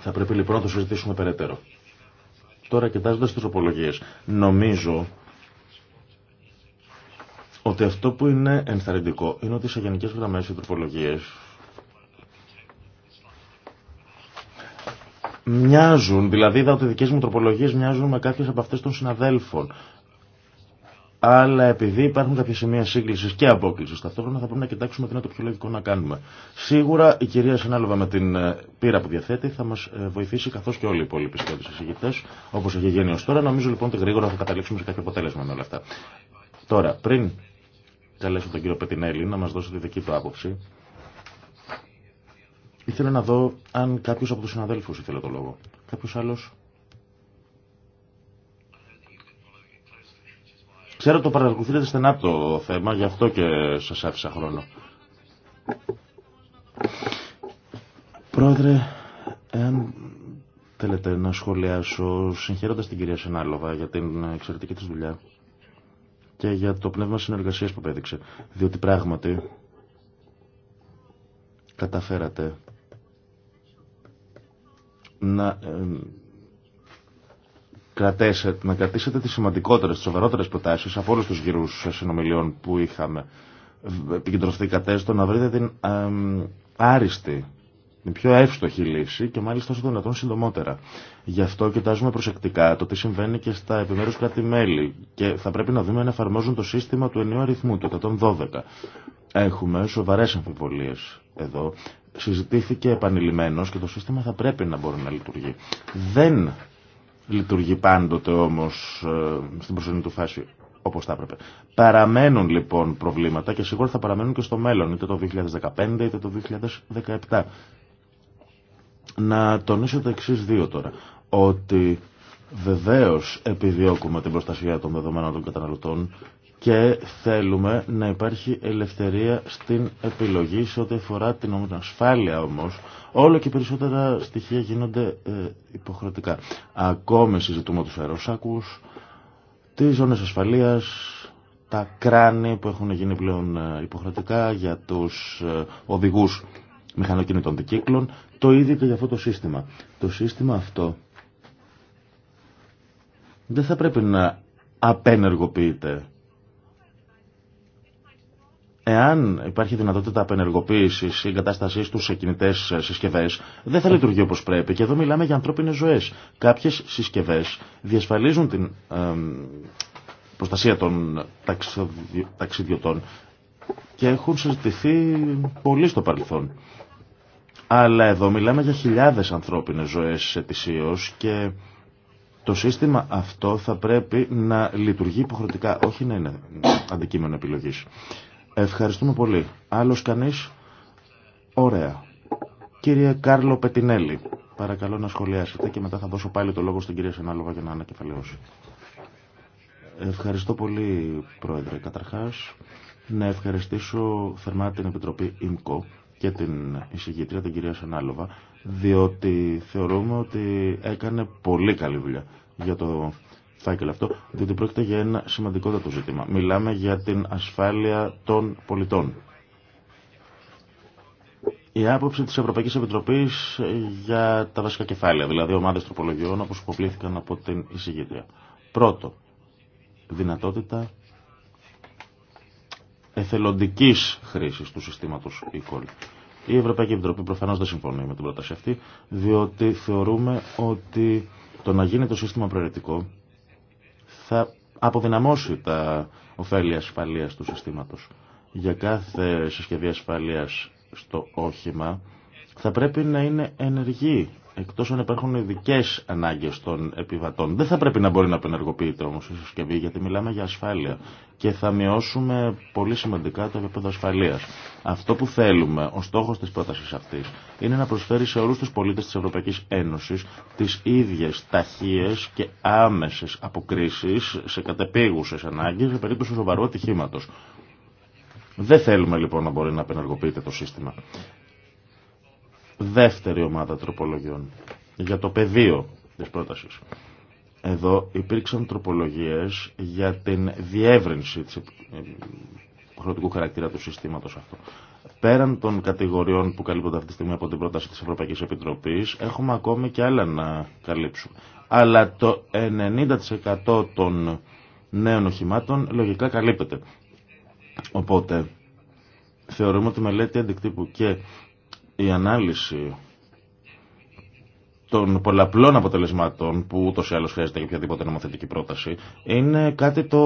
Θα πρέπει λοιπόν να το συζητήσουμε περαιτέρω. Τώρα, κοιτάζοντα τι τροπολογίε, νομίζω ότι αυτό που είναι ενθαρρυντικό είναι ότι σε γενικές γραμμές οι τροφολογίες μοιάζουν, δηλαδή είδα ότι οι δικές μου τροπολογίες μοιάζουν με κάποιες από αυτές των συναδέλφων. Αλλά επειδή υπάρχουν κάποια σημεία σύγκλησης και απόκληση ταυτόχρονα, θα πρέπει να κοιτάξουμε τι είναι το πιο λογικό να κάνουμε. Σίγουρα η κυρία Συνάλογα με την ε, πείρα που διαθέτει θα μα ε, βοηθήσει καθώ και όλοι οι υπόλοιποι σκέφτε εισηγητές, όπω έχει γίνει ως τώρα. Νομίζω λοιπόν ότι γρήγορα θα καταλήξουμε σε κάποιο αποτέλεσμα με όλα αυτά. Τώρα, πριν καλέσω τον κύριο Πετινέλη να μας δώσει τη δική του άποψη. Ήθελα να δω αν κάποιος από τους συναδέλφους ήθελε το λόγο. Κάποιος άλλος. Ξέρω το παρακολουθείτε στενά το θέμα, γι' αυτό και σας άφησα χρόνο. Πρόεδρε, εάν θέλετε να σχολιάσω, συγχαίροντας την κυρία Σενάλοβα για την εξαιρετική της δουλειά, και για το πνεύμα συνεργασίας που πέδειξε. Διότι πράγματι καταφέρατε να, ε, κρατήσετε, να κρατήσετε τις σημαντικότερες, τις σοβαρότερες προτάσεις από όλους τους γύρους συνομιλιών που είχαμε. Επικεντρωθήκατε στο να βρείτε την ε, άριστη η πιο εύστοχη λύση και μάλιστα όσο δυνατόν συντομότερα. Γι' αυτό κοιτάζουμε προσεκτικά το τι συμβαίνει και στα επιμέρους κράτη-μέλη και θα πρέπει να δούμε αν εφαρμόζουν το σύστημα του ενίου αριθμού, του 112. Έχουμε σοβαρέ αμφιβολίες εδώ. Συζητήθηκε επανειλημμένος και το σύστημα θα πρέπει να μπορεί να λειτουργεί. Δεν λειτουργεί πάντοτε όμως ε, στην προσωρινή του φάση όπως θα έπρεπε. Παραμένουν λοιπόν προβλήματα και σίγουρα θα παραμένουν και στο μέλλον, είτε το 2015 είτε το 2017. Να τονίσω τα εξή δύο τώρα. Ότι βεβαίω επιδιώκουμε την προστασία των δεδομένων των καταναλωτών και θέλουμε να υπάρχει ελευθερία στην επιλογή σε ό,τι αφορά την ασφάλεια όμως. Όλο και περισσότερα στοιχεία γίνονται ε, υποχρεωτικά. Ακόμη συζητούμε τους αεροσάκους, τις ζώνες ασφαλείας, τα κράνη που έχουν γίνει πλέον ε, υποχρεωτικά για τους ε, οδηγούς μηχανοκινητών δικύκλων το ίδιο και για αυτό το σύστημα. Το σύστημα αυτό δεν θα πρέπει να απενεργοποιείται. Εάν υπάρχει δυνατότητα απενεργοποίηση ή εγκατάστασή του σε κινητέ συσκευέ, δεν θα λειτουργεί όπω πρέπει. Και εδώ μιλάμε για ανθρώπινε ζωέ. Κάποιε συσκευέ διασφαλίζουν την προστασία των ταξιδιωτών και έχουν συζητηθεί πολύ στο παρελθόν. Αλλά εδώ μιλάμε για χιλιάδες ανθρώπινες ζωές ετησίως και το σύστημα αυτό θα πρέπει να λειτουργεί υποχρεωτικά, όχι να είναι αντικείμενο επιλογής. Ευχαριστούμε πολύ. Άλλος κανείς? Ωραία. Κύριε Κάρλο Πετινέλη, παρακαλώ να σχολιάσετε και μετά θα δώσω πάλι το λόγο στην κυρία Σενάλογα για να ανακεφαλαιώσει. Ευχαριστώ πολύ, Πρόεδρε. Καταρχάς, να ευχαριστήσω θερμά την Επιτροπή ΙΜΚΟ και την εισηγήτρια, την κυρία Σανάλοβα, διότι θεωρούμε ότι έκανε πολύ καλή δουλειά για το φάκελο αυτό, διότι πρόκειται για ένα σημαντικότατο ζήτημα. Μιλάμε για την ασφάλεια των πολιτών. Η άποψη της Ευρωπαϊκής Επιτροπής για τα βασικά κεφάλαια, δηλαδή ομάδες τροπολογιών, όπως υποβλήθηκαν από την εισηγήτρια. Πρώτο, δυνατότητα εθελοντικής χρήσης του συστήματος e-call. Η Ευρωπαϊκή Επιτροπή προφανώς δεν συμφωνεί με την πρόταση αυτή, διότι θεωρούμε ότι το να γίνει το σύστημα προαιρετικό θα αποδυναμώσει τα ωφέλη ασφαλείας του συστήματος. Για κάθε συσκευή ασφαλείας στο όχημα θα πρέπει να είναι ενεργή Εκτό αν υπάρχουν ειδικέ ανάγκε των επιβατών. Δεν θα πρέπει να μπορεί να απενεργοποιείται όμω η συσκευή γιατί μιλάμε για ασφάλεια και θα μειώσουμε πολύ σημαντικά το επίπεδο ασφαλεία. Αυτό που θέλουμε, ο στόχο τη πρόταση αυτή είναι να προσφέρει σε όλου του πολίτε τη Ευρωπαϊκή Ένωση τι ίδιε ταχείες και άμεσε αποκρίσει σε κατεπήγουσες ανάγκες σε περίπτωση σοβαρού ατυχήματο. Δεν θέλουμε λοιπόν να μπορεί να απενεργοποιείται το σύστημα. Δεύτερη ομάδα τροπολογιών για το πεδίο της πρότασης. Εδώ υπήρξαν τροπολογίες για την διεύρυνση της ε, χρονικού χαρακτήρα του συστήματος αυτό. Πέραν των κατηγοριών που καλύπτονται αυτή τη στιγμή από την πρόταση της Ευρωπαϊκής Επιτροπής, έχουμε ακόμη και άλλα να καλύψουμε. Αλλά το 90% των νέων οχημάτων λογικά καλύπτεται. Οπότε, θεωρούμε ότι η μελέτη αντικτύπου και η ανάλυση των πολλαπλών αποτελεσμάτων που ούτω ή άλλω χρειάζεται για οποιαδήποτε νομοθετική πρόταση είναι κάτι το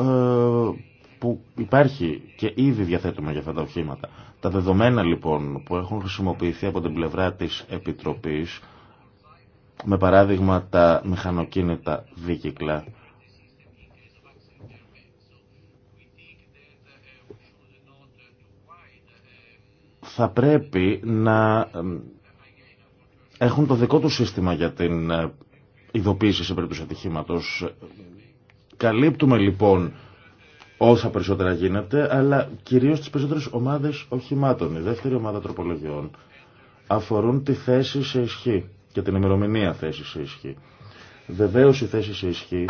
ε, που υπάρχει και ήδη διαθέτουμε για αυτά τα οχήματα. Τα δεδομένα λοιπόν που έχουν χρησιμοποιηθεί από την πλευρά της Επιτροπής με παράδειγμα τα μηχανοκίνητα δίκυκλα θα πρέπει να έχουν το δικό του σύστημα για την ε, ειδοποίηση σε περίπτωση ατυχήματο. Καλύπτουμε λοιπόν όσα περισσότερα γίνεται, αλλά κυρίως τις περισσότερες ομάδες οχημάτων. Η δεύτερη ομάδα τροπολογιών αφορούν τη θέση σε ισχύ και την ημερομηνία θέση σε ισχύ. Βεβαίω η θέση σε ισχύ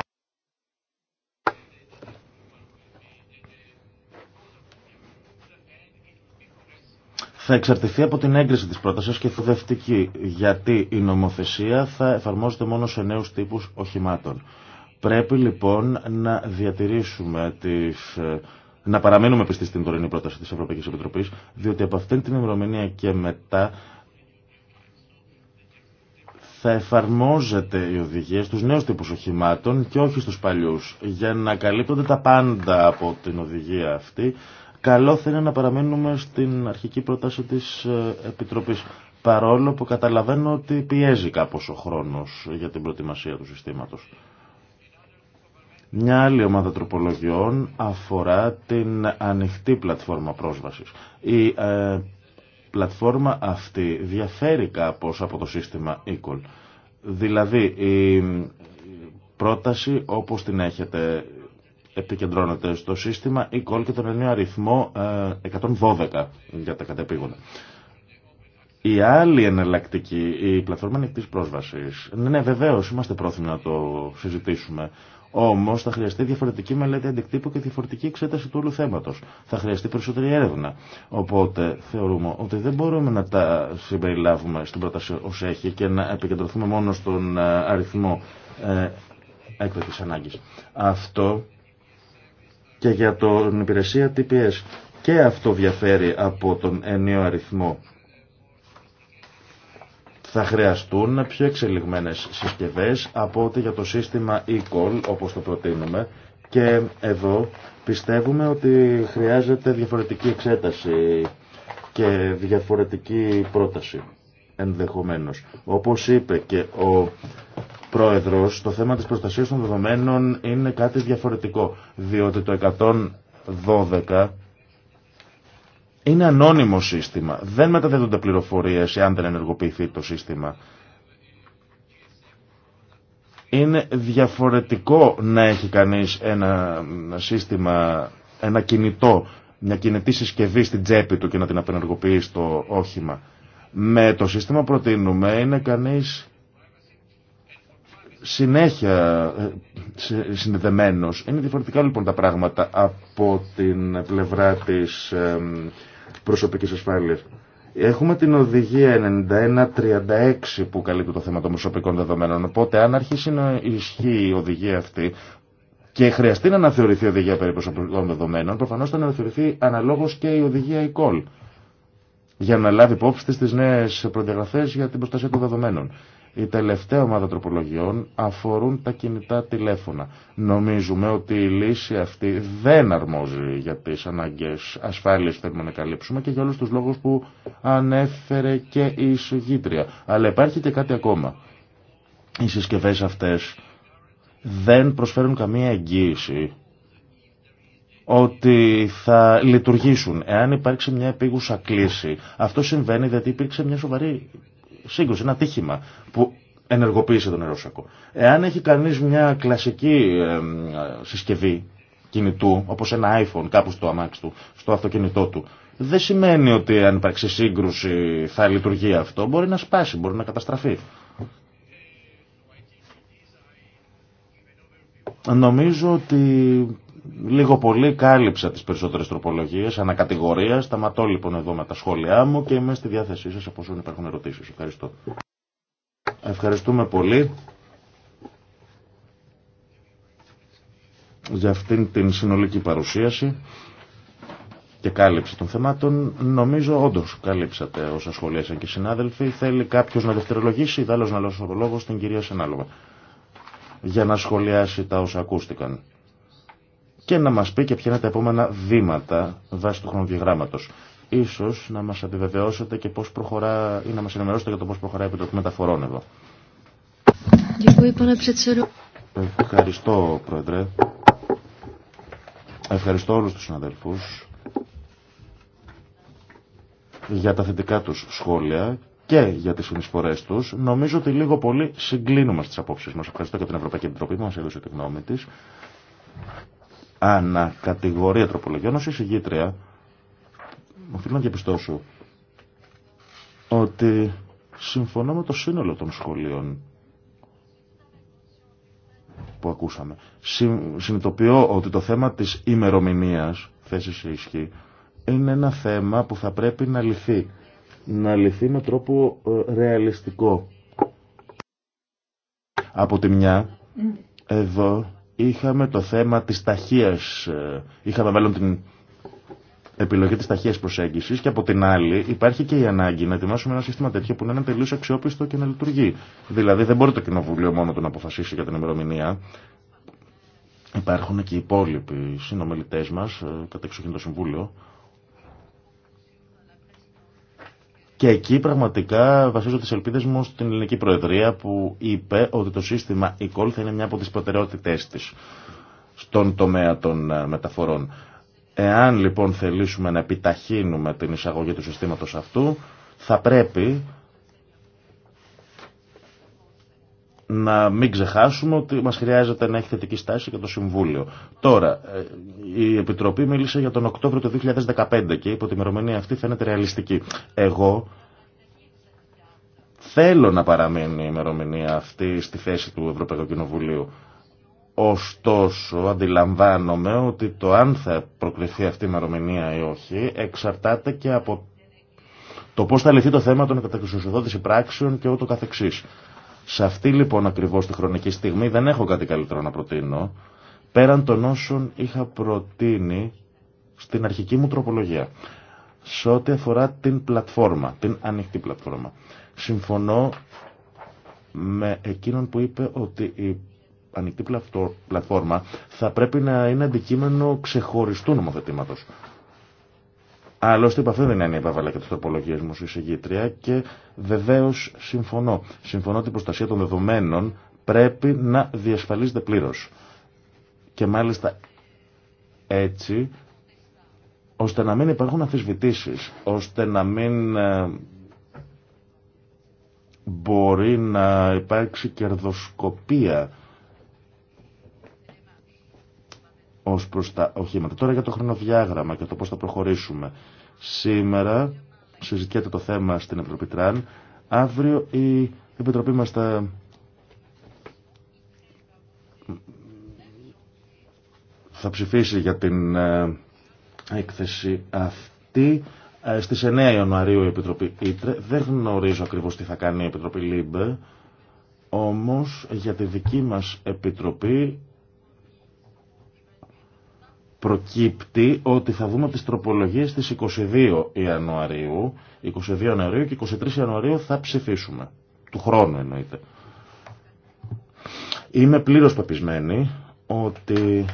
θα εξαρτηθεί από την έγκριση της πρότασης και δευτική, γιατί η νομοθεσία θα εφαρμόζεται μόνο σε νέους τύπους οχημάτων. Πρέπει λοιπόν να διατηρήσουμε τις, ε, να παραμείνουμε πιστοί στην τωρινή πρόταση της Ευρωπαϊκής Επιτροπής, διότι από αυτήν την ημερομηνία και μετά θα εφαρμόζεται η οδηγία στους νέους τύπους οχημάτων και όχι στους παλιούς για να καλύπτονται τα πάντα από την οδηγία αυτή καλό θα είναι να παραμείνουμε στην αρχική πρόταση της ε, Επιτροπής. Παρόλο που καταλαβαίνω ότι πιέζει κάπως ο χρόνος για την προετοιμασία του συστήματος. Μια άλλη ομάδα τροπολογιών αφορά την ανοιχτή πλατφόρμα πρόσβασης. Η ε, πλατφόρμα αυτή διαφέρει κάπως από το σύστημα Equal. Δηλαδή η πρόταση όπως την έχετε επικεντρώνεται στο συστημα η e-call και τον ενίο αριθμό 112 ε, για τα κατεπήγοντα. Η άλλη εναλλακτική, η πλατφόρμα ανοιχτή πρόσβαση. Ναι, ναι, βεβαίω είμαστε πρόθυμοι να το συζητήσουμε. Όμω θα χρειαστεί διαφορετική μελέτη αντικτύπου και διαφορετική εξέταση του όλου θέματο. Θα χρειαστεί περισσότερη έρευνα. Οπότε θεωρούμε ότι δεν μπορούμε να τα συμπεριλάβουμε στην πρόταση ω έχει και να επικεντρωθούμε μόνο στον ε, αριθμό ε, ανάγκη. Αυτό και για τον υπηρεσία TPS. Και αυτό διαφέρει από τον ενίο αριθμό. Θα χρειαστούν πιο εξελιγμένες συσκευές από ό,τι για το σύστημα e-call όπως το προτείνουμε και εδώ πιστεύουμε ότι χρειάζεται διαφορετική εξέταση και διαφορετική πρόταση ενδεχομένως. Όπως είπε και ο Πρόεδρος, το θέμα της προστασίας των δεδομένων είναι κάτι διαφορετικό, διότι το 112 είναι ανώνυμο σύστημα. Δεν μεταδίδονται πληροφορίες εάν δεν ενεργοποιηθεί το σύστημα. Είναι διαφορετικό να έχει κανείς ένα σύστημα, ένα κινητό, μια κινητή συσκευή στην τσέπη του και να την απενεργοποιεί στο όχημα. Με το σύστημα προτείνουμε είναι κανείς συνέχεια ε, ε, συνδεδεμένος. Είναι διαφορετικά λοιπόν τα πράγματα από την πλευρά της ε, προσωπικής ασφάλειας. Έχουμε την οδηγία 9136 που καλύπτει το θέμα των προσωπικών δεδομένων. Οπότε αν αρχίσει να ισχύει η οδηγία αυτή και χρειαστεί να αναθεωρηθεί η οδηγία περί προσωπικών δεδομένων, προφανώς θα αναθεωρηθεί αναλόγως και η οδηγία ECOL για να λάβει υπόψη τις νέες προδιαγραφέ για την προστασία των δεδομένων. Η τελευταία ομάδα τροπολογιών αφορούν τα κινητά τηλέφωνα. Νομίζουμε ότι η λύση αυτή δεν αρμόζει για τις ανάγκες ασφάλεια που θέλουμε να καλύψουμε και για όλους τους λόγους που ανέφερε και η Συγγήτρια. Αλλά υπάρχει και κάτι ακόμα. Οι συσκευές αυτές δεν προσφέρουν καμία εγγύηση ότι θα λειτουργήσουν εάν υπάρξει μια επίγουσα κλίση. Αυτό συμβαίνει γιατί υπήρξε μια σοβαρή σύγκρουση, ένα τύχημα που ενεργοποίησε τον Ρώσακο. Εάν έχει κανείς μια κλασική συσκευή κινητού, όπως ένα iPhone κάπου στο αμάξι του, στο αυτοκίνητό του, δεν σημαίνει ότι αν υπάρξει σύγκρουση θα λειτουργεί αυτό. Μπορεί να σπάσει, μπορεί να καταστραφεί. Νομίζω ότι λίγο πολύ κάλυψα τις περισσότερες τροπολογίες, ανακατηγορία. Σταματώ λοιπόν εδώ με τα σχόλιά μου και είμαι στη διάθεσή σας από όσων υπάρχουν ερωτήσεις. Ευχαριστώ. Ευχαριστούμε πολύ για αυτήν την συνολική παρουσίαση και κάλυψη των θεμάτων. Νομίζω όντω κάλυψατε όσα σχολίασαν και οι συνάδελφοι. Θέλει κάποιο να δευτερολογήσει, ή να λόγω το λόγο στην κυρία Σενάλογα για να σχολιάσει τα όσα ακούστηκαν και να μας πει και ποια είναι τα επόμενα βήματα βάσει του χρονοδιαγράμματος. Ίσως να μας επιβεβαιώσετε και πώς προχωρά ή να μας ενημερώσετε για το πώς προχωράει η Επιτροπή Μεταφορών εδώ. Ευχαριστώ, Πρόεδρε. Ευχαριστώ όλους τους συναδελφούς για τα θετικά τους σχόλια και για τις συνεισφορές τους. Νομίζω ότι λίγο πολύ συγκλίνουμε στις απόψεις μας. Ευχαριστώ και την Ευρωπαϊκή Επιτροπή που μας έδωσε τη γνώμη της ανακατηγορία τροπολογιών ως εισηγήτρια οφείλω να διαπιστώσω ότι συμφωνώ με το σύνολο των σχολείων που ακούσαμε. Συνειδητοποιώ ότι το θέμα της ημερομηνίας θέση σε ισχύ είναι ένα θέμα που θα πρέπει να λυθεί. Να λυθεί με τρόπο ε, ρεαλιστικό. Από τη μια, εδώ είχαμε το θέμα της ταχείας, ε, είχαμε μάλλον την επιλογή της ταχείας προσέγγισης και από την άλλη υπάρχει και η ανάγκη να ετοιμάσουμε ένα σύστημα τέτοιο που να είναι τελείως αξιόπιστο και να λειτουργεί. Δηλαδή δεν μπορεί το Κοινοβούλιο μόνο του να αποφασίσει για την ημερομηνία. Υπάρχουν και οι υπόλοιποι συνομιλητές μας, ε, κατεξοχήν το Συμβούλιο, Και εκεί πραγματικά βασίζω τι ελπίδες μου στην ελληνική προεδρία που είπε ότι το σύστημα θα είναι μια από τις προτεραιότητές τη στον τομέα των ε, μεταφορών. Εάν λοιπόν θελήσουμε να επιταχύνουμε την εισαγωγή του συστήματος αυτού, θα πρέπει να μην ξεχάσουμε ότι μας χρειάζεται να έχει θετική στάση και το Συμβούλιο. Τώρα, ε, η Επιτροπή μίλησε για τον Οκτώβριο του 2015 και είπε ότι η ημερομηνία αυτή φαίνεται ρεαλιστική. Εγώ θέλω να παραμείνει η ημερομηνία αυτή στη θέση του Ευρωπαϊκού Κοινοβουλίου. Ωστόσο, αντιλαμβάνομαι ότι το αν θα προκριθεί αυτή η ημερομηνία ή όχι εξαρτάται και από το πώς θα λυθεί το θέμα των κατακρισουσιοδότηση πράξεων και ούτω καθεξής. Σε αυτή λοιπόν ακριβώς τη χρονική στιγμή δεν έχω κάτι καλύτερο να προτείνω, πέραν των όσων είχα προτείνει στην αρχική μου τροπολογία, σε ό,τι αφορά την πλατφόρμα, την ανοιχτή πλατφόρμα. Συμφωνώ με εκείνον που είπε ότι η ανοιχτή πλατφόρμα θα πρέπει να είναι αντικείμενο ξεχωριστού νομοθετήματος. Άλλωστε, είπα, αυτό δεν είναι η και του τροπολογίε μου, η και βεβαίω συμφωνώ. Συμφωνώ ότι η προστασία των δεδομένων πρέπει να διασφαλίζεται πλήρω. Και μάλιστα έτσι, ώστε να μην υπάρχουν αμφισβητήσει, ώστε να μην ε, μπορεί να υπάρξει κερδοσκοπία ως προς τα οχήματα. Τώρα για το χρονοδιάγραμμα και το πώς θα προχωρήσουμε. Σήμερα συζητιέται το θέμα στην Τραν. Αύριο η Επιτροπή μας θα ψηφίσει για την ε, έκθεση αυτή. Ε, στις 9 Ιανουαρίου η Επιτροπή Ήτρε. Δεν γνωρίζω ακριβώς τι θα κάνει η Επιτροπή ΛΥΜΠΕ. Όμως για τη δική μας Επιτροπή προκύπτει ότι θα δούμε τις τροπολογίες στις 22 Ιανουαρίου, 22 Ιανουαρίου και 23 Ιανουαρίου θα ψηφίσουμε. Του χρόνου εννοείται. Είμαι πλήρως πεπισμένη ότι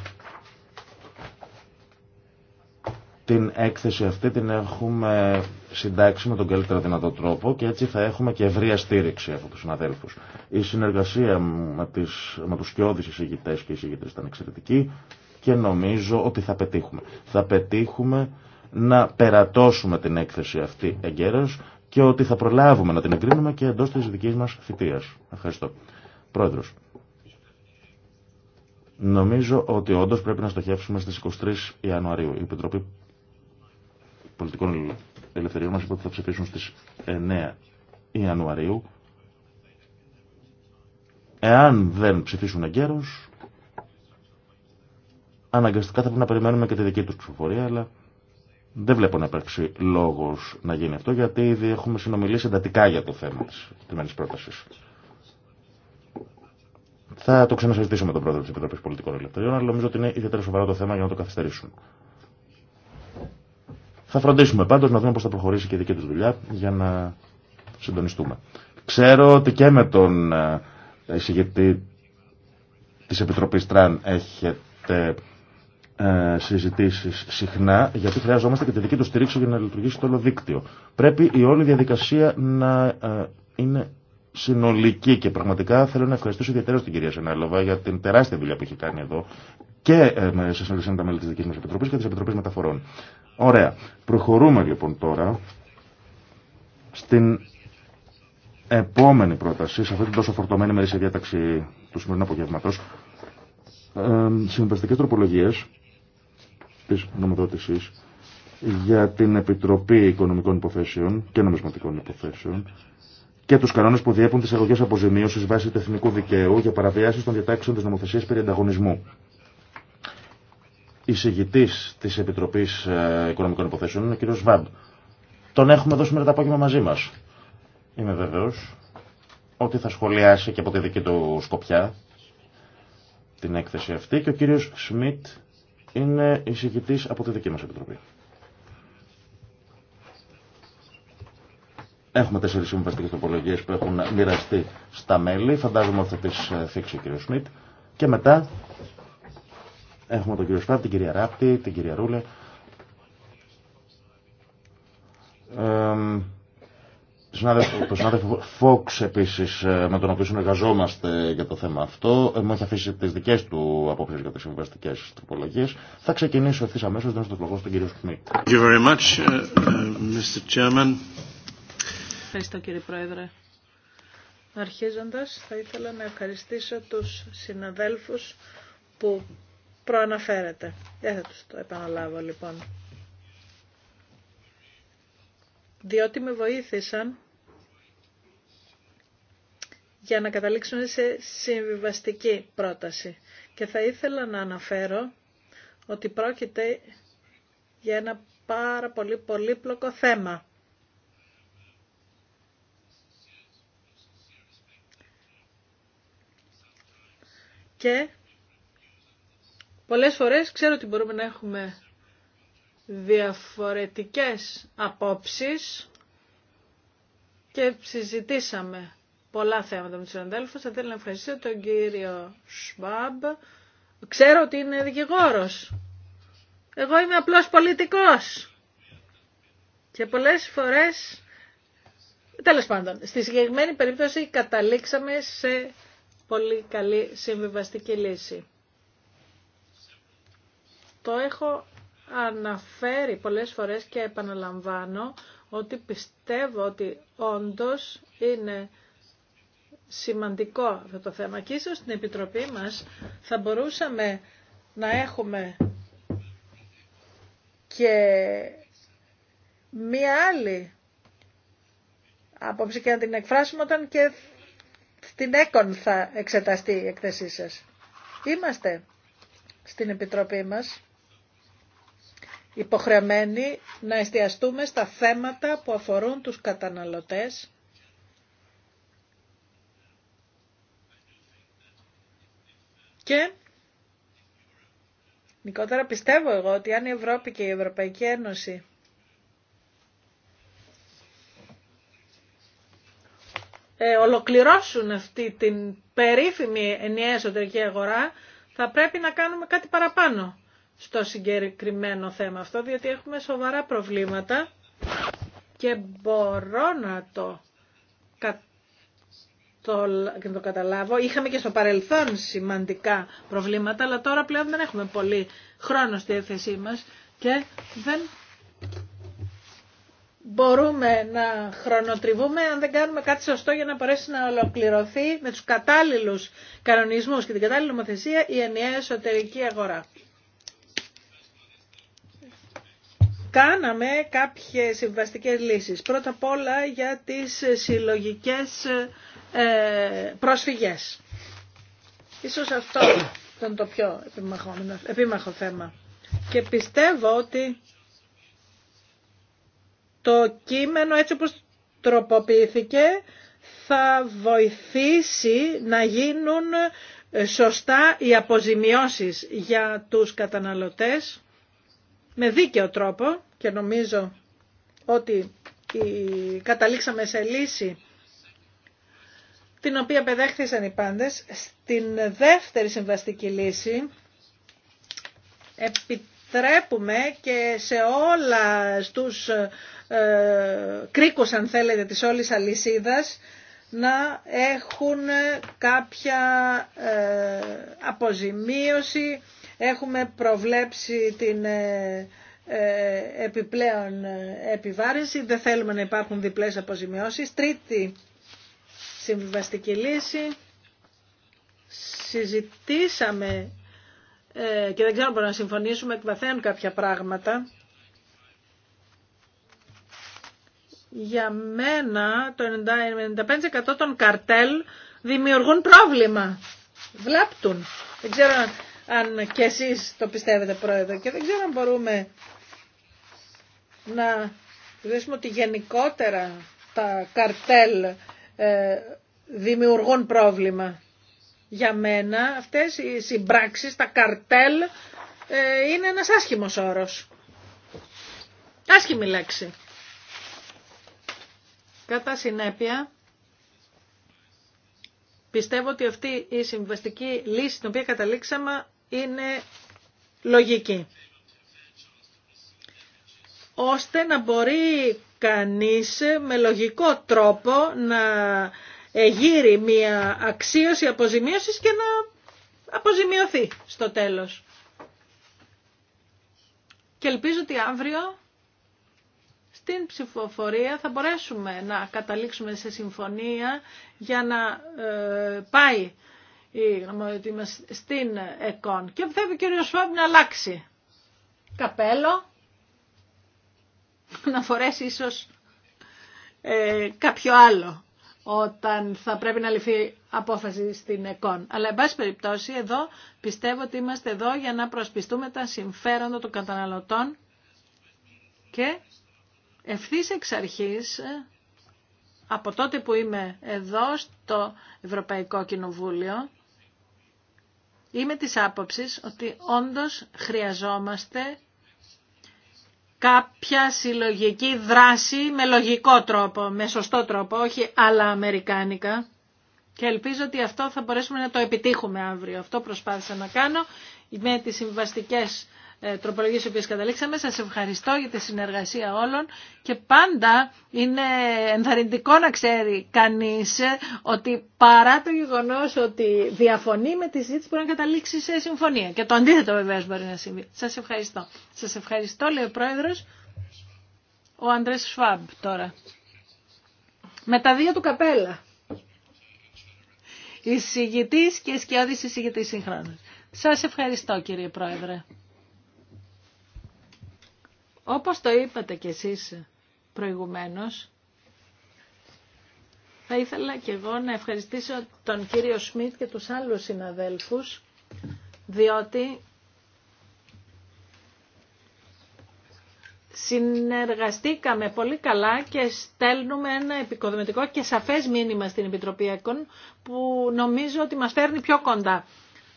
την έκθεση αυτή την έχουμε συντάξει με τον καλύτερο δυνατό τρόπο και έτσι θα έχουμε και ευρεία στήριξη από τους συναδέλφους. Η συνεργασία με, τις, με τους κοιόδης εισηγητές και εισηγητές ήταν εξαιρετική και νομίζω ότι θα πετύχουμε. Θα πετύχουμε να περατώσουμε την έκθεση αυτή εγκαίρως και ότι θα προλάβουμε να την εγκρίνουμε και εντός της δικής μας θητείας. Ευχαριστώ. Πρόεδρος. Νομίζω ότι όντω πρέπει να στοχεύσουμε στις 23 Ιανουαρίου. Η Επιτροπή Πολιτικών Ελευθεριών μας είπε ότι θα ψηφίσουν στις 9 Ιανουαρίου. Εάν δεν ψηφίσουν εγκαίρως, αναγκαστικά θα πρέπει να περιμένουμε και τη δική του ψηφοφορία, αλλά δεν βλέπω να υπάρξει λόγο να γίνει αυτό, γιατί ήδη έχουμε συνομιλήσει εντατικά για το θέμα τη εκτιμένης πρόταση. Θα το ξανασυζητήσουμε με τον πρόεδρο τη Επιτροπή Πολιτικών Ελευθεριών, αλλά νομίζω ότι είναι ιδιαίτερα σοβαρό το θέμα για να το καθυστερήσουν. Θα φροντίσουμε πάντω να δούμε πώ θα προχωρήσει και η δική του δουλειά για να συντονιστούμε. Ξέρω ότι και με τον ε, εισηγητή τη Επιτροπή Τραν έχετε ε, συζητήσει συχνά, γιατί χρειαζόμαστε και τη δική του στηρίξη για να λειτουργήσει το όλο δίκτυο. Πρέπει η όλη διαδικασία να ε, είναι συνολική και πραγματικά θέλω να ευχαριστήσω ιδιαίτερα την κυρία Σενάλοβα για την τεράστια δουλειά που έχει κάνει εδώ και ε, σε συνεργασία με τα μέλη τη δική μα Επιτροπή και τη Επιτροπή Μεταφορών. Ωραία. Προχωρούμε λοιπόν τώρα στην επόμενη πρόταση, σε αυτή την τόσο φορτωμένη μερίσια διάταξη του σημερινού απογεύματο. Ε, τροπολογίε της για την Επιτροπή Οικονομικών Υποθέσεων και Νομισματικών Υποθέσεων και τους κανόνες που διέπουν τις αγωγές αποζημίωσης βάσει του εθνικού δικαίου για παραβιάσεις των διατάξεων της νομοθεσίας περί ανταγωνισμού. Εισηγητής της Επιτροπής ε, Οικονομικών Υποθέσεων είναι ο κύριος Βαμπ. Τον έχουμε εδώ σήμερα το απόγευμα μαζί μας. Είμαι βεβαίως ότι θα σχολιάσει και από τη δική του σκοπιά την έκθεση αυτή και ο κύριος Σμιτ είναι εισηγητή από τη δική μα Επιτροπή. Έχουμε τέσσερι συμβαστικέ τροπολογίε που έχουν μοιραστεί στα μέλη. Φαντάζομαι ότι θα τι ε, θίξει ο κ. Σμιτ. Και μετά έχουμε τον κ. Σφάπ, την κυρία Ράπτη, την κυρία Ρούλε. Ε, το συνάδελφο Φόξ επίσης ε, με τον οποίο συνεργαζόμαστε για το θέμα αυτό ε, μου έχει αφήσει τις δικές του απόψεις για τις συμβαστικές τροπολογίες θα ξεκινήσω ευθύς αμέσως δίνω το λόγο στον κύριο Σκουμί ε, Ευχαριστώ κύριε Πρόεδρε Αρχίζοντας θα ήθελα να ευχαριστήσω τους συναδέλφους που προαναφέρετε δεν θα τους το επαναλάβω λοιπόν διότι με βοήθησαν για να καταλήξουμε σε συμβιβαστική πρόταση. Και θα ήθελα να αναφέρω ότι πρόκειται για ένα πάρα πολύ πολύπλοκο θέμα. Και πολλές φορές ξέρω ότι μπορούμε να έχουμε διαφορετικές απόψεις και συζητήσαμε πολλά θέματα με του συναδέλφου. Θα ήθελα να ευχαριστήσω τον κύριο Σμπάμπ. Ξέρω ότι είναι δικηγόρο. Εγώ είμαι απλό πολιτικό. Και πολλέ φορέ τέλο πάντων, στη συγκεκριμένη περίπτωση καταλήξαμε σε πολύ καλή συμβιβαστική λύση. Το έχω αναφέρει πολλές φορές και επαναλαμβάνω ότι πιστεύω ότι όντως είναι σημαντικό αυτό το θέμα και ίσως στην Επιτροπή μας θα μπορούσαμε να έχουμε και μία άλλη άποψη και να την εκφράσουμε όταν και στην ΕΚΟΝ θα εξεταστεί η εκθεσή σας. Είμαστε στην Επιτροπή μας υποχρεωμένοι να εστιαστούμε στα θέματα που αφορούν τους καταναλωτές Και Νικότερα πιστεύω εγώ ότι αν η Ευρώπη και η Ευρωπαϊκή Ένωση ε, ολοκληρώσουν αυτή την περίφημη ενιαία εσωτερική αγορά, θα πρέπει να κάνουμε κάτι παραπάνω στο συγκεκριμένο θέμα αυτό, διότι έχουμε σοβαρά προβλήματα και μπορώ να το καταλάβω το, και το καταλάβω. Είχαμε και στο παρελθόν σημαντικά προβλήματα, αλλά τώρα πλέον δεν έχουμε πολύ χρόνο στη θέση μας και δεν μπορούμε να χρονοτριβούμε αν δεν κάνουμε κάτι σωστό για να μπορέσει να ολοκληρωθεί με τους κατάλληλους κανονισμούς και την κατάλληλη νομοθεσία η ενιαία εσωτερική αγορά. Κάναμε κάποιες συμβαστικές λύσεις. Πρώτα απ' όλα για τις συλλογικές ε, πρόσφυγες. Ίσως αυτό ήταν το πιο επίμαχο θέμα. Και πιστεύω ότι το κείμενο έτσι όπως τροποποιήθηκε θα βοηθήσει να γίνουν σωστά οι αποζημιώσεις για τους καταναλωτές με δίκαιο τρόπο και νομίζω ότι καταλήξαμε σε λύση την οποία πεδέχθησαν οι πάντες. Στην δεύτερη συμβαστική λύση επιτρέπουμε και σε όλα τους ε, κρίκους, αν θέλετε, της όλης αλυσίδας, να έχουν κάποια ε, αποζημίωση. Έχουμε προβλέψει την ε, ε, επιπλέον επιβάρυνση. Δεν θέλουμε να υπάρχουν διπλές αποζημιώσεις. Τρίτη συμβιβαστική λύση. Συζητήσαμε ε, και δεν ξέρω μπορούμε να συμφωνήσουμε, βαθέων κάποια πράγματα. Για μένα το 95% των καρτέλ δημιουργούν πρόβλημα. Βλάπτουν. Δεν ξέρω αν και εσείς το πιστεύετε πρόεδρε και δεν ξέρω αν μπορούμε να δούμε ότι γενικότερα τα καρτέλ ε, δημιουργούν πρόβλημα. Για μένα αυτές οι συμπράξεις, τα καρτέλ, ε, είναι ένας άσχημος όρος. Άσχημη λέξη. Κατά συνέπεια, πιστεύω ότι αυτή η συμβαστική λύση την οποία καταλήξαμε είναι λογική. Ώστε να μπορεί κανείς με λογικό τρόπο να εγείρει μια αξίωση αποζημίωσης και να αποζημιωθεί στο τέλος. Και ελπίζω ότι αύριο στην ψηφοφορία θα μπορέσουμε να καταλήξουμε σε συμφωνία για να ε, πάει η γνωμοδοτή στην ΕΚΟΝ. Και βέβαια ο κύριος Σφάμπ να αλλάξει καπέλο να φορέσει ίσως ε, κάποιο άλλο όταν θα πρέπει να ληφθεί απόφαση στην ΕΚΟΝ. Αλλά, εν πάση περιπτώσει, εδώ πιστεύω ότι είμαστε εδώ για να προσπιστούμε τα συμφέροντα των καταναλωτών και ευθύς εξ αρχής, ε, από τότε που είμαι εδώ στο Ευρωπαϊκό Κοινοβούλιο, είμαι της άποψης ότι όντως χρειαζόμαστε κάποια συλλογική δράση με λογικό τρόπο, με σωστό τρόπο, όχι άλλα αμερικάνικα. Και ελπίζω ότι αυτό θα μπορέσουμε να το επιτύχουμε αύριο. Αυτό προσπάθησα να κάνω με τις συμβαστικές ε, τροπολογίες οποίες καταλήξαμε. Σας ευχαριστώ για τη συνεργασία όλων και πάντα είναι ενθαρρυντικό να ξέρει κανείς ε, ότι παρά το γεγονός ότι διαφωνεί με τη συζήτηση μπορεί να καταλήξει σε συμφωνία. Και το αντίθετο βεβαίως μπορεί να συμβεί. Σας ευχαριστώ. Σας ευχαριστώ λέει ο Πρόεδρος ο Αντρές Σφάμπ τώρα. Με τα δύο του καπέλα. Εισηγητής και σκιώδης εισηγητής σύγχρονος. Σας ευχαριστώ κύριε Πρόεδρε. Όπως το είπατε κι εσείς προηγουμένως, θα ήθελα κι εγώ να ευχαριστήσω τον κύριο Σμιτ και τους άλλους συναδέλφους, διότι συνεργαστήκαμε πολύ καλά και στέλνουμε ένα επικοδομητικό και σαφές μήνυμα στην Επιτροπή ΕΚΟΝ που νομίζω ότι μας φέρνει πιο κοντά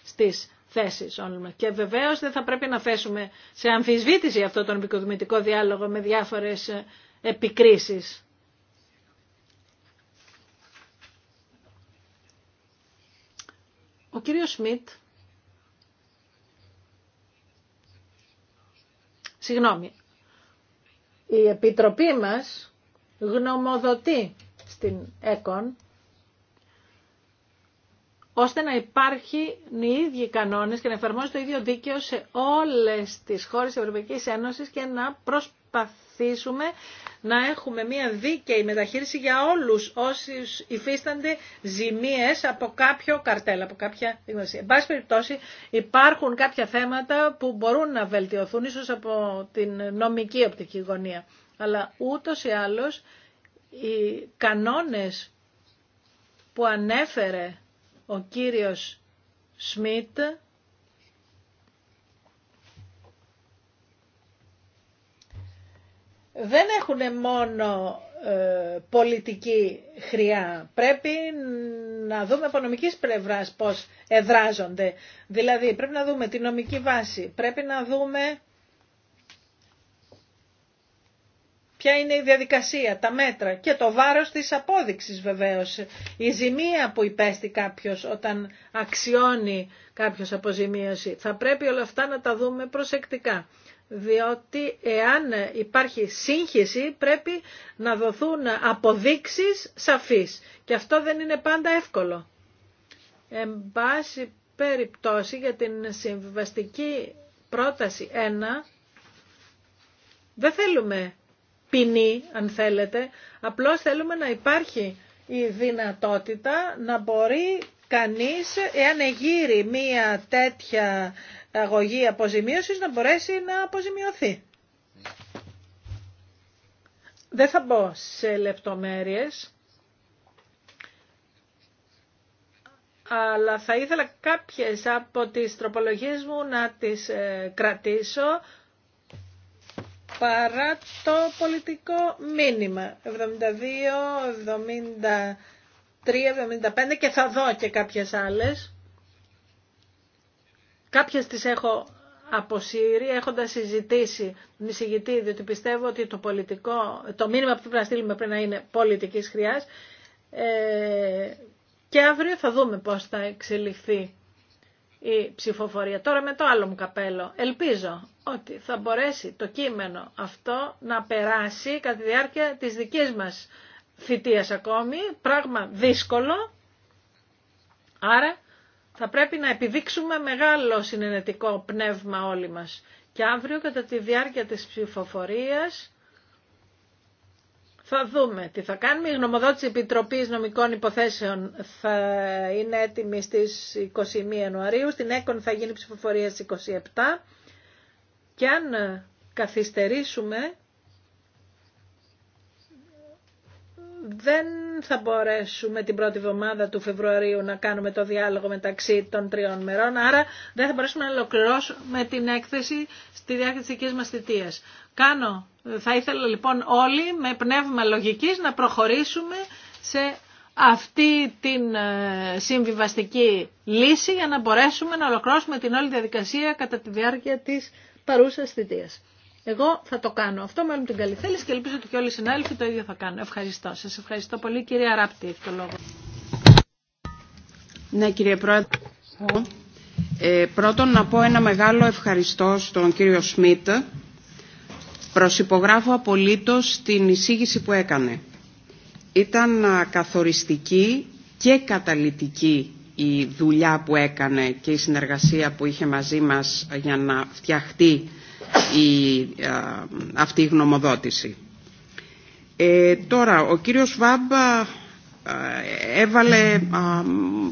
στις θέσεις όλων Και βεβαίως δεν θα πρέπει να θέσουμε σε αμφισβήτηση αυτό τον επικοδομητικό διάλογο με διάφορες επικρίσεις. Ο κύριος Σμιτ, συγγνώμη, η Επιτροπή μας γνωμοδοτεί στην ΕΚΟΝ ώστε να υπάρχει οι ίδιοι κανόνες και να εφαρμόζει το ίδιο δίκαιο σε όλες τις χώρες της Ευρωπαϊκής Ένωσης και να προσπαθήσουμε να έχουμε μια δίκαιη μεταχείριση για όλους όσους υφίστανται ζημίες από κάποιο καρτέλ, από κάποια δημοσία. Εν πάση περιπτώσει υπάρχουν κάποια θέματα που μπορούν να βελτιωθούν ίσως από την νομική οπτική γωνία. Αλλά ούτως ή άλλως οι κανόνες που ανέφερε ο κύριος Σμιτ δεν έχουν μόνο ε, πολιτική χρειά. Πρέπει να δούμε από νομικής πλευράς πώς εδράζονται. Δηλαδή πρέπει να δούμε τη νομική βάση, πρέπει να δούμε ποια είναι η διαδικασία, τα μέτρα και το βάρος της απόδειξης βεβαίως. Η ζημία που υπέστη κάποιος όταν αξιώνει κάποιος αποζημίωση. Θα πρέπει όλα αυτά να τα δούμε προσεκτικά. Διότι εάν υπάρχει σύγχυση πρέπει να δοθούν αποδείξεις σαφείς. Και αυτό δεν είναι πάντα εύκολο. Εν πάση περιπτώσει για την συμβιβαστική πρόταση 1... Δεν θέλουμε ποινή, αν θέλετε. Απλώς θέλουμε να υπάρχει η δυνατότητα να μπορεί κανείς, εάν εγείρει μία τέτοια αγωγή αποζημίωσης, να μπορέσει να αποζημιωθεί. Δεν θα μπω σε λεπτομέρειες, αλλά θα ήθελα κάποιες από τις τροπολογίες μου να τις ε, κρατήσω παρά το πολιτικό μήνυμα. 72, 73, 75 και θα δω και κάποιες άλλες. Κάποιες τις έχω αποσύρει έχοντας συζητήσει με συγητή, διότι πιστεύω ότι το, πολιτικό, το μήνυμα που πρέπει να στείλουμε πρέπει να είναι πολιτικής χρειάς. Ε, και αύριο θα δούμε πώς θα εξελιχθεί η ψηφοφορία. Τώρα με το άλλο μου καπέλο. Ελπίζω ότι θα μπορέσει το κείμενο αυτό να περάσει κατά τη διάρκεια της δικής μας θητείας ακόμη, πράγμα δύσκολο. Άρα θα πρέπει να επιδείξουμε μεγάλο συνενετικό πνεύμα όλοι μας. Και αύριο κατά τη διάρκεια της ψηφοφορίας θα δούμε τι θα κάνουμε. Η γνωμοδότηση Επιτροπής Νομικών Υποθέσεων θα είναι έτοιμη στις 21 Ιανουαρίου. Στην ΕΚΟΝ θα γίνει ψηφοφορία στις 27. Και αν καθυστερήσουμε, δεν θα μπορέσουμε την πρώτη εβδομάδα του Φεβρουαρίου να κάνουμε το διάλογο μεταξύ των τριών μερών, άρα δεν θα μπορέσουμε να ολοκληρώσουμε την έκθεση στη διάρκεια της μας Κάνω θα ήθελα λοιπόν όλοι με πνεύμα λογικής να προχωρήσουμε σε αυτή την ε, συμβιβαστική λύση για να μπορέσουμε να ολοκληρώσουμε την όλη διαδικασία κατά τη διάρκεια της παρούσας θητείας. Εγώ θα το κάνω αυτό με όλη την καλή θέληση και ελπίζω ότι και όλοι οι συνάδελφοι το ίδιο θα κάνουν. Ευχαριστώ. Σας ευχαριστώ πολύ. Κυρία Ράπτη, το λόγο. Ναι, κύριε Πρόεδρε. Ε, πρώτον να πω ένα μεγάλο ευχαριστώ στον κύριο Σμίτ Προσυπογράφω απολύτως την εισήγηση που έκανε. Ήταν καθοριστική και καταλητική η δουλειά που έκανε και η συνεργασία που είχε μαζί μας για να φτιαχτεί η, αυτή η γνωμοδότηση. Ε, τώρα, ο κύριος Βάμπ έβαλε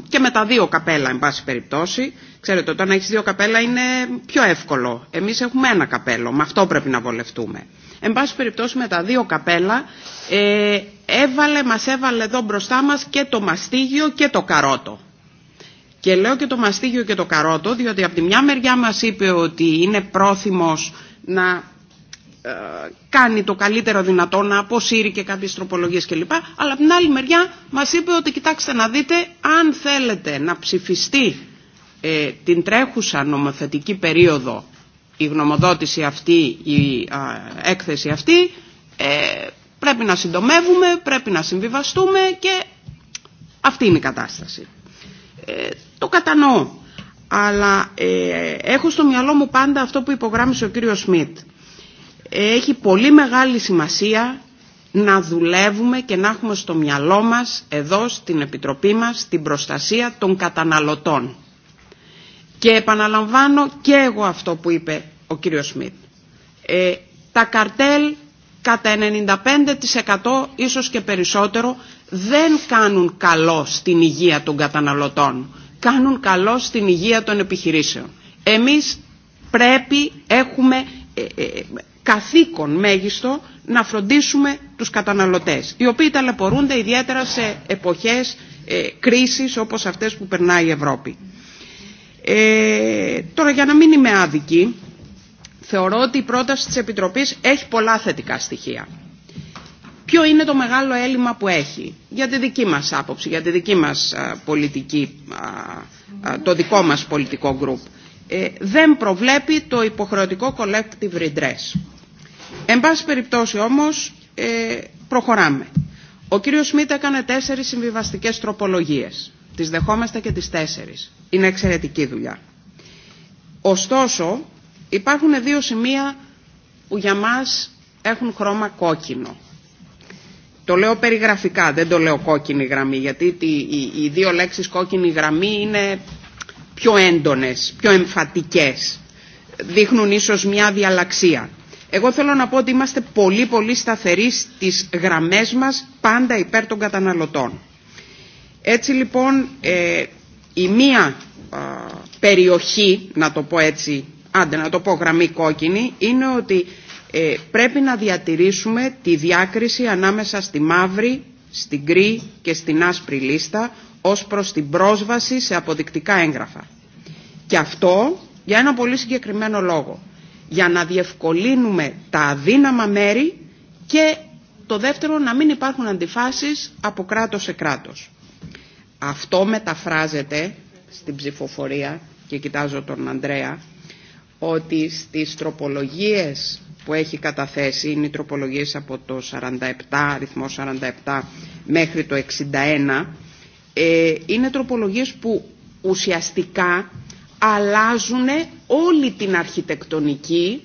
και με τα δύο καπέλα, εν πάση περιπτώσει, Ξέρετε, όταν έχει δύο καπέλα είναι πιο εύκολο. Εμεί έχουμε ένα καπέλο. Με αυτό πρέπει να βολευτούμε. Εν πάση περιπτώσει με τα δύο καπέλα ε, έβαλε, μας έβαλε εδώ μπροστά μα και το μαστίγιο και το καρότο. Και λέω και το μαστίγιο και το καρότο διότι από τη μια μεριά μας είπε ότι είναι πρόθυμος να ε, κάνει το καλύτερο δυνατό να αποσύρει και κάποιες τροπολογίες κλπ. Αλλά από την άλλη μεριά μα είπε ότι κοιτάξτε να δείτε αν θέλετε να ψηφιστεί ε, την τρέχουσα νομοθετική περίοδο η γνωμοδότηση αυτή, η έκθεση αυτή ε, πρέπει να συντομεύουμε, πρέπει να συμβιβαστούμε και αυτή είναι η κατάσταση. Ε, το κατανοώ, αλλά έχω στο μυαλό μου πάντα αυτό που υπογράμμισε ο κύριος Σμιτ. Έχει πολύ μεγάλη σημασία να δουλεύουμε και να έχουμε στο μυαλό μας εδώ στην Επιτροπή μας την προστασία των καταναλωτών. Και επαναλαμβάνω και εγώ αυτό που είπε ο κύριος Σμιτ. Ε, τα καρτέλ κατά 95% ίσως και περισσότερο δεν κάνουν καλό στην υγεία των καταναλωτών. Κάνουν καλό στην υγεία των επιχειρήσεων. Εμείς πρέπει, έχουμε ε, ε, καθήκον μέγιστο να φροντίσουμε τους καταναλωτές, οι οποίοι ταλαιπωρούνται ιδιαίτερα σε εποχές ε, κρίσης όπως αυτές που περνάει η Ευρώπη. Ε, τώρα για να μην είμαι άδικη, θεωρώ ότι η πρόταση της Επιτροπής έχει πολλά θετικά στοιχεία. Ποιο είναι το μεγάλο έλλειμμα που έχει για τη δική μας άποψη, για τη δική μας πολιτική, το δικό μας πολιτικό γκρουπ. Ε, δεν προβλέπει το υποχρεωτικό collective redress. Εν πάση περιπτώσει όμως ε, προχωράμε. Ο κύριος Σμίτ έκανε τέσσερις συμβιβαστικές τροπολογίες. Τις δεχόμαστε και τις τέσσερις. Είναι εξαιρετική δουλειά. Ωστόσο, υπάρχουν δύο σημεία που για μας έχουν χρώμα κόκκινο. Το λέω περιγραφικά, δεν το λέω κόκκινη γραμμή, γιατί οι δύο λέξεις κόκκινη γραμμή είναι πιο έντονες, πιο εμφατικές. Δείχνουν ίσως μια διαλαξία. Εγώ θέλω να πω ότι είμαστε πολύ πολύ σταθεροί στις γραμμές μας πάντα υπέρ των καταναλωτών. Έτσι λοιπόν ε, η μία περιοχή, να το πω έτσι, άντε να το πω γραμμή κόκκινη, είναι ότι ε, πρέπει να διατηρήσουμε τη διάκριση ανάμεσα στη μαύρη, στην γκρι και στην άσπρη λίστα ως προς την πρόσβαση σε αποδεικτικά έγγραφα. Και αυτό για ένα πολύ συγκεκριμένο λόγο. Για να διευκολύνουμε τα αδύναμα μέρη και το δεύτερο να μην υπάρχουν αντιφάσεις από κράτος σε κράτος. Αυτό μεταφράζεται στην ψηφοφορία και κοιτάζω τον Ανδρέα ότι στις τροπολογίες που έχει καταθέσει είναι οι τροπολογίες από το 47, αριθμό 47 μέχρι το 61 ε, είναι τροπολογίες που ουσιαστικά αλλάζουν όλη την αρχιτεκτονική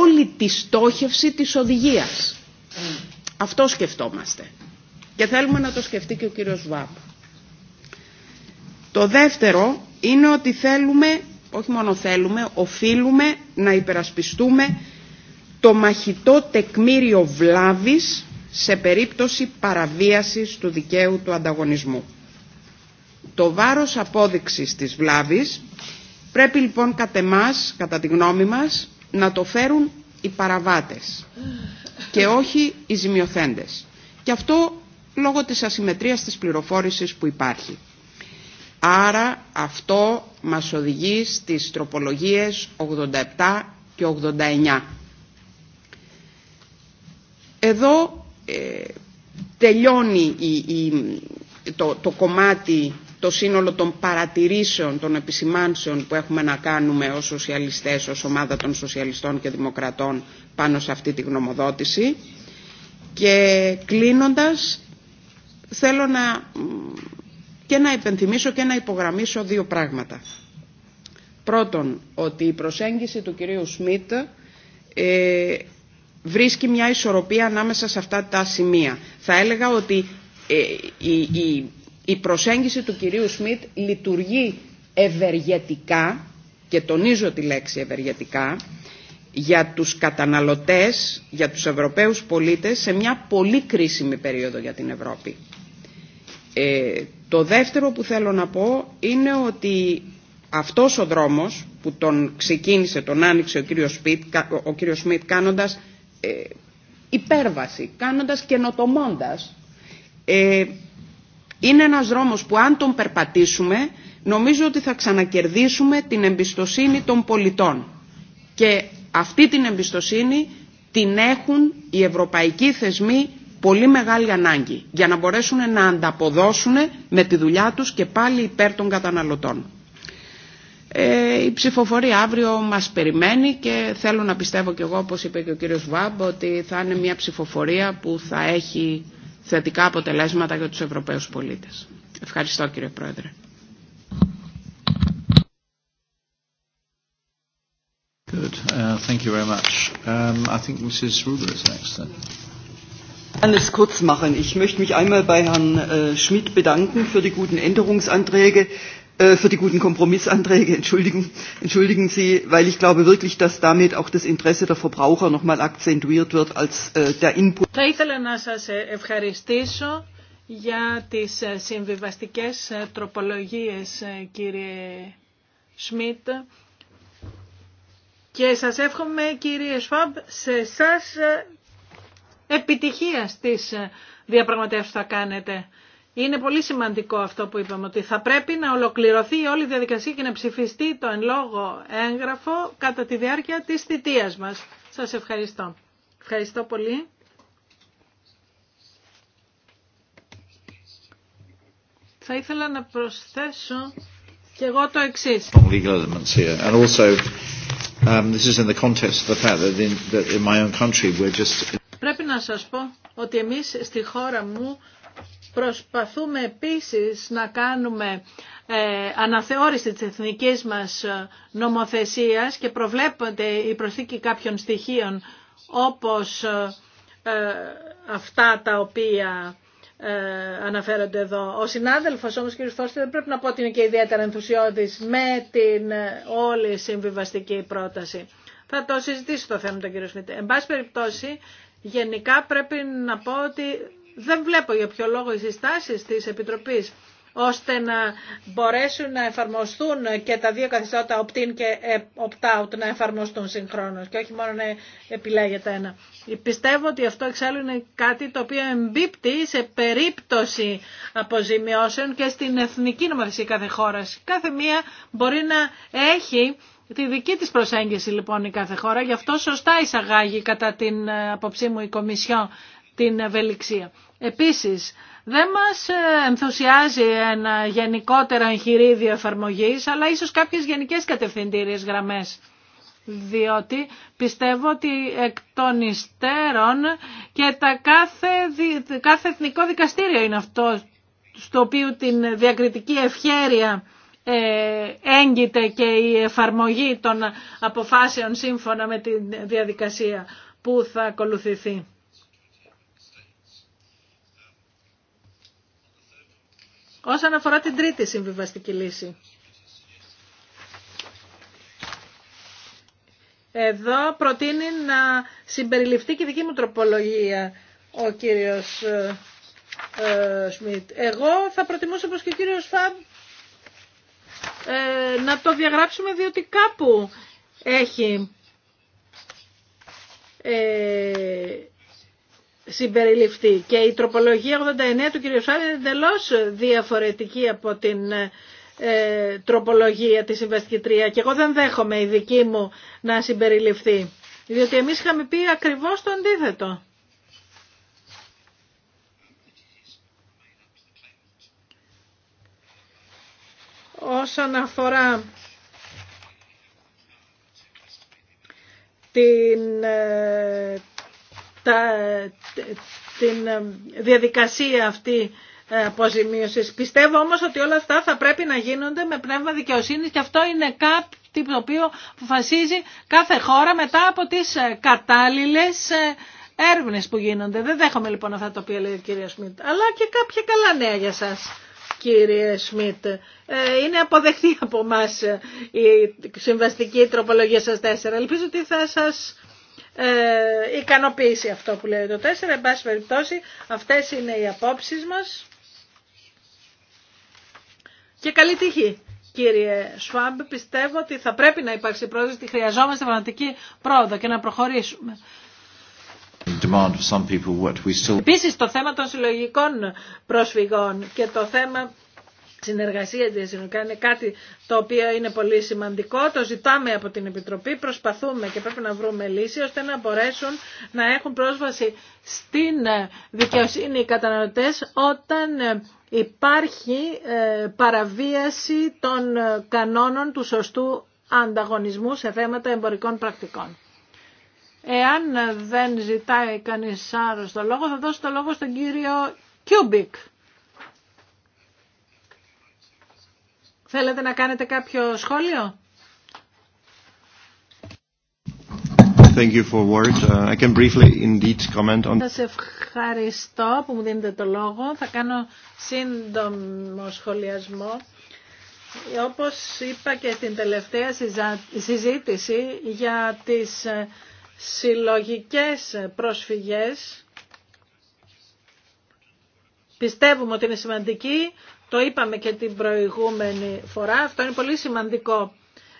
όλη τη στόχευση της οδηγίας. Mm. Αυτό σκεφτόμαστε. Και θέλουμε να το σκεφτεί και ο κύριος Βάπ. Το δεύτερο είναι ότι θέλουμε, όχι μόνο θέλουμε, οφείλουμε να υπερασπιστούμε το μαχητό τεκμήριο βλάβης σε περίπτωση παραβίασης του δικαίου του ανταγωνισμού. Το βάρος απόδειξης της βλάβης πρέπει λοιπόν κατά κατά τη γνώμη μας, να το φέρουν οι παραβάτες και όχι οι ζημιοθέντες. Και αυτό λόγω της ασυμμετρίας της πληροφόρησης που υπάρχει. Άρα αυτό μας οδηγεί στις τροπολογίες 87 και 89. Εδώ ε, τελειώνει το, το κομμάτι, το σύνολο των παρατηρήσεων, των επισημάνσεων που έχουμε να κάνουμε ως σοσιαλιστές, ως ομάδα των σοσιαλιστών και δημοκρατών πάνω σε αυτή τη γνωμοδότηση. Και κλείνοντας, θέλω να και να υπενθυμίσω και να υπογραμμίσω δύο πράγματα. Πρώτον, ότι η προσέγγιση του κυρίου Σμιτ ε, βρίσκει μια ισορροπία ανάμεσα σε αυτά τα σημεία. Θα έλεγα ότι ε, η, η, προσέγγιση του κυρίου Σμιτ λειτουργεί ευεργετικά και τονίζω τη λέξη ευεργετικά για τους καταναλωτές, για τους Ευρωπαίους πολίτες σε μια πολύ κρίσιμη περίοδο για την Ευρώπη. Ε, το δεύτερο που θέλω να πω είναι ότι αυτός ο δρόμος που τον ξεκίνησε, τον άνοιξε ο κύριος, ο κύριος Σμιτ κάνοντας ε, υπέρβαση, κάνοντας καινοτομώντας, ε, είναι ένας δρόμος που αν τον περπατήσουμε νομίζω ότι θα ξανακερδίσουμε την εμπιστοσύνη των πολιτών. Και αυτή την εμπιστοσύνη την έχουν οι ευρωπαϊκοί θεσμοί πολύ μεγάλη ανάγκη για να μπορέσουν να ανταποδώσουν με τη δουλειά τους και πάλι υπέρ των καταναλωτών. Ε, η ψηφοφορία αύριο μας περιμένει και θέλω να πιστεύω και εγώ, όπως είπε και ο κύριος Βάμπ, ότι θα είναι μια ψηφοφορία που θα έχει θετικά αποτελέσματα για τους Ευρωπαίους πολίτες. Ευχαριστώ κύριε Πρόεδρε. Good. Uh, thank you very much. Um, I think Mrs. is next kann es kurz machen. Ich möchte mich einmal bei Herrn Schmidt bedanken für die guten Änderungsanträge, für die guten Kompromissanträge, entschuldigen, entschuldigen Sie, weil ich glaube wirklich, dass damit auch das Interesse der Verbraucher noch mal akzentuiert wird als der Input. Θα να ευχαριστήσω για τις συμβιβαστικές τροπολογίες, κύριε Σμιτ. Και σας εύχομαι, κύριε Σφαμπ, σε σας επιτυχία στις ε, διαπραγματεύσεις θα κάνετε. Είναι πολύ σημαντικό αυτό που είπαμε, ότι θα πρέπει να ολοκληρωθεί όλη η διαδικασία και να ψηφιστεί το εν λόγω έγγραφο κατά τη διάρκεια της θητείας μας. Σας ευχαριστώ. Ευχαριστώ πολύ. Θα ήθελα να προσθέσω και εγώ το εξής. Um, this is in the context of the that in my own country we're just Πρέπει να σας πω ότι εμείς στη χώρα μου προσπαθούμε επίσης να κάνουμε ε, αναθεώρηση της εθνικής μας ε, νομοθεσίας και προβλέπονται η προσθήκη κάποιων στοιχείων όπως ε, αυτά τα οποία αναφέρονται εδώ. Ο συνάδελφος όμως κ. Θόρστη δεν πρέπει να πω ότι είναι και ιδιαίτερα ενθουσιώδης με την όλη συμβιβαστική πρόταση. Θα το συζητήσω το θέμα τον κύριο Σμιτ. περιπτώσει, γενικά πρέπει να πω ότι δεν βλέπω για ποιο λόγο οι συστάσεις της Επιτροπής ώστε να μπορέσουν να εφαρμοστούν και τα δύο καθεστώτα opt-in και ε, opt-out να εφαρμοστούν συγχρόνως και όχι μόνο να επιλέγεται ένα. Πιστεύω ότι αυτό εξάλλου είναι κάτι το οποίο εμπίπτει σε περίπτωση αποζημιώσεων και στην εθνική νομοθεσία κάθε χώρας. Κάθε μία μπορεί να έχει τη δική της προσέγγιση λοιπόν η κάθε χώρα. Γι' αυτό σωστά εισαγάγει κατά την ε, απόψή μου η Κομισιό την ευελιξία. Επίσης, δεν μας ε, ενθουσιάζει ένα γενικότερο εγχειρίδιο εφαρμογής, αλλά ίσως κάποιες γενικές κατευθυντήριες γραμμές. Διότι πιστεύω ότι εκ των υστέρων και τα κάθε, κάθε εθνικό δικαστήριο είναι αυτό στο οποίο την διακριτική ευχέρεια ε, έγκυται και η εφαρμογή των αποφάσεων σύμφωνα με τη διαδικασία που θα ακολουθηθεί. Όσον αφορά την τρίτη συμβιβαστική λύση. Εδώ προτείνει να συμπεριληφθεί και δική μου τροπολογία ο κύριος ε, ε, Σμιτ. Εγώ θα προτιμούσα όπως και ο κύριος Φαμπ ε, να το διαγράψουμε διότι κάπου έχει ε, συμπεριληφθεί. Και η τροπολογία 89 του κ. Σάρη είναι εντελώ διαφορετική από την ε, τροπολογία της Συμβαστική και εγώ δεν δέχομαι η δική μου να συμπεριληφθεί. Διότι εμείς είχαμε πει ακριβώς το αντίθετο. όσον αφορά την, ε, την ε, διαδικασία αυτή αποζημίωσης. Πιστεύω όμως ότι όλα αυτά θα πρέπει να γίνονται με πνεύμα δικαιοσύνης και αυτό είναι κάτι το οποίο αποφασίζει κάθε χώρα μετά από τις ε, κατάλληλες έρευνες που γίνονται. Δεν δέχομαι λοιπόν αυτά τα οποία λέει ο κυρία Σμιτ, αλλά και κάποια καλά νέα για σας κύριε Σμιτ. Ε, είναι αποδεκτή από εμά η συμβαστική τροπολογία σας 4. Ελπίζω ότι θα σας ε, ικανοποιήσει αυτό που λέει το 4. Εν πάση περιπτώσει αυτές είναι οι απόψεις μας. Και καλή τύχη. Κύριε Σφάμπ, πιστεύω ότι θα πρέπει να υπάρξει πρόοδος, ότι χρειαζόμαστε πραγματική πρόοδο και να προχωρήσουμε. Επίση, το θέμα των συλλογικών προσφυγών και το θέμα συνεργασία διασυνολικά είναι κάτι το οποίο είναι πολύ σημαντικό. Το ζητάμε από την Επιτροπή, προσπαθούμε και πρέπει να βρούμε λύση ώστε να μπορέσουν να έχουν πρόσβαση στην ε, δικαιοσύνη οι καταναλωτές όταν ε, υπάρχει ε, παραβίαση των κανόνων του σωστού ανταγωνισμού σε θέματα εμπορικών πρακτικών. Εάν δεν ζητάει κανείς άλλο το λόγο, θα δώσω το λόγο στον κύριο Κιούμπικ. Θέλετε να κάνετε κάποιο σχόλιο? Uh, Σα ευχαριστώ που μου δίνετε το λόγο. Θα κάνω σύντομο σχολιασμό. Όπως είπα και στην τελευταία συζήτηση για τις ε, συλλογικές προσφυγές. Πιστεύουμε ότι είναι σημαντική, το είπαμε και την προηγούμενη φορά, αυτό είναι πολύ σημαντικό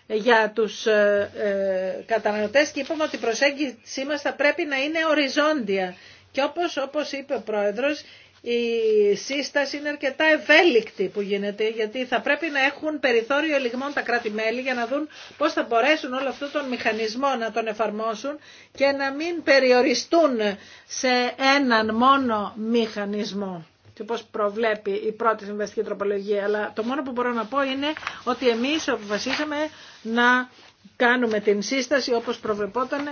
για τους ε, ε, καταναλωτές και είπαμε ότι η προσέγγιση μας θα πρέπει να είναι οριζόντια. Και όπως, όπως είπε ο Πρόεδρος, η σύσταση είναι αρκετά ευέλικτη που γίνεται γιατί θα πρέπει να έχουν περιθώριο ελιγμών τα κράτη-μέλη για να δουν πώς θα μπορέσουν όλο αυτό τον μηχανισμό να τον εφαρμόσουν και να μην περιοριστούν σε έναν μόνο μηχανισμό και προβλέπει η πρώτη συμβαστική τροπολογία. Αλλά το μόνο που μπορώ να πω είναι ότι εμείς αποφασίσαμε να κάνουμε την σύσταση όπως προβλεπόταν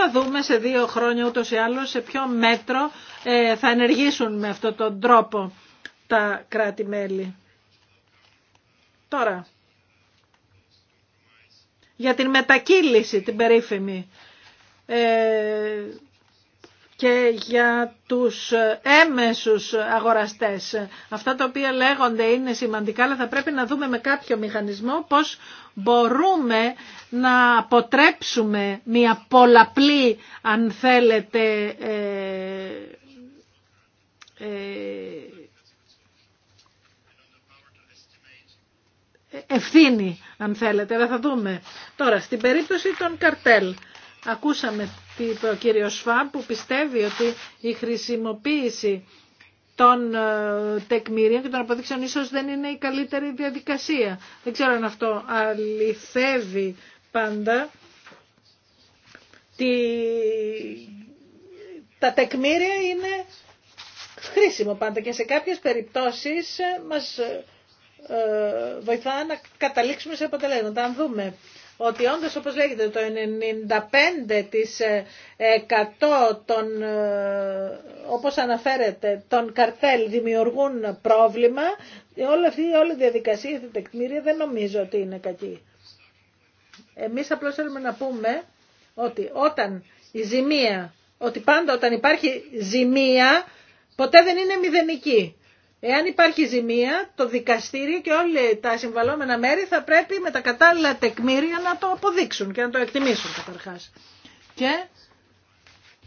θα δούμε σε δύο χρόνια ούτως ή άλλως σε ποιο μέτρο ε, θα ενεργήσουν με αυτόν τον τρόπο τα κράτη-μέλη. Τώρα, για την μετακύληση, την περίφημη. Ε, και για τους έμεσους αγοραστές. Αυτά τα οποία λέγονται είναι σημαντικά, αλλά θα πρέπει να δούμε με κάποιο μηχανισμό πώς μπορούμε να αποτρέψουμε μια πολλαπλή, αν θέλετε, ε, ε, ευθύνη, αν θέλετε, αλλά θα δούμε. Τώρα, στην περίπτωση των καρτέλ, Ακούσαμε τι κύριο ο που πιστεύει ότι η χρησιμοποίηση των ε, τεκμηρίων και των αποδείξεων ίσως δεν είναι η καλύτερη διαδικασία. Δεν ξέρω αν αυτό αληθεύει πάντα. Τι... Τα τεκμήρια είναι χρήσιμο πάντα και σε κάποιες περιπτώσεις ε, μας ε, βοηθά να καταλήξουμε σε αποτελέσματα. Αν δούμε ότι όντως όπως λέγεται το 95% των, ε, όπως αναφέρεται, των καρτέλ δημιουργούν πρόβλημα, όλη αυτή όλη διαδικασία, αυτή η τεκμήρια δεν νομίζω ότι είναι κακή. Εμείς απλώς θέλουμε να πούμε ότι όταν η ζημία, ότι πάντα όταν υπάρχει ζημία, ποτέ δεν είναι μηδενική. Εάν υπάρχει ζημία, το δικαστήριο και όλοι τα συμβαλώμενα μέρη θα πρέπει με τα κατάλληλα τεκμήρια να το αποδείξουν και να το εκτιμήσουν καταρχά. Και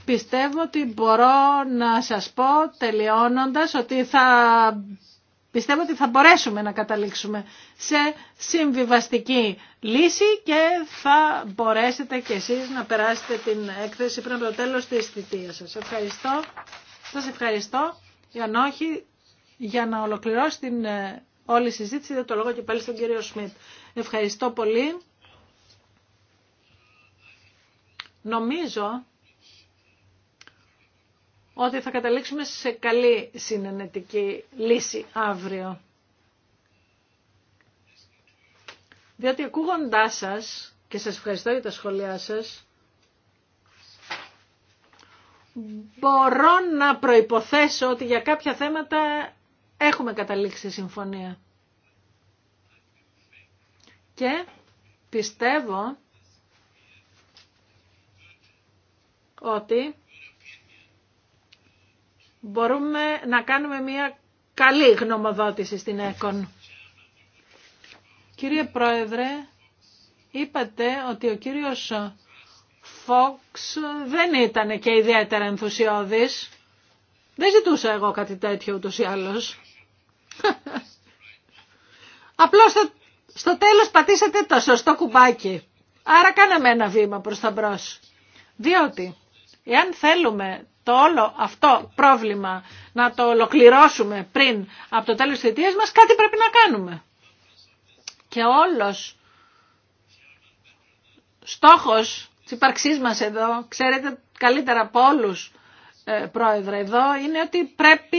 πιστεύω ότι μπορώ να σας πω τελειώνοντας ότι θα... Πιστεύω ότι θα μπορέσουμε να καταλήξουμε σε συμβιβαστική λύση και θα μπορέσετε κι εσείς να περάσετε την έκθεση πριν από το τέλος της θητείας σας. Ευχαριστώ. Σας ευχαριστώ. Για όχι, για να ολοκληρώσει την ε, όλη συζήτηση. Δεν το λόγο και πάλι στον κύριο Σμιτ. Ευχαριστώ πολύ. Νομίζω ότι θα καταλήξουμε σε καλή συνενετική λύση αύριο. Διότι ακούγοντά σας και σας ευχαριστώ για τα σχόλιά σας, μπορώ να προϋποθέσω ότι για κάποια θέματα Έχουμε καταλήξει συμφωνία. Και πιστεύω ότι μπορούμε να κάνουμε μια καλή γνωμοδότηση στην ΕΚΟΝ. Κύριε Πρόεδρε, είπατε ότι ο κύριος Φόξ δεν ήταν και ιδιαίτερα ενθουσιώδης. Δεν ζητούσα εγώ κάτι τέτοιο ούτως ή άλλως. Απλώς στο, τέλος πατήσατε το σωστό κουμπάκι. Άρα κάναμε ένα βήμα προς τα μπρος. Διότι, εάν θέλουμε το όλο αυτό πρόβλημα να το ολοκληρώσουμε πριν από το τέλος της θητείας μας, κάτι πρέπει να κάνουμε. Και όλος στόχος της υπαρξής μας εδώ, ξέρετε καλύτερα από όλους, ε, Πρόεδρε, εδώ είναι ότι πρέπει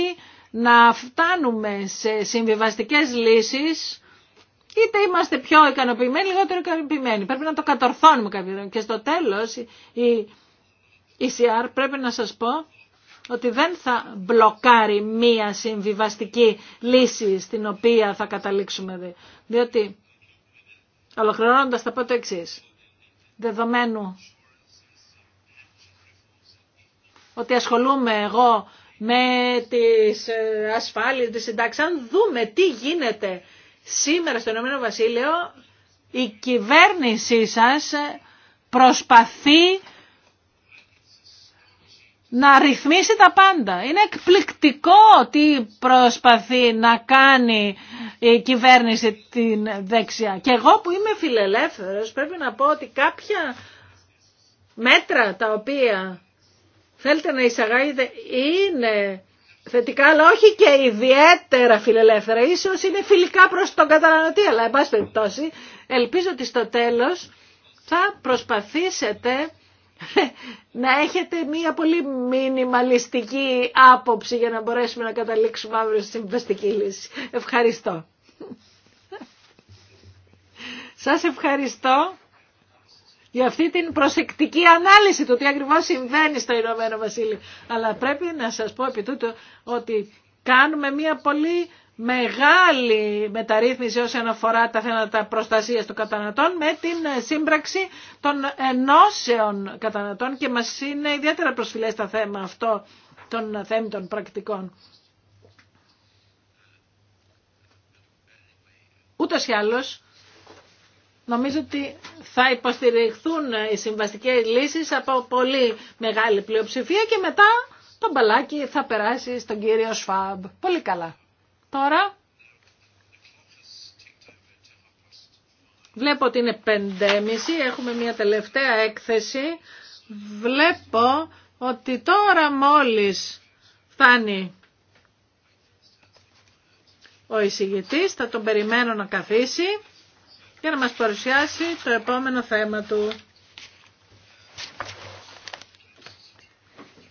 να φτάνουμε σε συμβιβαστικές λύσεις Είτε είμαστε πιο ικανοποιημένοι, λιγότερο ικανοποιημένοι. Πρέπει να το κατορθώνουμε κάποιον. Και στο τέλος η ECR πρέπει να σας πω ότι δεν θα μπλοκάρει μία συμβιβαστική λύση στην οποία θα καταλήξουμε. Διότι, ολοκληρώνοντας θα πω το εξή. δεδομένου ότι ασχολούμαι εγώ με τις ε, ασφάλειες, τις συντάξεις. Αν δούμε τι γίνεται σήμερα στο Ηνωμένο Βασίλειο, η κυβέρνησή σας ε, προσπαθεί να ρυθμίσει τα πάντα. Είναι εκπληκτικό τι προσπαθεί να κάνει η κυβέρνηση την δεξιά. Και εγώ που είμαι φιλελεύθερος πρέπει να πω ότι κάποια μέτρα τα οποία θέλετε να εισαγάγετε είναι θετικά, αλλά όχι και ιδιαίτερα φιλελεύθερα. Ίσως είναι φιλικά προς τον καταναλωτή, αλλά εν πάση ελπίζω ότι στο τέλος θα προσπαθήσετε να έχετε μία πολύ μινιμαλιστική άποψη για να μπορέσουμε να καταλήξουμε αύριο στη συμβαστική λύση. Ευχαριστώ. Σας ευχαριστώ για αυτή την προσεκτική ανάλυση του τι ακριβώς συμβαίνει στο Ηνωμένο Βασίλειο. Αλλά πρέπει να σας πω επί τούτου ότι κάνουμε μια πολύ μεγάλη μεταρρύθμιση όσον αφορά τα θέματα προστασίας των κατανατών με την σύμπραξη των ενώσεων κατανατών και μας είναι ιδιαίτερα προσφυλέ τα θέμα αυτό των θέμητων πρακτικών. Ούτως ή άλλως, Νομίζω ότι θα υποστηριχθούν οι συμβαστικές λύσεις από πολύ μεγάλη πλειοψηφία και μετά το μπαλάκι θα περάσει στον κύριο Σφάμπ. Πολύ καλά. Τώρα βλέπω ότι είναι 5.30, έχουμε μια τελευταία έκθεση. Βλέπω ότι τώρα μόλις φτάνει ο εισηγητής, θα τον περιμένω να καθίσει για να μας παρουσιάσει το επόμενο θέμα του.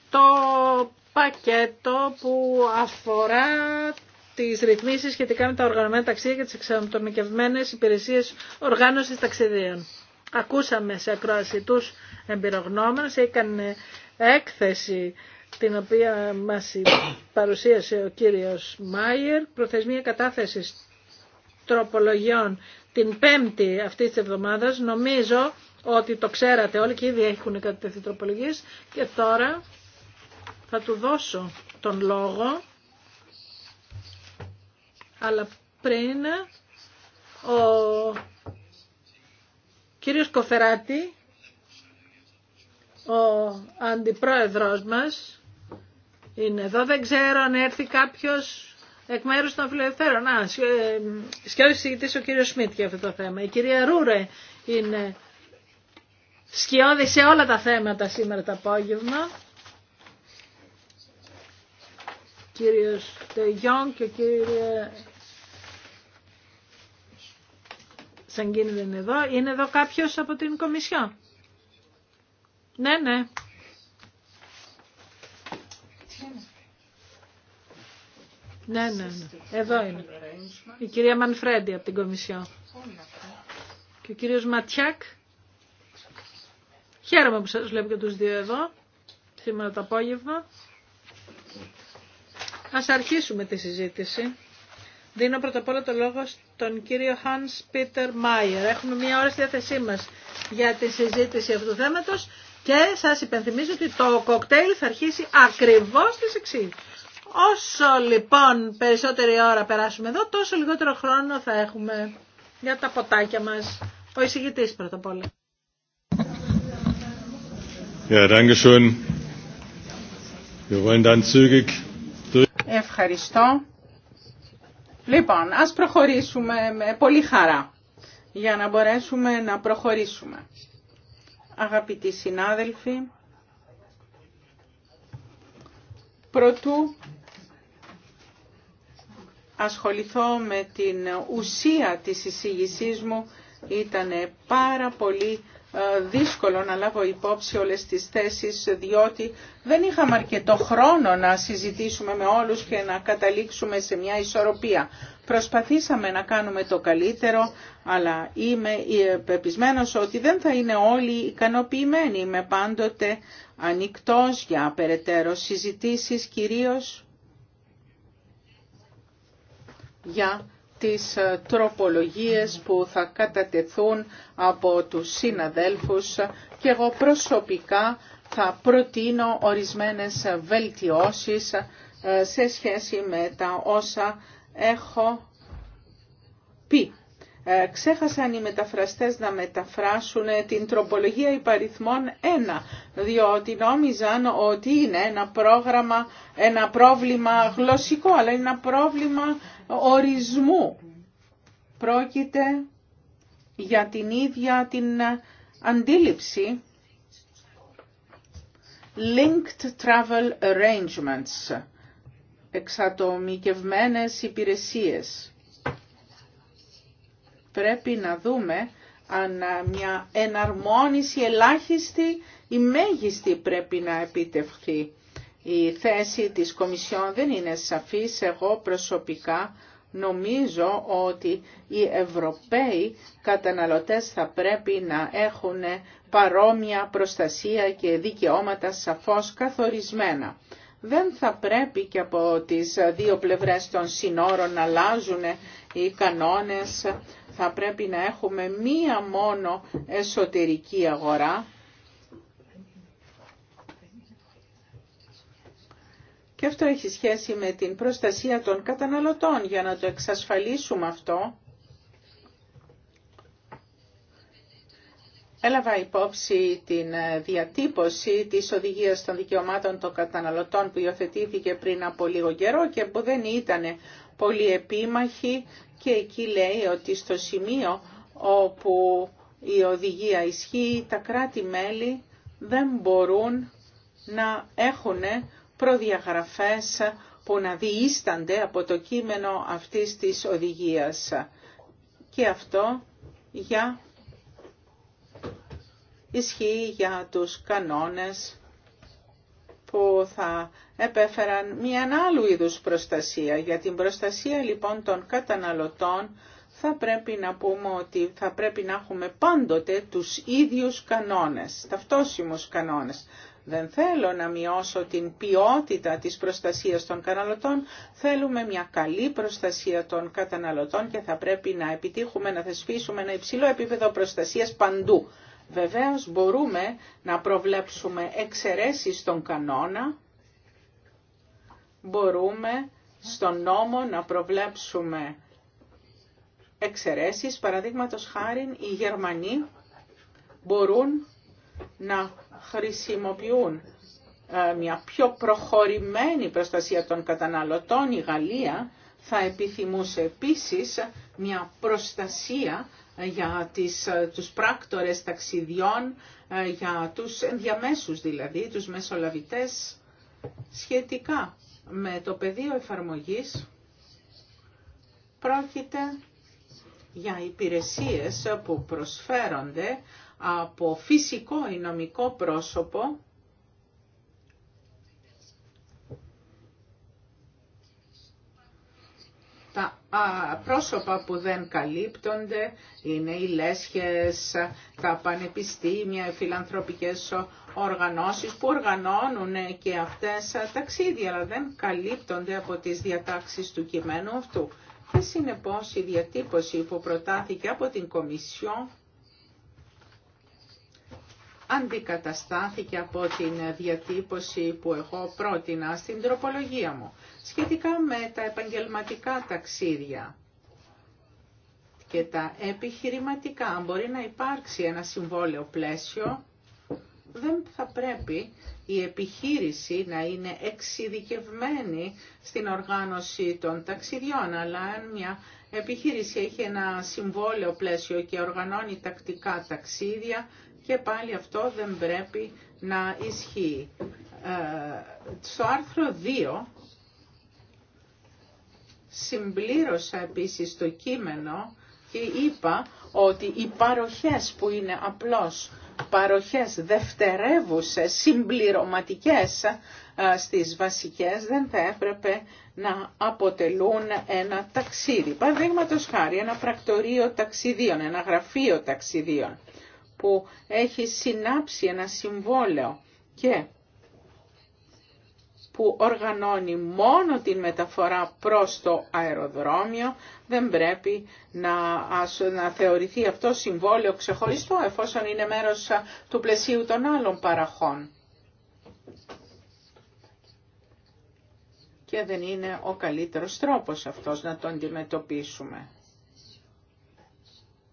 Το πακέτο που αφορά τις ρυθμίσεις σχετικά με τα οργανωμένα ταξίδια και τις εξατομικευμένες υπηρεσίες οργάνωσης ταξιδίων. Ακούσαμε σε ακρόαση τους εμπειρογνώμενους, έκανε έκθεση την οποία μας παρουσίασε ο κύριος Μάιερ, προθεσμία κατάθεσης τροπολογιών την πέμπτη αυτή τη εβδομάδα. Νομίζω ότι το ξέρατε όλοι και ήδη έχουν τέτοιο τροπολογίες και τώρα θα του δώσω τον λόγο αλλά πριν ο κύριος Κοφεράτη ο αντιπρόεδρος μας είναι εδώ δεν ξέρω αν έρθει κάποιος εκ μέρους των φιλελευθέρων. Α, σκιώδης ο κύριος Σμιτ για αυτό το θέμα. Η κυρία Ρούρε είναι σκιώδη σε όλα τα θέματα σήμερα το απόγευμα. Κύριος Τεγιόν και ο κύριε Σαγκίνη δεν είναι εδώ. Είναι εδώ κάποιος από την Κομισιόν. Ναι, ναι. Ναι, ναι, ναι. Εδώ είναι. Η κυρία Μανφρέντι από την Κομισιό. Και ο κύριος Ματιάκ. Χαίρομαι που σας βλέπω και τους δύο εδώ. Σήμερα το απόγευμα. Ας αρχίσουμε τη συζήτηση. Δίνω πρώτα απ' όλα το λόγο στον κύριο Hans Peter Mayer. Έχουμε μία ώρα στη διάθεσή μας για τη συζήτηση αυτού του θέματος και σας υπενθυμίζω ότι το κοκτέιλ θα αρχίσει ακριβώς στις 6. Όσο λοιπόν περισσότερη ώρα περάσουμε εδώ, τόσο λιγότερο χρόνο θα έχουμε για τα ποτάκια μας. Ο εισηγητής πρώτα απ' όλα. Ευχαριστώ. Λοιπόν, ας προχωρήσουμε με πολύ χαρά για να μπορέσουμε να προχωρήσουμε. Αγαπητοί συνάδελφοι, πρωτού ασχοληθώ με την ουσία της εισήγησής μου. Ήταν πάρα πολύ ε, δύσκολο να λάβω υπόψη όλες τις θέσεις διότι δεν είχαμε αρκετό χρόνο να συζητήσουμε με όλους και να καταλήξουμε σε μια ισορροπία. Προσπαθήσαμε να κάνουμε το καλύτερο αλλά είμαι ε, πεπισμένος ότι δεν θα είναι όλοι ικανοποιημένοι. Είμαι πάντοτε ανοιχτός για περαιτέρω συζητήσεις κυρίως για τις ε, τροπολογίες που θα κατατεθούν από τους συναδέλφους και εγώ προσωπικά θα προτείνω ορισμένες βελτιώσεις ε, σε σχέση με τα όσα έχω πει. Ε, ξέχασαν οι μεταφραστές να μεταφράσουν την τροπολογία υπαριθμών 1, διότι νόμιζαν ότι είναι ένα, πρόγραμμα, ένα πρόβλημα γλωσσικό, αλλά είναι ένα πρόβλημα ορισμού. Πρόκειται για την ίδια την αντίληψη linked travel arrangements, εξατομικευμένες υπηρεσίες πρέπει να δούμε αν μια εναρμόνιση ελάχιστη ή μέγιστη πρέπει να επιτευχθεί. Η θέση της Κομισιόν δεν είναι σαφής. Εγώ προσωπικά νομίζω ότι οι Ευρωπαίοι καταναλωτές θα πρέπει να έχουν παρόμοια προστασία και δικαιώματα σαφώς καθορισμένα. Δεν θα πρέπει και από τις δύο πλευρές των συνόρων να αλλάζουν οι κανόνες θα πρέπει να έχουμε μία μόνο εσωτερική αγορά και αυτό έχει σχέση με την προστασία των καταναλωτών για να το εξασφαλίσουμε αυτό. Έλαβα υπόψη την διατύπωση της οδηγίας των δικαιωμάτων των καταναλωτών που υιοθετήθηκε πριν από λίγο καιρό και που δεν ήταν πολύ επίμαχη και εκεί λέει ότι στο σημείο όπου η οδηγία ισχύει, τα κράτη-μέλη δεν μπορούν να έχουν προδιαγραφές που να διείστανται από το κείμενο αυτής της οδηγίας. Και αυτό για... ισχύει για τους κανόνες που θα επέφεραν μια άλλου είδους προστασία. Για την προστασία λοιπόν των καταναλωτών θα πρέπει να πούμε ότι θα πρέπει να έχουμε πάντοτε τους ίδιους κανόνες, ταυτόσιμους κανόνες. Δεν θέλω να μειώσω την ποιότητα της προστασίας των καταναλωτών. Θέλουμε μια καλή προστασία των καταναλωτών και θα πρέπει να επιτύχουμε να θεσπίσουμε ένα υψηλό επίπεδο προστασίας παντού. Βεβαίως μπορούμε να προβλέψουμε εξαιρέσεις στον κανόνα, μπορούμε στον νόμο να προβλέψουμε εξαιρέσεις, παραδείγματος χάρη οι Γερμανοί μπορούν να χρησιμοποιούν ε, μια πιο προχωρημένη προστασία των καταναλωτών, η Γαλλία θα επιθυμούσε επίσης μια προστασία για τις, ε, τους πράκτορες ταξιδιών, ε, για τους ενδιαμέσους δηλαδή, τους μεσολαβητές, σχετικά με το πεδίο εφαρμογής πρόκειται για υπηρεσίες που προσφέρονται από φυσικό ή νομικό πρόσωπο τα πρόσωπα που δεν καλύπτονται είναι οι λέσχες, τα πανεπιστήμια, οι φιλανθρωπικές οργανώσεις που οργανώνουν και αυτές ταξίδια, αλλά δεν καλύπτονται από τις διατάξεις του κειμένου αυτού. Και συνεπώς η διατύπωση που προτάθηκε από την Κομισιόν αντικαταστάθηκε από την διατύπωση που εγώ πρότεινα στην τροπολογία μου σχετικά με τα επαγγελματικά ταξίδια και τα επιχειρηματικά. Αν μπορεί να υπάρξει ένα συμβόλαιο πλαίσιο, δεν θα πρέπει η επιχείρηση να είναι εξειδικευμένη στην οργάνωση των ταξιδιών, αλλά αν μια επιχείρηση έχει ένα συμβόλαιο πλαίσιο και οργανώνει τακτικά ταξίδια, και πάλι αυτό δεν πρέπει να ισχύει. Ε, στο άρθρο 2 συμπλήρωσα επίσης το κείμενο και είπα ότι οι παροχές που είναι απλώς παροχές δευτερεύουσες, συμπληρωματικές ε, στις βασικές δεν θα έπρεπε να αποτελούν ένα ταξίδι. Παραδείγματο χάρη ένα πρακτορείο ταξιδίων, ένα γραφείο ταξιδίων που έχει συνάψει ένα συμβόλαιο και που οργανώνει μόνο την μεταφορά προς το αεροδρόμιο, δεν πρέπει να, να θεωρηθεί αυτό συμβόλαιο ξεχωριστό, εφόσον είναι μέρος του πλαισίου των άλλων παραχών. Και δεν είναι ο καλύτερος τρόπος αυτός να το αντιμετωπίσουμε.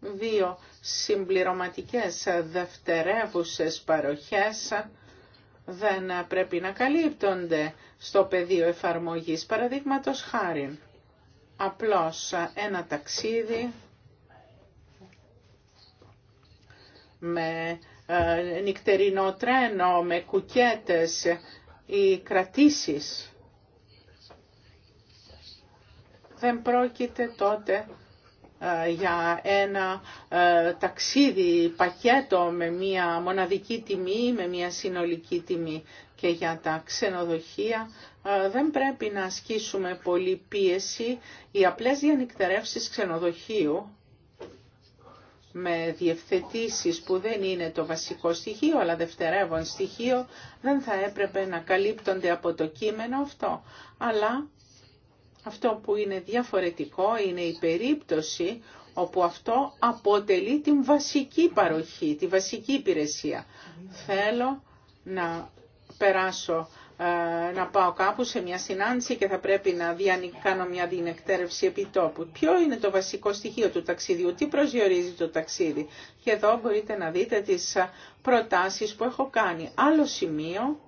Δύο συμπληρωματικές δευτερεύουσες παροχές δεν πρέπει να καλύπτονται στο πεδίο εφαρμογής, παραδείγματος χάρη. Απλώς ένα ταξίδι με ε, νυχτερινό τρένο, με κουκέτες ή κρατήσεις. Δεν πρόκειται τότε ε, για ένα ε, ταξίδι πακέτο με μια μοναδική τιμή, με μια συνολική τιμή και για τα ξενοδοχεία ε, δεν πρέπει να ασκήσουμε πολύ πίεση. Οι απλές διανυκτερεύσεις ξενοδοχείου με διευθετήσεις που δεν είναι το βασικό στοιχείο αλλά δευτερεύον στοιχείο δεν θα έπρεπε να καλύπτονται από το κείμενο αυτό. Αλλά αυτό που είναι διαφορετικό είναι η περίπτωση όπου αυτό αποτελεί την βασική παροχή, τη βασική υπηρεσία. Θέλω να περάσω ε, να πάω κάπου σε μια συνάντηση και θα πρέπει να κάνω μια διενεκτέρευση επιτόπου. Ποιο είναι το βασικό στοιχείο του ταξιδιού, τι προσδιορίζει το ταξίδι. Και εδώ μπορείτε να δείτε τις ε, προτάσεις που έχω κάνει. Άλλο σημείο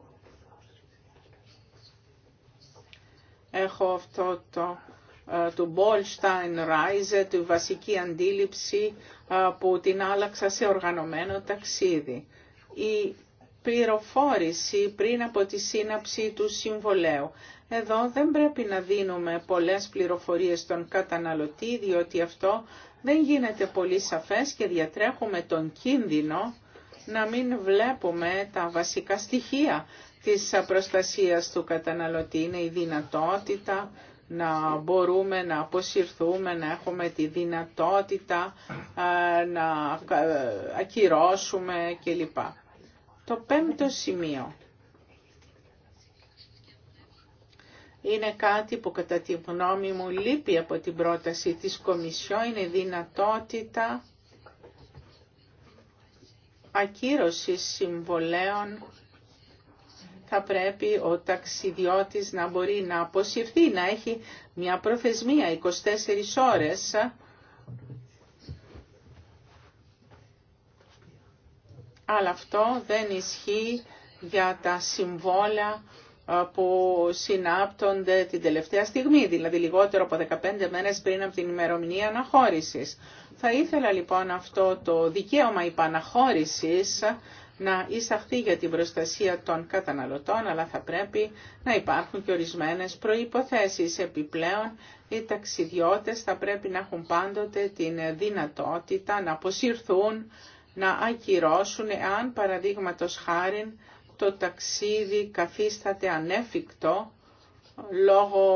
έχω αυτό το ε, του Μπόλστάιν Ράιζε, τη βασική αντίληψη ε, που την άλλαξα σε οργανωμένο ταξίδι. Η πληροφόρηση πριν από τη σύναψη του συμβολέου. Εδώ δεν πρέπει να δίνουμε πολλές πληροφορίες στον καταναλωτή, διότι αυτό δεν γίνεται πολύ σαφές και διατρέχουμε τον κίνδυνο να μην βλέπουμε τα βασικά στοιχεία της προστασίας του καταναλωτή. Είναι η δυνατότητα να μπορούμε να αποσυρθούμε, να έχουμε τη δυνατότητα να ακυρώσουμε κλπ. Το πέμπτο σημείο είναι κάτι που κατά τη γνώμη μου λείπει από την πρόταση της Κομισιό, είναι η δυνατότητα ακύρωση συμβολέων θα πρέπει ο ταξιδιώτης να μπορεί να αποσυρθεί, να έχει μια προθεσμία 24 ώρες αλλά αυτό δεν ισχύει για τα συμβόλαια ε, που συνάπτονται την τελευταία στιγμή, δηλαδή λιγότερο από 15 μέρες πριν από την ημερομηνία αναχώρησης. Θα ήθελα λοιπόν αυτό το δικαίωμα υπαναχώρησης να εισαχθεί για την προστασία των καταναλωτών, αλλά θα πρέπει να υπάρχουν και ορισμένες προϋποθέσεις. Επιπλέον, οι ταξιδιώτες θα πρέπει να έχουν πάντοτε την δυνατότητα να αποσυρθούν, να ακυρώσουν, εάν παραδείγματος χάρη το ταξίδι καθίσταται ανέφικτο λόγω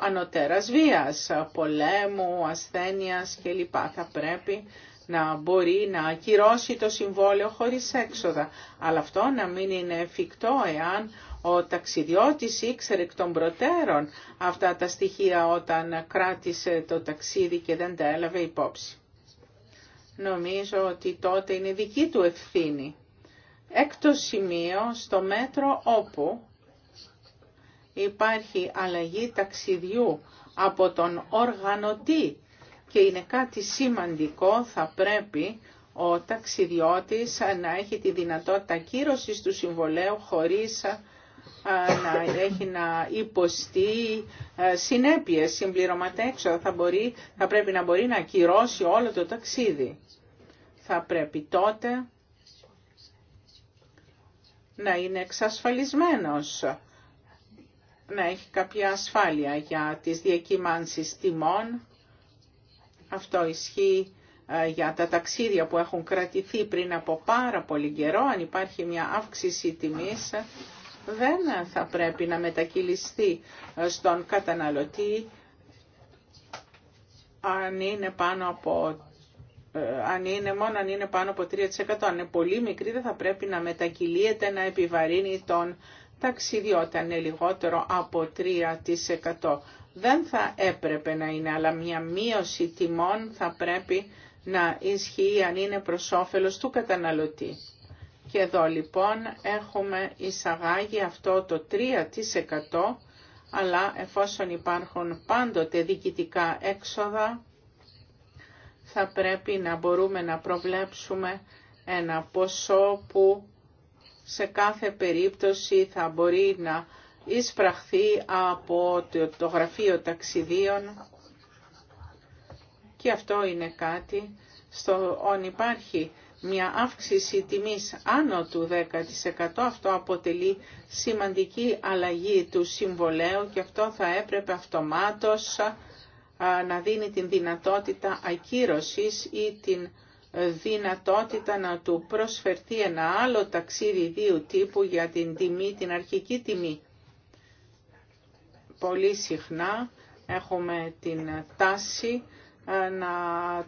ανωτέρας βίας, πολέμου, ασθένειας κλπ. Θα πρέπει να μπορεί να ακυρώσει το συμβόλαιο χωρίς έξοδα. Αλλά αυτό να μην είναι εφικτό εάν ο ταξιδιώτης ήξερε εκ των προτέρων αυτά τα στοιχεία όταν κράτησε το ταξίδι και δεν τα έλαβε υπόψη. Νομίζω ότι τότε είναι δική του ευθύνη. Έκτο σημείο στο μέτρο όπου υπάρχει αλλαγή ταξιδιού από τον οργανωτή και είναι κάτι σημαντικό θα πρέπει ο ταξιδιώτης να έχει τη δυνατότητα κύρωσης του συμβολέου χωρίς να έχει να υποστεί συνέπειες συμπληρωματά Θα, μπορεί, θα πρέπει να μπορεί να ακυρώσει όλο το ταξίδι. Θα πρέπει τότε να είναι εξασφαλισμένος να έχει κάποια ασφάλεια για τις διακύμανσεις τιμών. Αυτό ισχύει ε, για τα ταξίδια που έχουν κρατηθεί πριν από πάρα πολύ καιρό. Αν υπάρχει μια αύξηση τιμής, δεν θα πρέπει να μετακυλιστεί ε, στον καταναλωτή αν είναι πάνω από ε, αν είναι μόνο αν είναι πάνω από 3%. Αν είναι πολύ μικρή δεν θα πρέπει να μετακυλίεται να επιβαρύνει τον ταξιδιώτα είναι λιγότερο από 3%. Δεν θα έπρεπε να είναι, αλλά μια μείωση τιμών θα πρέπει να ισχύει αν είναι προς όφελος του καταναλωτή. Και εδώ λοιπόν έχουμε εισαγάγει αυτό το 3% αλλά εφόσον υπάρχουν πάντοτε διοικητικά έξοδα θα πρέπει να μπορούμε να προβλέψουμε ένα ποσό που σε κάθε περίπτωση θα μπορεί να εισπραχθεί από το γραφείο ταξιδίων και αυτό είναι κάτι στο όν υπάρχει μια αύξηση τιμής άνω του 10% αυτό αποτελεί σημαντική αλλαγή του συμβολέου και αυτό θα έπρεπε αυτομάτως να δίνει την δυνατότητα ακύρωσης ή την δυνατότητα να του προσφερθεί ένα άλλο ταξίδι δύο τύπου για την τιμή, την αρχική τιμή. Πολύ συχνά έχουμε την τάση ε, να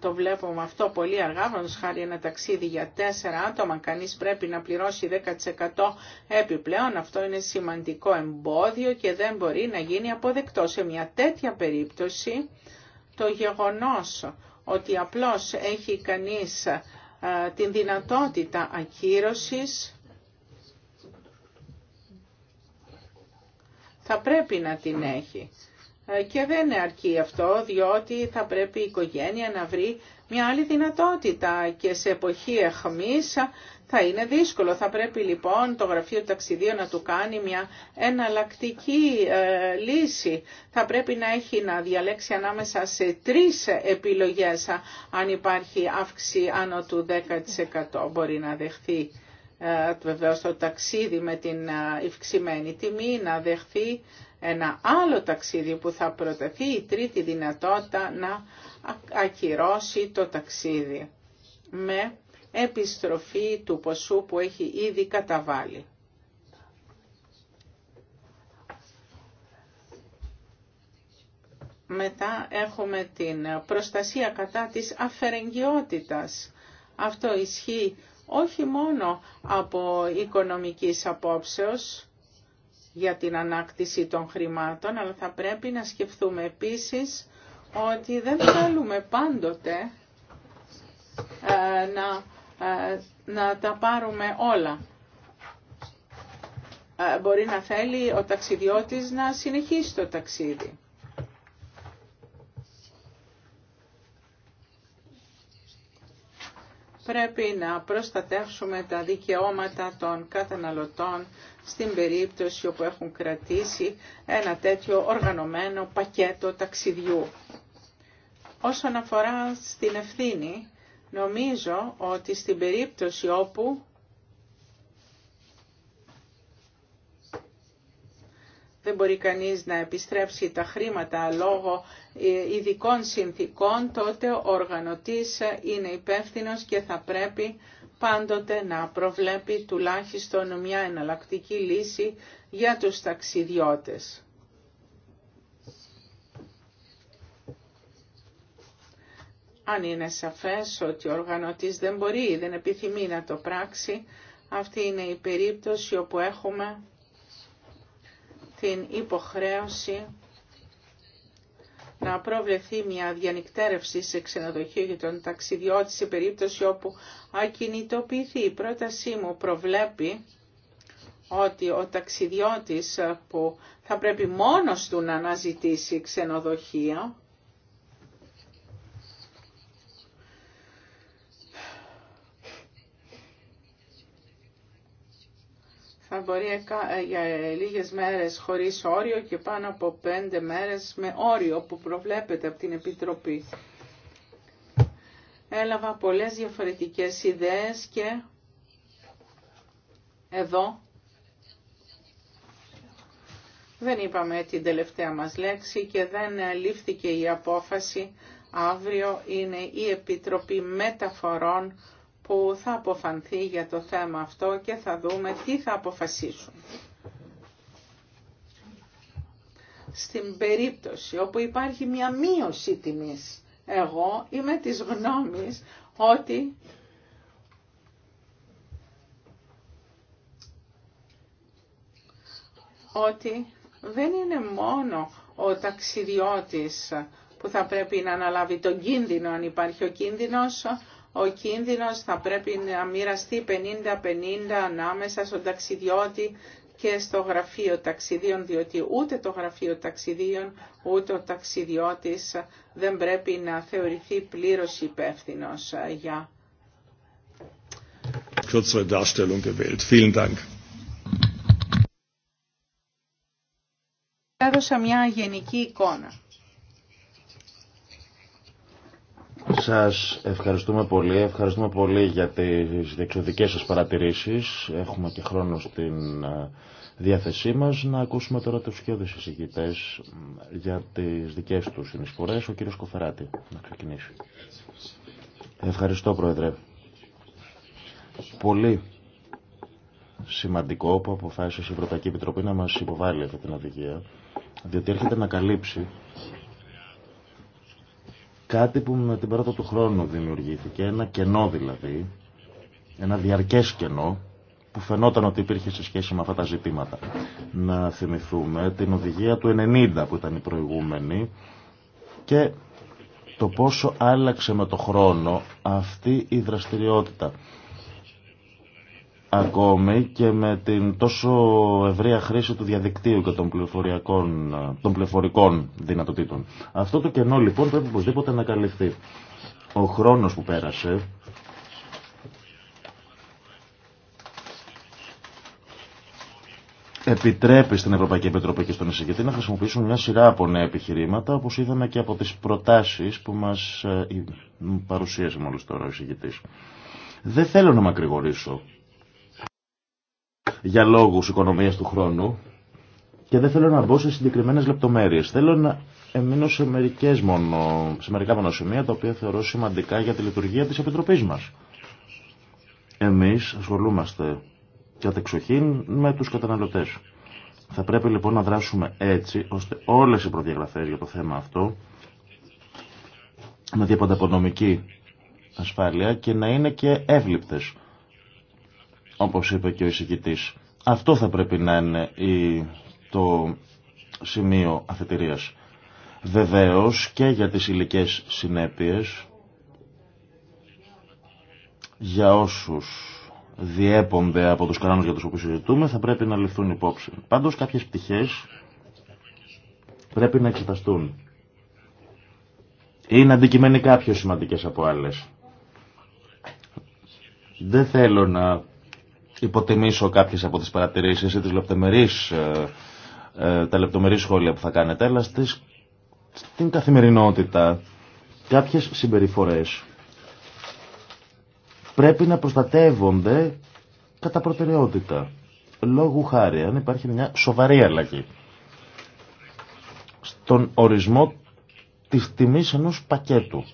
το βλέπουμε αυτό πολύ αργά, βάζοντας χάρη ένα ταξίδι για τέσσερα άτομα, κανείς πρέπει να πληρώσει 10% επιπλέον, αυτό είναι σημαντικό εμπόδιο και δεν μπορεί να γίνει αποδεκτό. Σε μια τέτοια περίπτωση το γεγονός ότι απλώς έχει κανείς ε, την δυνατότητα ακύρωσης θα πρέπει να την έχει. Ε, και δεν αρκεί αυτό, διότι θα πρέπει η οικογένεια να βρει μια άλλη δυνατότητα και σε εποχή εχμής θα είναι δύσκολο. Θα πρέπει λοιπόν το γραφείο του ταξιδίου να του κάνει μια εναλλακτική ε, λύση. Θα πρέπει να έχει να διαλέξει ανάμεσα σε τρεις επιλογές αν υπάρχει αύξηση άνω του 10% μπορεί να δεχθεί ε, βεβαίω το ταξίδι με την ευξημένη τιμή, να δεχθεί ένα άλλο ταξίδι που θα προτεθεί, η τρίτη δυνατότητα να ακυρώσει το ταξίδι με επιστροφή του ποσού που έχει ήδη καταβάλει. Μετά έχουμε την προστασία κατά της αφαιρεγγιότητας. Αυτό ισχύει όχι μόνο από οικονομικής απόψεως για την ανάκτηση των χρημάτων, αλλά θα πρέπει να σκεφτούμε επίσης ότι δεν θέλουμε πάντοτε ε, να ε, να τα πάρουμε όλα. Ε, μπορεί να θέλει ο ταξιδιώτης να συνεχίσει το ταξίδι. πρέπει να προστατεύσουμε τα δικαιώματα των καταναλωτών στην περίπτωση όπου έχουν κρατήσει ένα τέτοιο οργανωμένο πακέτο ταξιδιού. Όσον αφορά στην ευθύνη, Νομίζω ότι στην περίπτωση όπου δεν μπορεί κανείς να επιστρέψει τα χρήματα λόγω ειδικών συνθήκων, τότε ο οργανωτής είναι υπεύθυνος και θα πρέπει πάντοτε να προβλέπει τουλάχιστον μια εναλλακτική λύση για τους ταξιδιώτες. αν είναι σαφές ότι ο οργανωτής δεν μπορεί δεν επιθυμεί να το πράξει, αυτή είναι η περίπτωση όπου έχουμε την υποχρέωση να προβλεφθεί μια διανυκτέρευση σε ξενοδοχείο για τον ταξιδιώτη σε περίπτωση όπου ακινητοποιηθεί. Η πρότασή μου προβλέπει ότι ο ταξιδιώτης που θα πρέπει μόνος του να αναζητήσει ξενοδοχείο Μπορεί ε, για λίγες μέρες χωρίς όριο και πάνω από πέντε μέρες με όριο που προβλέπεται από την Επιτροπή. Έλαβα πολλές διαφορετικές ιδέες και εδώ δεν είπαμε την τελευταία μας λέξη και δεν λήφθηκε η απόφαση. Αύριο είναι η Επιτροπή Μεταφορών που θα αποφανθεί για το θέμα αυτό και θα δούμε τι θα αποφασίσουν. Στην περίπτωση όπου υπάρχει μια μείωση τιμής, εγώ είμαι της γνώμης ότι ότι δεν είναι μόνο ο ταξιδιώτης που θα πρέπει να αναλάβει τον κίνδυνο, αν υπάρχει ο κίνδυνος, ο κίνδυνος θα πρέπει να μοιραστεί 50-50 ανάμεσα στον ταξιδιώτη και στο γραφείο ταξιδίων, διότι ούτε το γραφείο ταξιδίων, ούτε ο ταξιδιώτης δεν πρέπει να θεωρηθεί πλήρως υπεύθυνο για... Kürzere gewählt. Vielen Dank. Έδωσα μια γενική εικόνα. Σας ευχαριστούμε πολύ. Ευχαριστούμε πολύ για τις διεξοδικές σας παρατηρήσεις. Έχουμε και χρόνο στην ε, διάθεσή μας να ακούσουμε τώρα τους σκιώδες εισηγητές για τις δικές τους συνεισφορές. Ο κύριος Κοφεράτη να ξεκινήσει. Ευχαριστώ Πρόεδρε. Πολύ σημαντικό που αποφάσισε η Ευρωπαϊκή Επιτροπή να μας υποβάλει αυτή την οδηγία, διότι έρχεται να καλύψει Κάτι που με την πρώτα του χρόνου δημιουργήθηκε, ένα κενό δηλαδή, ένα διαρκές κενό που φαινόταν ότι υπήρχε σε σχέση με αυτά τα ζητήματα. Να θυμηθούμε την οδηγία του 90 που ήταν η προηγούμενη και το πόσο άλλαξε με το χρόνο αυτή η δραστηριότητα ακόμη και με την τόσο ευρεία χρήση του διαδικτύου και των, πληροφοριακών, των πληροφορικών δυνατοτήτων. Αυτό το κενό λοιπόν πρέπει οπωσδήποτε να καλυφθεί. Ο χρόνος που πέρασε επιτρέπει στην Ευρωπαϊκή Επιτροπή και στον εισηγητή να χρησιμοποιήσουν μια σειρά από νέα επιχειρήματα, όπως είδαμε και από τις προτάσεις που μας ε, παρουσίασε μόλις τώρα ο εισηγητής. Δεν θέλω να μακρηγορήσω, για λόγους οικονομίας του χρόνου και δεν θέλω να μπω σε συγκεκριμένες λεπτομέρειες. Θέλω να εμείνω σε, μερικές μόνο, σε μερικά μόνο σημεία τα οποία θεωρώ σημαντικά για τη λειτουργία της Επιτροπής μας. Εμείς ασχολούμαστε κατεξοχήν με τους καταναλωτές. Θα πρέπει λοιπόν να δράσουμε έτσι ώστε όλες οι προδιαγραφές για το θέμα αυτό να διαπανταπονομική ασφάλεια και να είναι και εύληπτες όπως είπε και ο εισηγητής. Αυτό θα πρέπει να είναι η, το σημείο αφετηρίας. Βεβαίως και για τις υλικέ συνέπειες, για όσους διέπονται από τους κανόνες για τους οποίους συζητούμε, θα πρέπει να ληφθούν υπόψη. Πάντως κάποιες πτυχές πρέπει να εξεταστούν. Είναι αντικειμενικά πιο σημαντικές από άλλες. Δεν θέλω να υποτιμήσω κάποιες από τις παρατηρήσεις ή τις λεπτομερείς, ε, ε, τα λεπτομερή σχόλια που θα κάνετε, αλλά στις, στην καθημερινότητα κάποιες συμπεριφορές πρέπει να προστατεύονται κατά προτεραιότητα. Λόγου χάρη, αν υπάρχει μια σοβαρή αλλαγή στον ορισμό της τιμής ενός πακέτου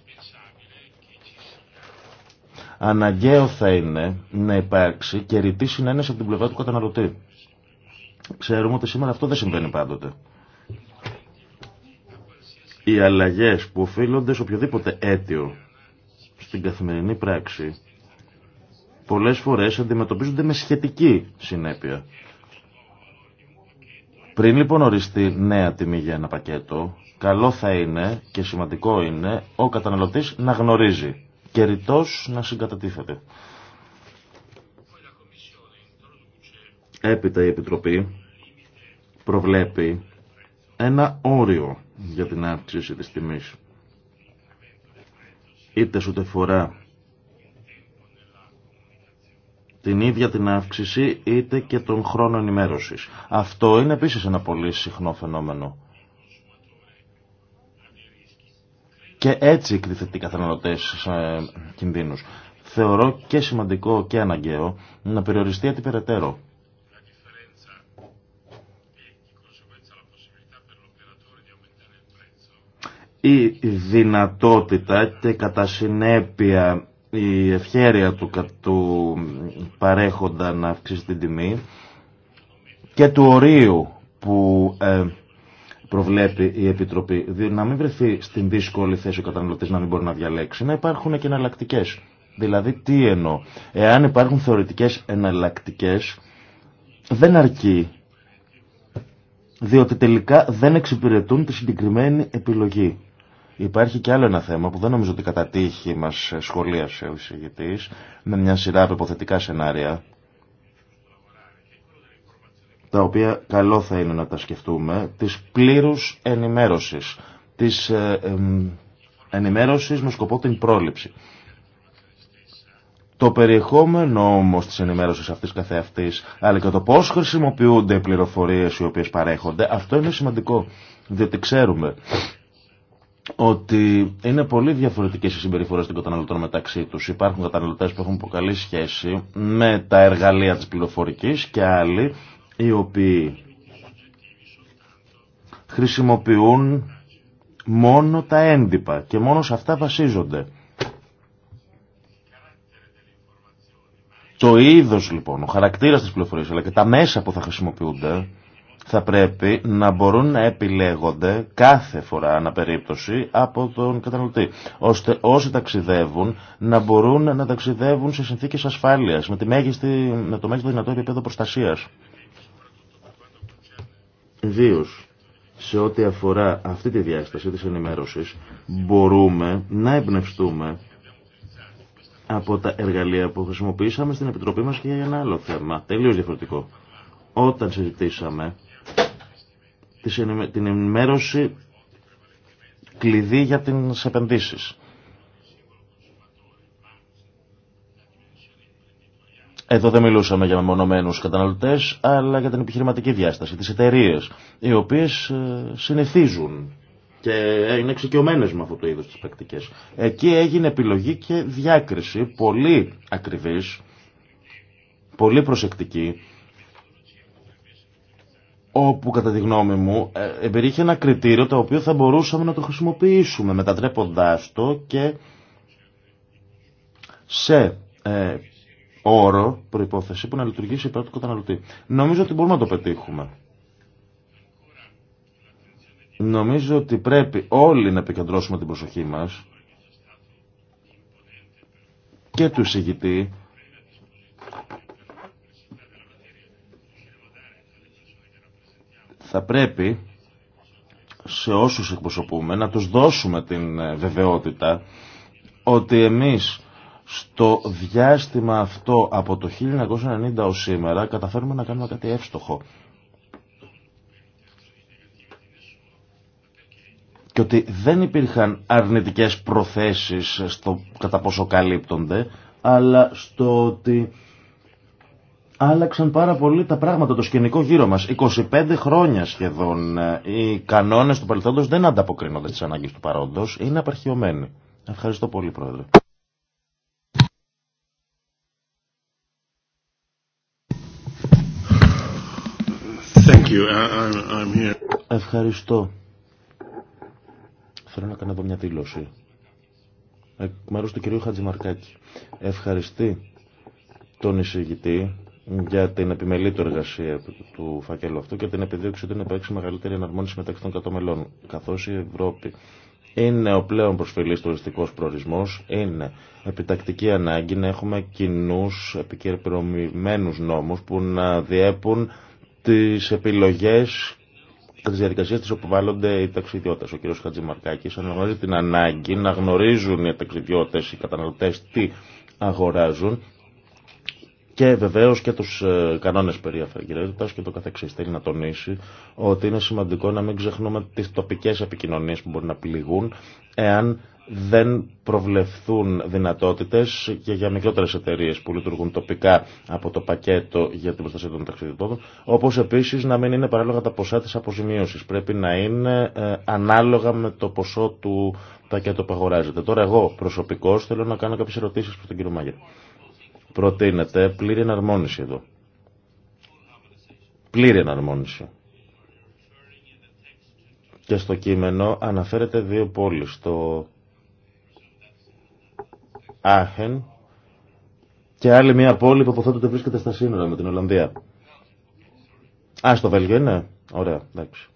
Αναγκαίο θα είναι να υπάρξει και ρητή συνένεση από την πλευρά του καταναλωτή. Ξέρουμε ότι σήμερα αυτό δεν συμβαίνει πάντοτε. Οι αλλαγές που οφείλονται σε οποιοδήποτε αίτιο στην καθημερινή πράξη πολλές φορές αντιμετωπίζονται με σχετική συνέπεια. Πριν λοιπόν οριστεί νέα τιμή για ένα πακέτο, καλό θα είναι και σημαντικό είναι ο καταναλωτής να γνωρίζει και ρητός να συγκατατίθεται. Έπειτα η Επιτροπή προβλέπει ένα όριο για την αύξηση της τιμής. Είτε σου φορά την ίδια την αύξηση είτε και τον χρόνο ενημέρωσης. Αυτό είναι επίσης ένα πολύ συχνό φαινόμενο. και έτσι εκδηθετεί καταναλωτέ σε κινδύνου. Θεωρώ και σημαντικό και αναγκαίο να περιοριστεί αντιπεραιτέρω η δυνατότητα και κατά συνέπεια η ευχέρεια του, παρέχοντα να αυξήσει την τιμή και του ορίου που ε, προβλέπει η Επιτροπή, να μην βρεθεί στην δύσκολη θέση ο καταναλωτή να μην μπορεί να διαλέξει, να υπάρχουν και εναλλακτικέ. Δηλαδή τι εννοώ, εάν υπάρχουν θεωρητικέ εναλλακτικέ, δεν αρκεί, διότι τελικά δεν εξυπηρετούν τη συγκεκριμένη επιλογή. Υπάρχει και άλλο ένα θέμα που δεν νομίζω ότι κατά τύχη μα σχολίασε ο εισηγητή με μια σειρά από υποθετικά σενάρια, τα οποία καλό θα είναι να τα σκεφτούμε, της πλήρους ενημέρωσης, της ε, ενημέρωσης με σκοπό την πρόληψη. Το περιεχόμενο όμω τη ενημέρωση αυτή καθεαυτή, αλλά και το πώ χρησιμοποιούνται οι πληροφορίε οι οποίε παρέχονται, αυτό είναι σημαντικό. Διότι ξέρουμε ότι είναι πολύ διαφορετικέ οι συμπεριφορέ των καταναλωτών μεταξύ του. Υπάρχουν καταναλωτέ που έχουν καλή σχέση με τα εργαλεία τη πληροφορική και άλλοι οι οποίοι χρησιμοποιούν μόνο τα έντυπα και μόνο σε αυτά βασίζονται. Το είδος λοιπόν, ο χαρακτήρας της πληροφορίας αλλά και τα μέσα που θα χρησιμοποιούνται θα πρέπει να μπορούν να επιλέγονται κάθε φορά αναπερίπτωση από τον καταναλωτή, ώστε όσοι ταξιδεύουν να μπορούν να ταξιδεύουν σε συνθήκες ασφάλειας, με, τη μέγιστη, με το μέγιστο δυνατό επίπεδο προστασίας. Ιδίω σε ό,τι αφορά αυτή τη διάσταση της ενημέρωσης, μπορούμε να εμπνευστούμε από τα εργαλεία που χρησιμοποιήσαμε στην Επιτροπή μας και για ένα άλλο θέμα, τελείως διαφορετικό. Όταν συζητήσαμε την ενημέρωση κλειδί για τις επενδύσεις. Εδώ δεν μιλούσαμε για μεμονωμένους καταναλωτές, αλλά για την επιχειρηματική διάσταση, τις εταιρείε, οι οποίες ε, συνηθίζουν και είναι εξοικειωμένες με αυτό το είδος της πρακτικές. Εκεί έγινε επιλογή και διάκριση πολύ ακριβής, πολύ προσεκτική, όπου κατά τη γνώμη μου ε, εμπεριείχε ένα κριτήριο το οποίο θα μπορούσαμε να το χρησιμοποιήσουμε μετατρέποντάς το και σε ε, όρο, προϋπόθεση που να λειτουργήσει υπέρ του καταναλωτή. Νομίζω ότι μπορούμε να το πετύχουμε. Νομίζω ότι πρέπει όλοι να επικεντρώσουμε την προσοχή μας και του εισηγητή θα πρέπει σε όσους εκπροσωπούμε να τους δώσουμε την ε, βεβαιότητα ότι εμείς στο διάστημα αυτό από το 1990 ως σήμερα καταφέρουμε να κάνουμε κάτι εύστοχο. Και ότι δεν υπήρχαν αρνητικές προθέσεις στο κατά πόσο καλύπτονται, αλλά στο ότι άλλαξαν πάρα πολύ τα πράγματα, το σκηνικό γύρω μας. 25 χρόνια σχεδόν ε, οι κανόνες του παρελθόντος δεν ανταποκρίνονται στις ανάγκες του παρόντος, είναι απαρχιωμένοι. Ευχαριστώ πολύ Πρόεδρε. Thank Ευχαριστώ. Θέλω να κάνω εδώ μια δήλωση. Εκ μέρους του κυρίου Χατζημαρκάκη. Ευχαριστεί τον εισηγητή για την επιμελή του εργασία του φακέλου αυτού και την επιδίωξη του να υπάρξει μεγαλύτερη εναρμόνιση μεταξύ των κατώμελών. Καθώς η Ευρώπη είναι ο πλέον προσφυλής τουριστικός προορισμός, είναι επιτακτική ανάγκη να έχουμε κοινού επικαιροποιημένους νόμους που να διέπουν τις επιλογές και τις διαδικασίες τις βάλλονται οι ταξιδιώτες. Ο κ. Χατζημαρκάκης αναγνωρίζει την ανάγκη να γνωρίζουν οι ταξιδιώτες, οι καταναλωτές τι αγοράζουν και βεβαίω και του ε, κανόνε περί αφαγγελέτα και το καθεξή. Θέλει να τονίσει ότι είναι σημαντικό να μην ξεχνούμε τι τοπικέ επικοινωνίε που μπορεί να πληγούν εάν δεν προβλεφθούν δυνατότητες και για μικρότερες εταιρείες που λειτουργούν τοπικά από το πακέτο για την προστασία των ταξιδιωτών, όπως επίσης να μην είναι παράλογα τα ποσά της αποζημίωσης. Πρέπει να είναι ε, ανάλογα με το ποσό του πακέτου που αγοράζεται. Τώρα εγώ προσωπικώς θέλω να κάνω κάποιες ερωτήσεις προς τον κύριο Μάγερ. Προτείνεται πλήρη εναρμόνιση εδώ. Πλήρη εναρμόνιση και στο κείμενο αναφέρεται δύο πόλεις, το Άχεν και άλλη μια πόλη που αποθέτωται βρίσκεται στα σύνορα με την Ολλανδία. Α, στο Βέλγιο είναι. Ωραία, εντάξει.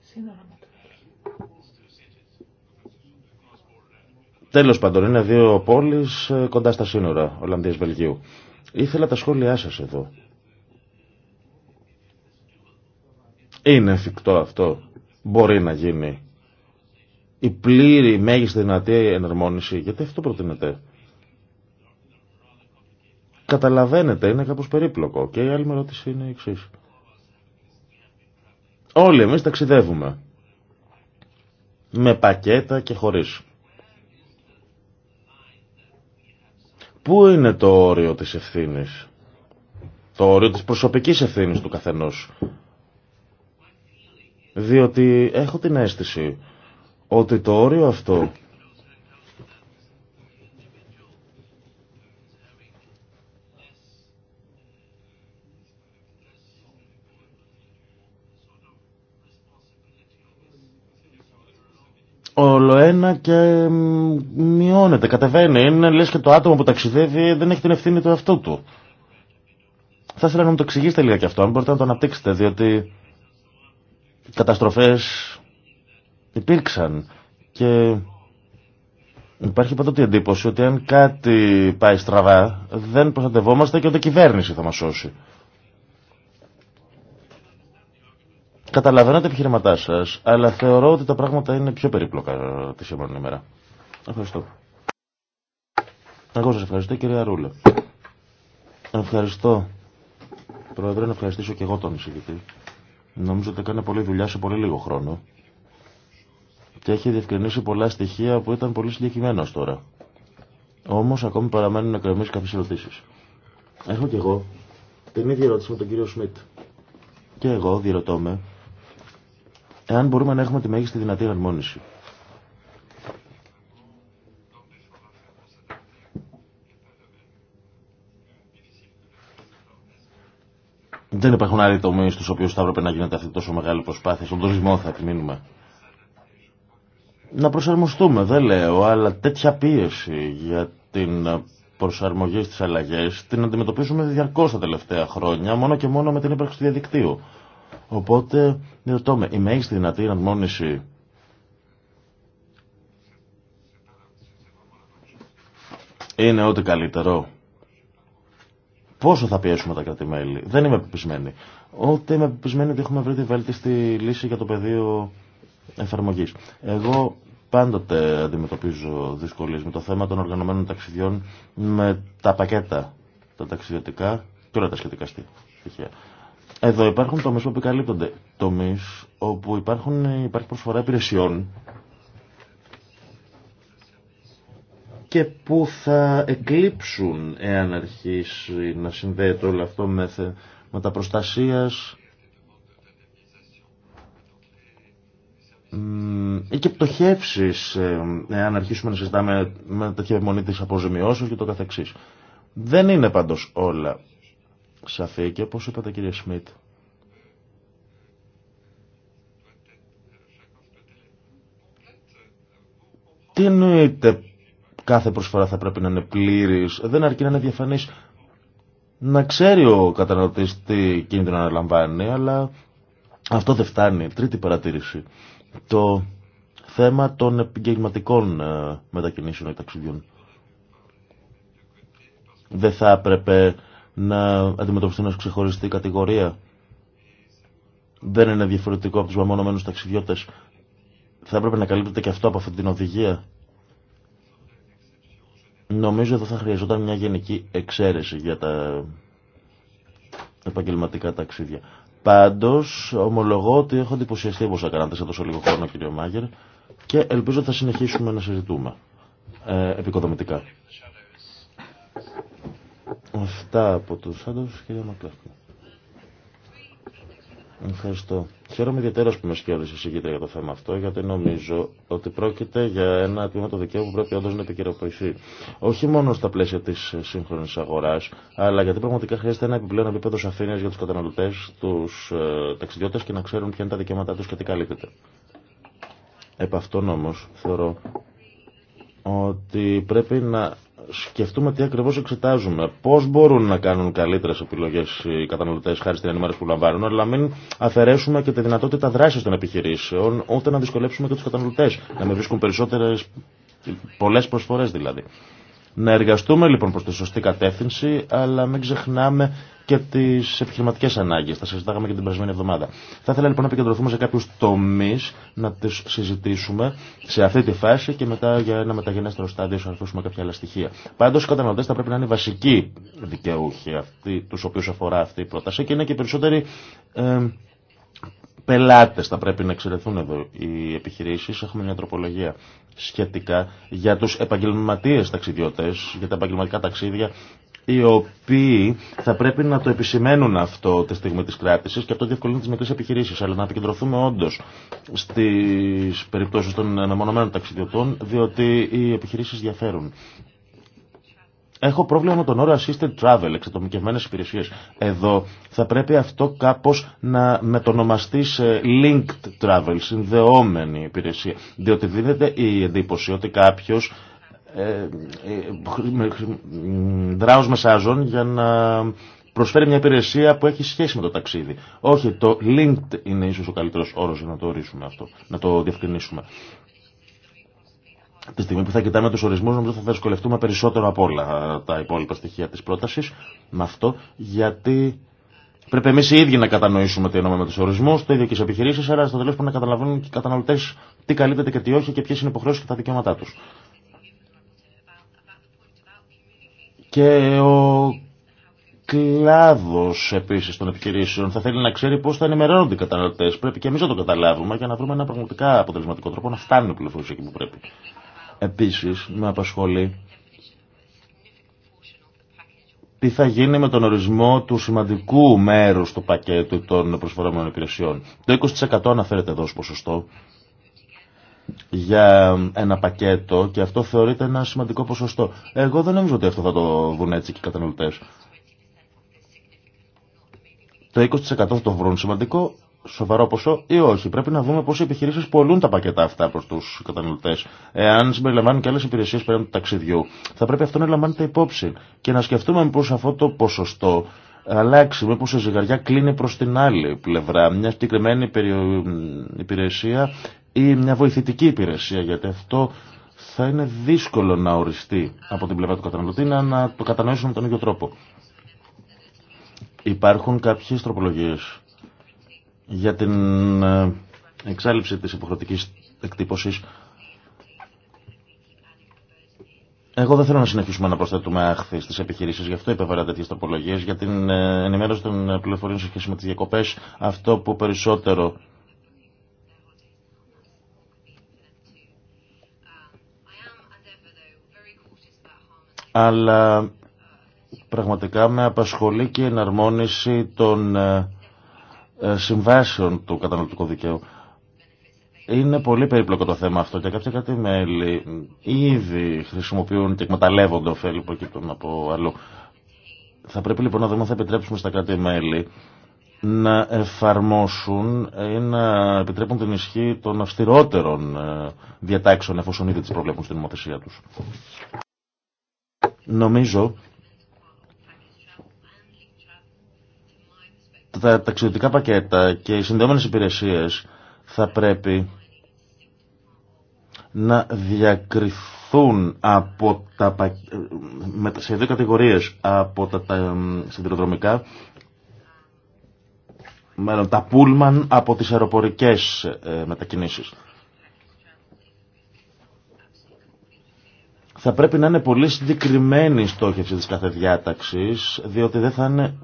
Τέλο πάντων, είναι δύο πόλει ε, κοντά στα σύνορα Ολλανδία-Βελγίου. Ήθελα τα σχόλιά σα εδώ. Είναι εφικτό αυτό. Μπορεί να γίνει. Η πλήρη μέγιστη δυνατή ενερμόνιση, Γιατί αυτό προτείνεται. Καταλαβαίνετε, είναι κάπω περίπλοκο. Και η άλλη με ερώτηση είναι η εξή. Όλοι εμείς ταξιδεύουμε. Με πακέτα και χωρί. Πού είναι το όριο της ευθύνης. Το όριο της προσωπικής ευθύνης του καθενός. Διότι έχω την αίσθηση ότι το όριο αυτό όλο ένα και μειώνεται, κατεβαίνει. Είναι λες και το άτομο που ταξιδεύει δεν έχει την ευθύνη του αυτού του. Θα ήθελα να μου το εξηγήσετε λίγα και αυτό, αν μπορείτε να το αναπτύξετε, διότι καταστροφές υπήρξαν και υπάρχει πάντοτε η εντύπωση ότι αν κάτι πάει στραβά δεν προστατευόμαστε και ούτε κυβέρνηση θα μας σώσει. Καταλαβαίνω τα επιχειρηματά σα, αλλά θεωρώ ότι τα πράγματα είναι πιο περίπλοκα ε, τη σήμερα ημέρα. Ευχαριστώ. Εγώ σα ευχαριστώ κύριε Αρούλε. Ευχαριστώ. Πρόεδρε, να ευχαριστήσω και εγώ τον εισηγητή. Νομίζω ότι έκανε πολλή δουλειά σε πολύ λίγο χρόνο. Και έχει διευκρινίσει πολλά στοιχεία που ήταν πολύ συγκεκριμένα τώρα. Όμω ακόμη παραμένουν να κρεμίσει κάποιε ερωτήσεις. Έχω και εγώ την ίδια ερώτηση με τον κύριο Σμιτ. Και εγώ διερωτώ με εάν μπορούμε να έχουμε τη μέγιστη δυνατή αρμόνιση. Δεν υπάρχουν άλλοι τομεί στου οποίου θα έπρεπε να γίνεται αυτή τόσο μεγάλη προσπάθεια. Στον τουρισμό θα επιμείνουμε. Να προσαρμοστούμε, δεν λέω, αλλά τέτοια πίεση για την προσαρμογή στι αλλαγέ την αντιμετωπίζουμε διαρκώ τα τελευταία χρόνια, μόνο και μόνο με την ύπαρξη του διαδικτύου. Οπότε, διερωτώ με, η μέγιστη δυνατή εναρμόνιση είναι ό,τι καλύτερο. Πόσο θα πιέσουμε τα κρατημέλη. Δεν είμαι πεπισμένη. Ό,τι είμαι πεπισμένη ότι έχουμε βρει τη βέλτιστη λύση για το πεδίο εφαρμογής. Εγώ πάντοτε αντιμετωπίζω δυσκολίες με το θέμα των οργανωμένων ταξιδιών με τα πακέτα, τα ταξιδιωτικά και όλα τα σχετικά στοιχεία. Εδώ υπάρχουν τομεί που επικαλύπτονται. Τομεί όπου υπάρχουν, υπάρχει προσφορά υπηρεσιών και που θα εκλείψουν εάν αρχίσει να συνδέεται όλο αυτό με τα προστασίας ή και πτωχεύσει ε, εάν αρχίσουμε να συζητάμε με τέτοια μονή τη αποζημιώσεω και το καθεξής. Δεν είναι πάντως όλα σαφή και όπως είπατε κύριε Σμιτ, Τι εννοείται κάθε προσφορά θα πρέπει να είναι πλήρης, δεν αρκεί να είναι διαφανής. Να ξέρει ο καταναλωτής τι κίνδυνο αναλαμβάνει, αλλά αυτό δεν φτάνει. Τρίτη παρατήρηση. Το θέμα των επαγγελματικών ε, μετακινήσεων και ταξιδιών. Δεν θα έπρεπε να αντιμετωπιστούν ως ξεχωριστή κατηγορία. Δεν είναι διαφορετικό από τους μεμονωμένους ταξιδιώτες. Θα έπρεπε να καλύπτεται και αυτό από αυτή την οδηγία. Νομίζω εδώ θα χρειαζόταν μια γενική εξαίρεση για τα επαγγελματικά ταξίδια. Πάντως, ομολογώ ότι έχω εντυπωσιαστεί όπω θα κάνατε σε τόσο λίγο χρόνο, κύριο Μάγερ, και ελπίζω ότι θα συνεχίσουμε να συζητούμε ε, επικοδομητικά. Αυτά από τους άντρους, κυρία Μακλάρκη. Ευχαριστώ. Χαίρομαι ιδιαίτερα που με σκέφτεσαι εισηγείται για το θέμα αυτό, γιατί νομίζω ότι πρόκειται για ένα τμήμα του δικαίου που πρέπει όντω να επικαιροποιηθεί. Όχι μόνο στα πλαίσια τη σύγχρονη αγορά, αλλά γιατί πραγματικά χρειάζεται ένα επιπλέον επίπεδο σαφήνεια για του καταναλωτέ, του ε, ταξιδιώτε και να ξέρουν ποια είναι τα δικαιώματά του και τι καλύπτεται. Επ' αυτόν όμω θεωρώ ότι πρέπει να σκεφτούμε τι ακριβώς εξετάζουμε, πώς μπορούν να κάνουν καλύτερες επιλογές οι καταναλωτές χάρη στην ενημέρωση που λαμβάνουν, αλλά μην αφαιρέσουμε και τη δυνατότητα δράσης των επιχειρήσεων, ούτε να δυσκολέψουμε και τους καταναλωτές, να με βρίσκουν περισσότερες, πολλές προσφορές δηλαδή. Να εργαστούμε λοιπόν προς τη σωστή κατεύθυνση, αλλά μην ξεχνάμε και τι επιχειρηματικέ ανάγκε. Τα συζητάγαμε και την περασμένη εβδομάδα. Θα ήθελα λοιπόν να επικεντρωθούμε σε κάποιου τομεί, να του συζητήσουμε σε αυτή τη φάση και μετά για ένα μεταγενέστερο στάδιο να αφήσουμε κάποια άλλα στοιχεία. Πάντω οι καταναλωτέ θα πρέπει να είναι βασικοί δικαιούχοι, του οποίου αφορά αυτή η πρόταση και είναι και περισσότεροι. Ε, πελάτε θα πρέπει να εξαιρεθούν εδώ οι επιχειρήσει. Έχουμε μια τροπολογία σχετικά για του επαγγελματίε ταξιδιώτε, για τα επαγγελματικά ταξίδια οι οποίοι θα πρέπει να το επισημαίνουν αυτό τη στιγμή της κράτησης και αυτό διευκολύνει τις μικρές επιχειρήσεις, αλλά να επικεντρωθούμε όντως στις περιπτώσεις των αναμονωμένων ταξιδιωτών, διότι οι επιχειρήσεις διαφέρουν. Έχω πρόβλημα με τον όρο assisted travel, εξατομικευμένες υπηρεσίες. Εδώ θα πρέπει αυτό κάπως να μετονομαστεί σε linked travel, συνδεόμενη υπηρεσία. Διότι δίνεται η εντύπωση ότι κάποιος ε, ε, δράος μεσάζων για να προσφέρει μια υπηρεσία που έχει σχέση με το ταξίδι. Όχι, το linked είναι ίσως ο καλύτερος όρος για να το ορίσουμε αυτό, να το διευκρινίσουμε. Τη στιγμή που θα κοιτάμε τους ορισμούς, νομίζω θα δυσκολευτούμε περισσότερο από όλα τα υπόλοιπα στοιχεία της πρότασης με αυτό, γιατί πρέπει εμεί οι ίδιοι να κατανοήσουμε τι εννοούμε με του ορισμού, το ίδιο και στις επιχειρήσει, αλλά στο τέλο πρέπει να καταλαβαίνουν και οι καταναλωτέ τι καλύπτεται και τι όχι και ποιε είναι οι υποχρεώσει και τα δικαιώματά του. Και ο κλάδο επίση των επιχειρήσεων θα θέλει να ξέρει πώ θα ενημερώνονται οι καταναλωτέ. Πρέπει και εμεί να το καταλάβουμε για να βρούμε ένα πραγματικά αποτελεσματικό τρόπο να φτάνουν οι πληροφορίε εκεί που πρέπει. Επίση, με απασχολεί τι θα γίνει με τον ορισμό του σημαντικού μέρου του πακέτου των προσφορεμένων υπηρεσιών. Το 20% αναφέρεται εδώ ω ποσοστό για ένα πακέτο και αυτό θεωρείται ένα σημαντικό ποσοστό. Εγώ δεν νομίζω ότι αυτό θα το δουν έτσι και οι καταναλωτέ. Το 20% θα το βρουν σημαντικό, σοβαρό ποσό ή όχι. Πρέπει να δούμε πώ οι επιχειρήσεις πολλούν τα πακέτα αυτά προ του καταναλωτέ. Εάν συμπεριλαμβάνουν και άλλε υπηρεσίε πέραν του ταξιδιού, θα πρέπει αυτό να λαμβάνεται υπόψη και να σκεφτούμε πώς αυτό το ποσοστό αλλάξει, μήπω η ζυγαριά κλείνει προ την άλλη πλευρά. Μια συγκεκριμένη υπηρεσία ή μια βοηθητική υπηρεσία, γιατί αυτό θα είναι δύσκολο να οριστεί από την πλευρά του καταναλωτή να, το κατανοήσουμε με τον ίδιο τρόπο. Υπάρχουν κάποιες τροπολογίες για την ε, εξάλληψη της υποχρεωτικής εκτύπωσης. Εγώ δεν θέλω να συνεχίσουμε να προσθέτουμε άχθη στι επιχειρήσει, γι' αυτό υπέβαλα τέτοιε τροπολογίε για την ε, ενημέρωση των ε, πληροφοριών σε σχέση με τι διακοπέ. Αυτό που περισσότερο αλλά πραγματικά με απασχολεί και η εναρμόνιση των ε, ε, συμβάσεων του καταναλωτικού δικαίου. Είναι πολύ περίπλοκο το θέμα αυτό και κάποια κάτι μέλη ήδη χρησιμοποιούν και εκμεταλλεύονται ωφέλη που από αλλού. Θα πρέπει λοιπόν να δούμε αν θα επιτρέψουμε στα κάτι μέλη να εφαρμόσουν ή να επιτρέπουν την ισχύ των αυστηρότερων ε, διατάξεων εφόσον ήδη τις προβλέπουν στην νομοθεσία τους. Νομίζω τα ταξιδιωτικά πακέτα και οι συνδεόμενες υπηρεσίες θα πρέπει να διακριθούν από τα, σε δύο κατηγορίες από τα, τα τα πούλμαν από τις αεροπορικές ε, μετακινήσεις. θα πρέπει να είναι πολύ συγκεκριμένη η στόχευση της κάθε διάταξης, διότι δεν θα είναι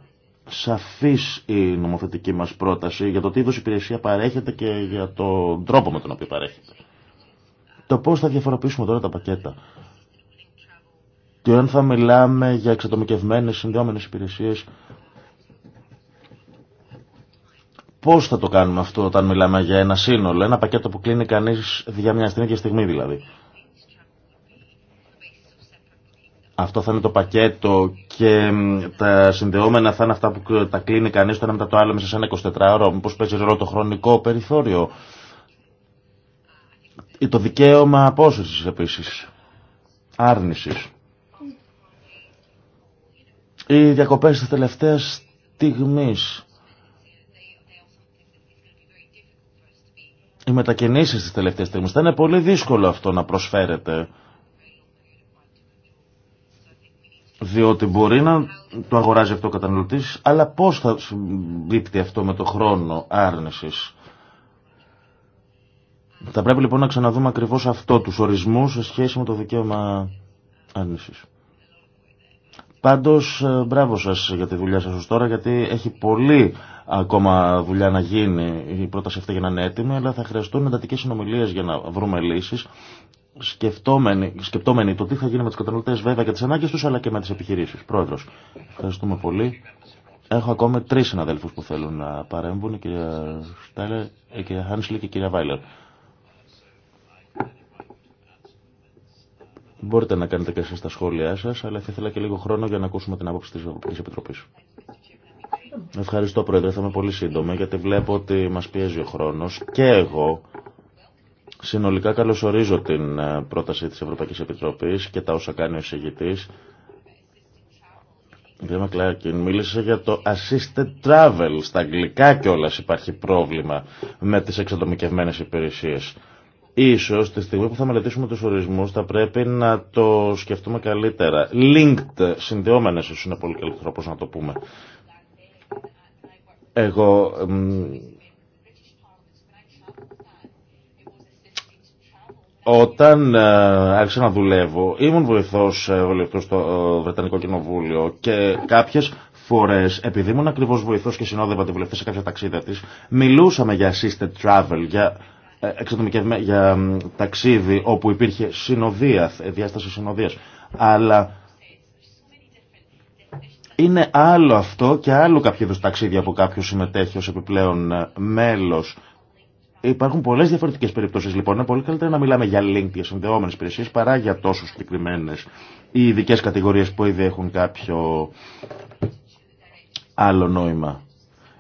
σαφής η νομοθετική μας πρόταση για το τι είδους υπηρεσία παρέχεται και για τον τρόπο με τον οποίο παρέχεται. Το πώς θα διαφοροποιήσουμε τώρα τα πακέτα. Και αν θα μιλάμε για εξατομικευμένες συνδυόμενες υπηρεσίες, πώς θα το κάνουμε αυτό όταν μιλάμε για ένα σύνολο, ένα πακέτο που κλείνει κανείς για μια στιγμή δηλαδή. Αυτό θα είναι το πακέτο και τα συνδεόμενα θα είναι αυτά που τα κλείνει κανείς το ένα μετά το άλλο μέσα σε ένα 24ωρο. Μήπως παίζει ρόλο το χρονικό περιθώριο. Ή το δικαίωμα απόσυρσης επίσης. Άρνησης. Οι διακοπές της τελευταίας στιγμής. Οι μετακινήσεις της τελευταίας στιγμής. Θα είναι πολύ δύσκολο αυτό να προσφέρεται Διότι μπορεί να το αγοράζει αυτό ο καταναλωτή, αλλά πώ θα συμπίπτει αυτό με το χρόνο άρνηση. Θα πρέπει λοιπόν να ξαναδούμε ακριβώ αυτό, του ορισμού σε σχέση με το δικαίωμα άρνηση. Πάντω, ε, μπράβο σα για τη δουλειά σα ω τώρα, γιατί έχει πολύ ακόμα δουλειά να γίνει η πρόταση αυτή για να είναι έτοιμη, αλλά θα χρειαστούν εντατικέ συνομιλίε για να βρούμε λύσει σκεπτόμενοι, σκεπτόμενοι το τι θα γίνει με τους καταναλωτές βέβαια και τις ανάγκες τους αλλά και με τις επιχειρήσεις. Πρόεδρος, ευχαριστούμε πολύ. Έχω ακόμα τρεις συναδέλφους που θέλουν να παρέμβουν, η κυρία Στάιλερ, η κυρία Χάνσλι και η κυρία Βάιλερ. Μπορείτε να κάνετε και εσείς τα σχόλιά σας, αλλά θα ήθελα και λίγο χρόνο για να ακούσουμε την άποψη της Ευρωπαϊκής Επιτροπής. Ευχαριστώ Πρόεδρε, θα είμαι πολύ σύντομη γιατί βλέπω ότι μας πιέζει ο χρόνος και εγώ Συνολικά καλωσορίζω την ε, πρόταση της Ευρωπαϊκής Επιτροπής και τα όσα κάνει ο εισηγητής. Κύριε Μακλάκιν, μίλησε για το assisted travel. Στα αγγλικά κιόλα υπάρχει πρόβλημα με τις εξατομικευμένες υπηρεσίες. Ίσως τη στιγμή που θα μελετήσουμε τους ορισμούς θα πρέπει να το σκεφτούμε καλύτερα. Linked, συνδεόμενες ίσως είναι πολύ καλό να το πούμε. Εγώ Όταν ε, άρχισα να δουλεύω, ήμουν βοηθός ε, βουλευτού στο ε, Βρετανικό Κοινοβούλιο και κάποιες φορέ, επειδή ήμουν ακριβώ βοηθό και συνόδευα τη βουλευτή σε κάποια ταξίδια τη, μιλούσαμε για assisted travel, για, για ταξίδι όπου υπήρχε συνοδεία, διάσταση συνοδεία. Αλλά είναι άλλο αυτό και άλλο κάποιο είδου ταξίδια που κάποιο συμμετέχει ω επιπλέον μέλο Υπάρχουν πολλέ διαφορετικέ περιπτώσει λοιπόν. Είναι πολύ καλύτερα να μιλάμε για link, για συνδεόμενε υπηρεσίε, παρά για τόσο συγκεκριμένε ή ειδικέ κατηγορίε που ήδη έχουν κάποιο άλλο νόημα.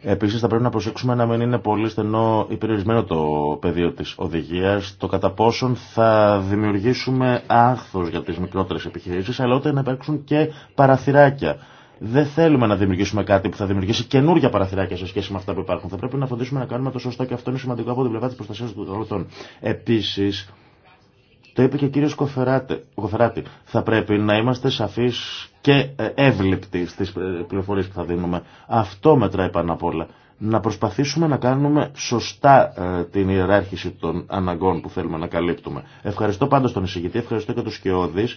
Επίση, θα πρέπει να προσέξουμε να μην είναι πολύ στενό ή περιορισμένο το πεδίο τη οδηγία, το κατά πόσον θα δημιουργήσουμε άγχο για τι μικρότερε επιχειρήσει, αλλά όταν να υπάρξουν και παραθυράκια δεν θέλουμε να δημιουργήσουμε κάτι που θα δημιουργήσει καινούργια παραθυράκια σε σχέση με αυτά που υπάρχουν. Θα πρέπει να φροντίσουμε να κάνουμε το σωστό και αυτό είναι σημαντικό από την πλευρά τη προστασία των καταναλωτών. Επίση, το είπε και ο κύριο Κοφεράτη, θα πρέπει να είμαστε σαφεί και ε, εύληπτοι στι ε, πληροφορίε που θα δίνουμε. Αυτό μετράει πάνω απ' όλα. Να προσπαθήσουμε να κάνουμε σωστά ε, την ιεράρχηση των αναγκών που θέλουμε να καλύπτουμε. Ευχαριστώ πάντω τον εισηγητή, ευχαριστώ και του Σκιώδη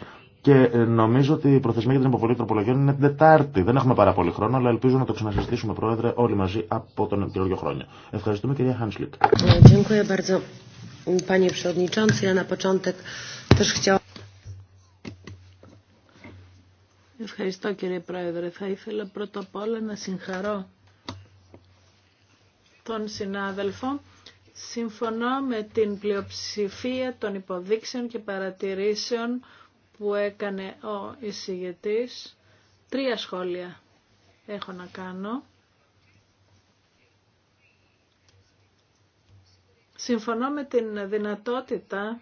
και ε, νομίζω ότι η προθεσμία για την υποβολή τροπολογιών είναι την Τετάρτη. Δεν έχουμε πάρα πολύ χρόνο, αλλά ελπίζω να το ξανασυζητήσουμε, Πρόεδρε, όλοι μαζί από τον καινούργιο χρόνο. Ευχαριστούμε, κυρία Χάνσλικ. Ε, Ευχαριστώ, κύριε Πρόεδρε. Θα ήθελα πρώτα απ' όλα να συγχαρώ τον συνάδελφο. Συμφωνώ με την πλειοψηφία των υποδείξεων και παρατηρήσεων που έκανε ο εισηγητής. Τρία σχόλια έχω να κάνω. Συμφωνώ με την δυνατότητα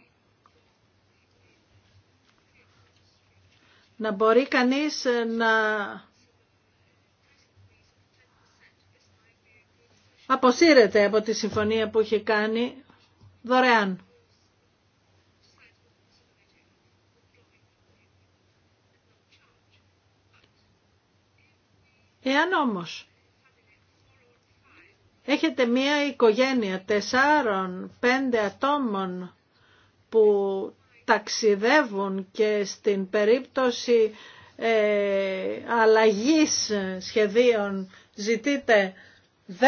να μπορεί κανείς να αποσύρεται από τη συμφωνία που έχει κάνει δωρεάν. Εάν όμως έχετε μία οικογένεια τεσσάρων, πέντε ατόμων που ταξιδεύουν και στην περίπτωση ε, αλλαγής σχεδίων ζητείτε 10%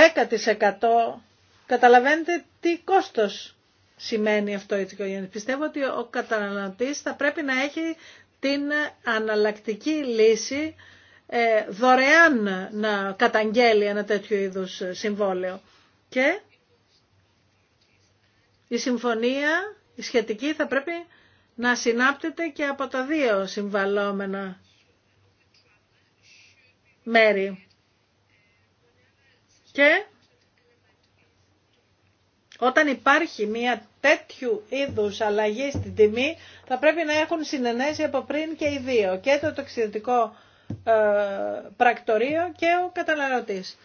καταλαβαίνετε τι κόστος σημαίνει αυτό η οικογένεια. Πιστεύω ότι ο καταναλωτής θα πρέπει να έχει την αναλλακτική λύση ε, δωρεάν να καταγγέλει ένα τέτοιο είδους συμβόλαιο. Και η συμφωνία, η σχετική, θα πρέπει να συνάπτεται και από τα δύο συμβαλόμενα μέρη. Και όταν υπάρχει μια τέτοιου είδους αλλαγή στην τιμή, θα πρέπει να έχουν συνενέσει από πριν και οι δύο, και το ταξιδιωτικό ε, πρακτορείο και ο καταναλωτής.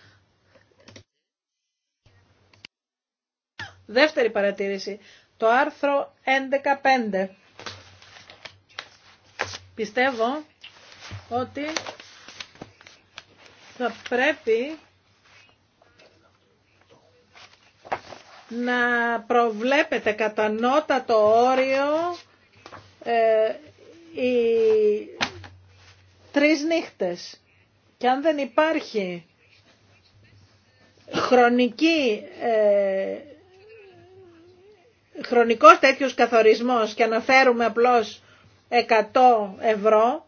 Δεύτερη παρατήρηση. Το άρθρο 11.5. Πιστεύω ότι θα πρέπει να προβλέπετε κατά το όριο ε, η τρεις νύχτες. Και αν δεν υπάρχει χρονική, ε, χρονικός τέτοιος καθορισμός και αναφέρουμε απλώς 100 ευρώ,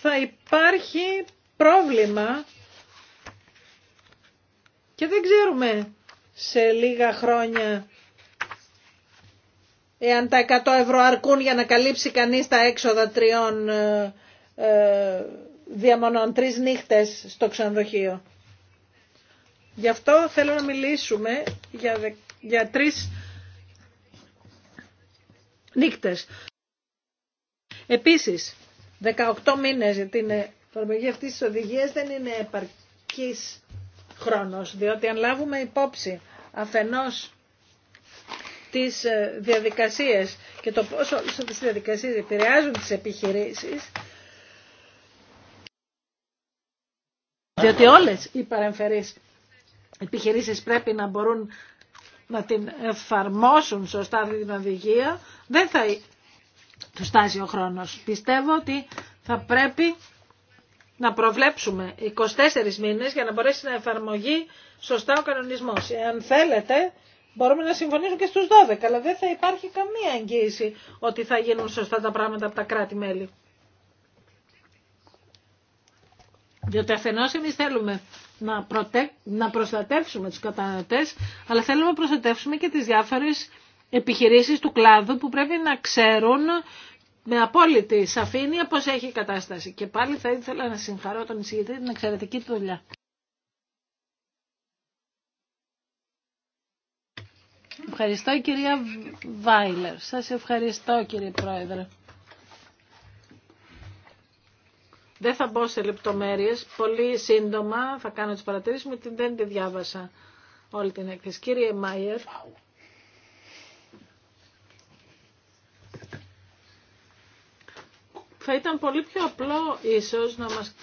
θα υπάρχει πρόβλημα και δεν ξέρουμε σε λίγα χρόνια εάν τα 100 ευρώ αρκούν για να καλύψει κανείς τα έξοδα τριών ε, ε, διαμονών, τρεις νύχτες στο ξενοδοχείο. Γι' αυτό θέλω να μιλήσουμε για, για τρεις νύχτες. Επίσης, 18 μήνες γιατί την εφαρμογή αυτής της οδηγίας δεν είναι επαρκής χρόνος, διότι αν λάβουμε υπόψη αφενός τις ε, διαδικασίες και το πόσο όλες αυτές τις διαδικασίες επηρεάζουν τις επιχειρήσεις, διότι όλες οι παρεμφερείς επιχειρήσεις πρέπει να μπορούν να την εφαρμόσουν σωστά αυτή την οδηγία, δεν θα του στάσει ο χρόνος. Πιστεύω ότι θα πρέπει να προβλέψουμε 24 μήνες για να μπορέσει να εφαρμογεί σωστά ο κανονισμός. Εάν θέλετε, Μπορούμε να συμφωνήσουμε και στους 12, αλλά δεν θα υπάρχει καμία εγγύηση ότι θα γίνουν σωστά τα πράγματα από τα κράτη-μέλη. Διότι αφενός εμείς θέλουμε να, να προστατεύσουμε τους καταναλωτές, αλλά θέλουμε να προστατεύσουμε και τις διάφορες επιχειρήσεις του κλάδου που πρέπει να ξέρουν με απόλυτη σαφήνεια πώς έχει η κατάσταση. Και πάλι θα ήθελα να συγχαρώ τον εισηγητή την εξαιρετική του δουλειά. Ευχαριστώ κυρία Βάιλερ. Σας ευχαριστώ κύριε Πρόεδρε. Δεν θα μπω σε λεπτομέρειες. Πολύ σύντομα θα κάνω τις παρατηρήσεις μου, δεν τη διάβασα όλη την έκθεση. Κύριε Μάιερ. Θα ήταν πολύ πιο απλό ίσως να μας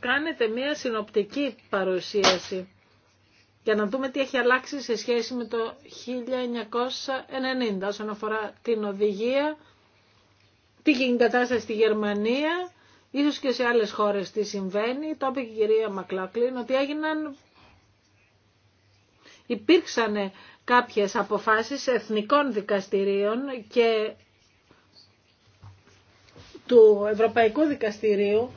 κάνετε μία συνοπτική παρουσίαση για να δούμε τι έχει αλλάξει σε σχέση με το 1990 όσον αφορά την οδηγία, τι γίνεται κατάσταση στη Γερμανία, ίσως και σε άλλες χώρες τι συμβαίνει. Το είπε και η κυρία Μακλάκλιν ότι έγιναν, υπήρξαν κάποιες αποφάσεις εθνικών δικαστηρίων και του Ευρωπαϊκού Δικαστηρίου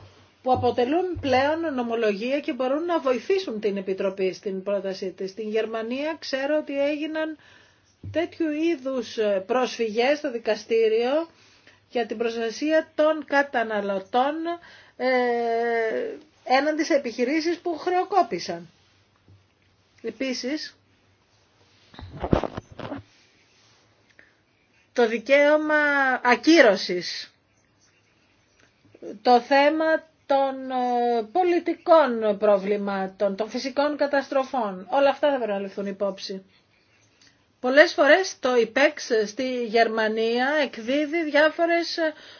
που αποτελούν πλέον νομολογία και μπορούν να βοηθήσουν την Επιτροπή στην πρότασή της. Στην Γερμανία ξέρω ότι έγιναν τέτοιου είδους πρόσφυγες στο δικαστήριο για την προστασία των καταναλωτών ε, έναντι σε επιχειρήσεις που χρεοκόπησαν. Επίσης, το δικαίωμα ακύρωσης, το θέμα των ε, πολιτικών προβλημάτων, των φυσικών καταστροφών. Όλα αυτά θα πρέπει να ληφθούν υπόψη. Πολλές φορές το ΙΠΕΞ στη Γερμανία εκδίδει διάφορες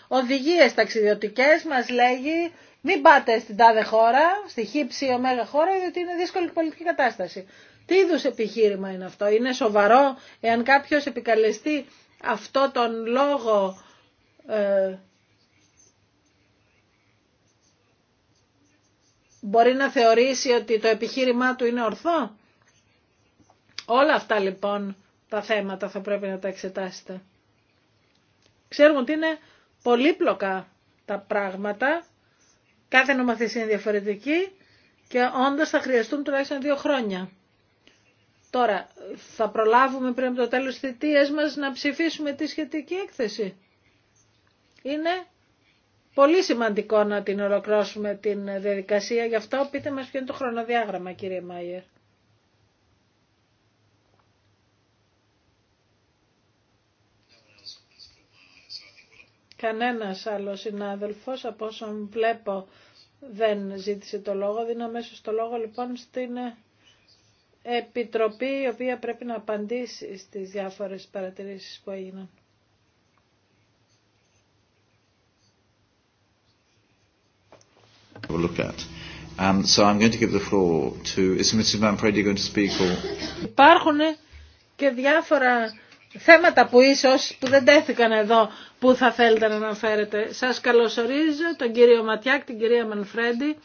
οδηγίες ταξιδιωτικές, μας λέγει μην πάτε στην τάδε χώρα, στη χύψη ωμέγα χώρα, γιατί είναι δύσκολη πολιτική κατάσταση. Τι είδους επιχείρημα είναι αυτό, είναι σοβαρό εάν κάποιος επικαλεστεί αυτό τον λόγο ε, μπορεί να θεωρήσει ότι το επιχείρημά του είναι ορθό. Όλα αυτά λοιπόν τα θέματα θα πρέπει να τα εξετάσετε. Ξέρουμε ότι είναι πολύπλοκα τα πράγματα, κάθε νομοθεσία είναι διαφορετική και όντως θα χρειαστούν τουλάχιστον δύο χρόνια. Τώρα, θα προλάβουμε πριν από το τέλος της θητείας μας να ψηφίσουμε τη σχετική έκθεση. Είναι Πολύ σημαντικό να την ολοκληρώσουμε την διαδικασία. Γι' αυτό πείτε μας ποιο είναι το χρονοδιάγραμμα κύριε Μάιερ. Κανένας άλλος συνάδελφος από όσον βλέπω δεν ζήτησε το λόγο. Δίνω αμέσω το λόγο λοιπόν στην Επιτροπή η οποία πρέπει να απαντήσει στις διάφορες παρατηρήσεις που έγιναν. Υπάρχουν και διάφορα θέματα που ίσως που δεν τέθηκαν εδώ που θα θέλετε να αναφέρετε. Σας καλωσορίζω τον κύριο Ματιάκ, την κυρία Μανφρέντι.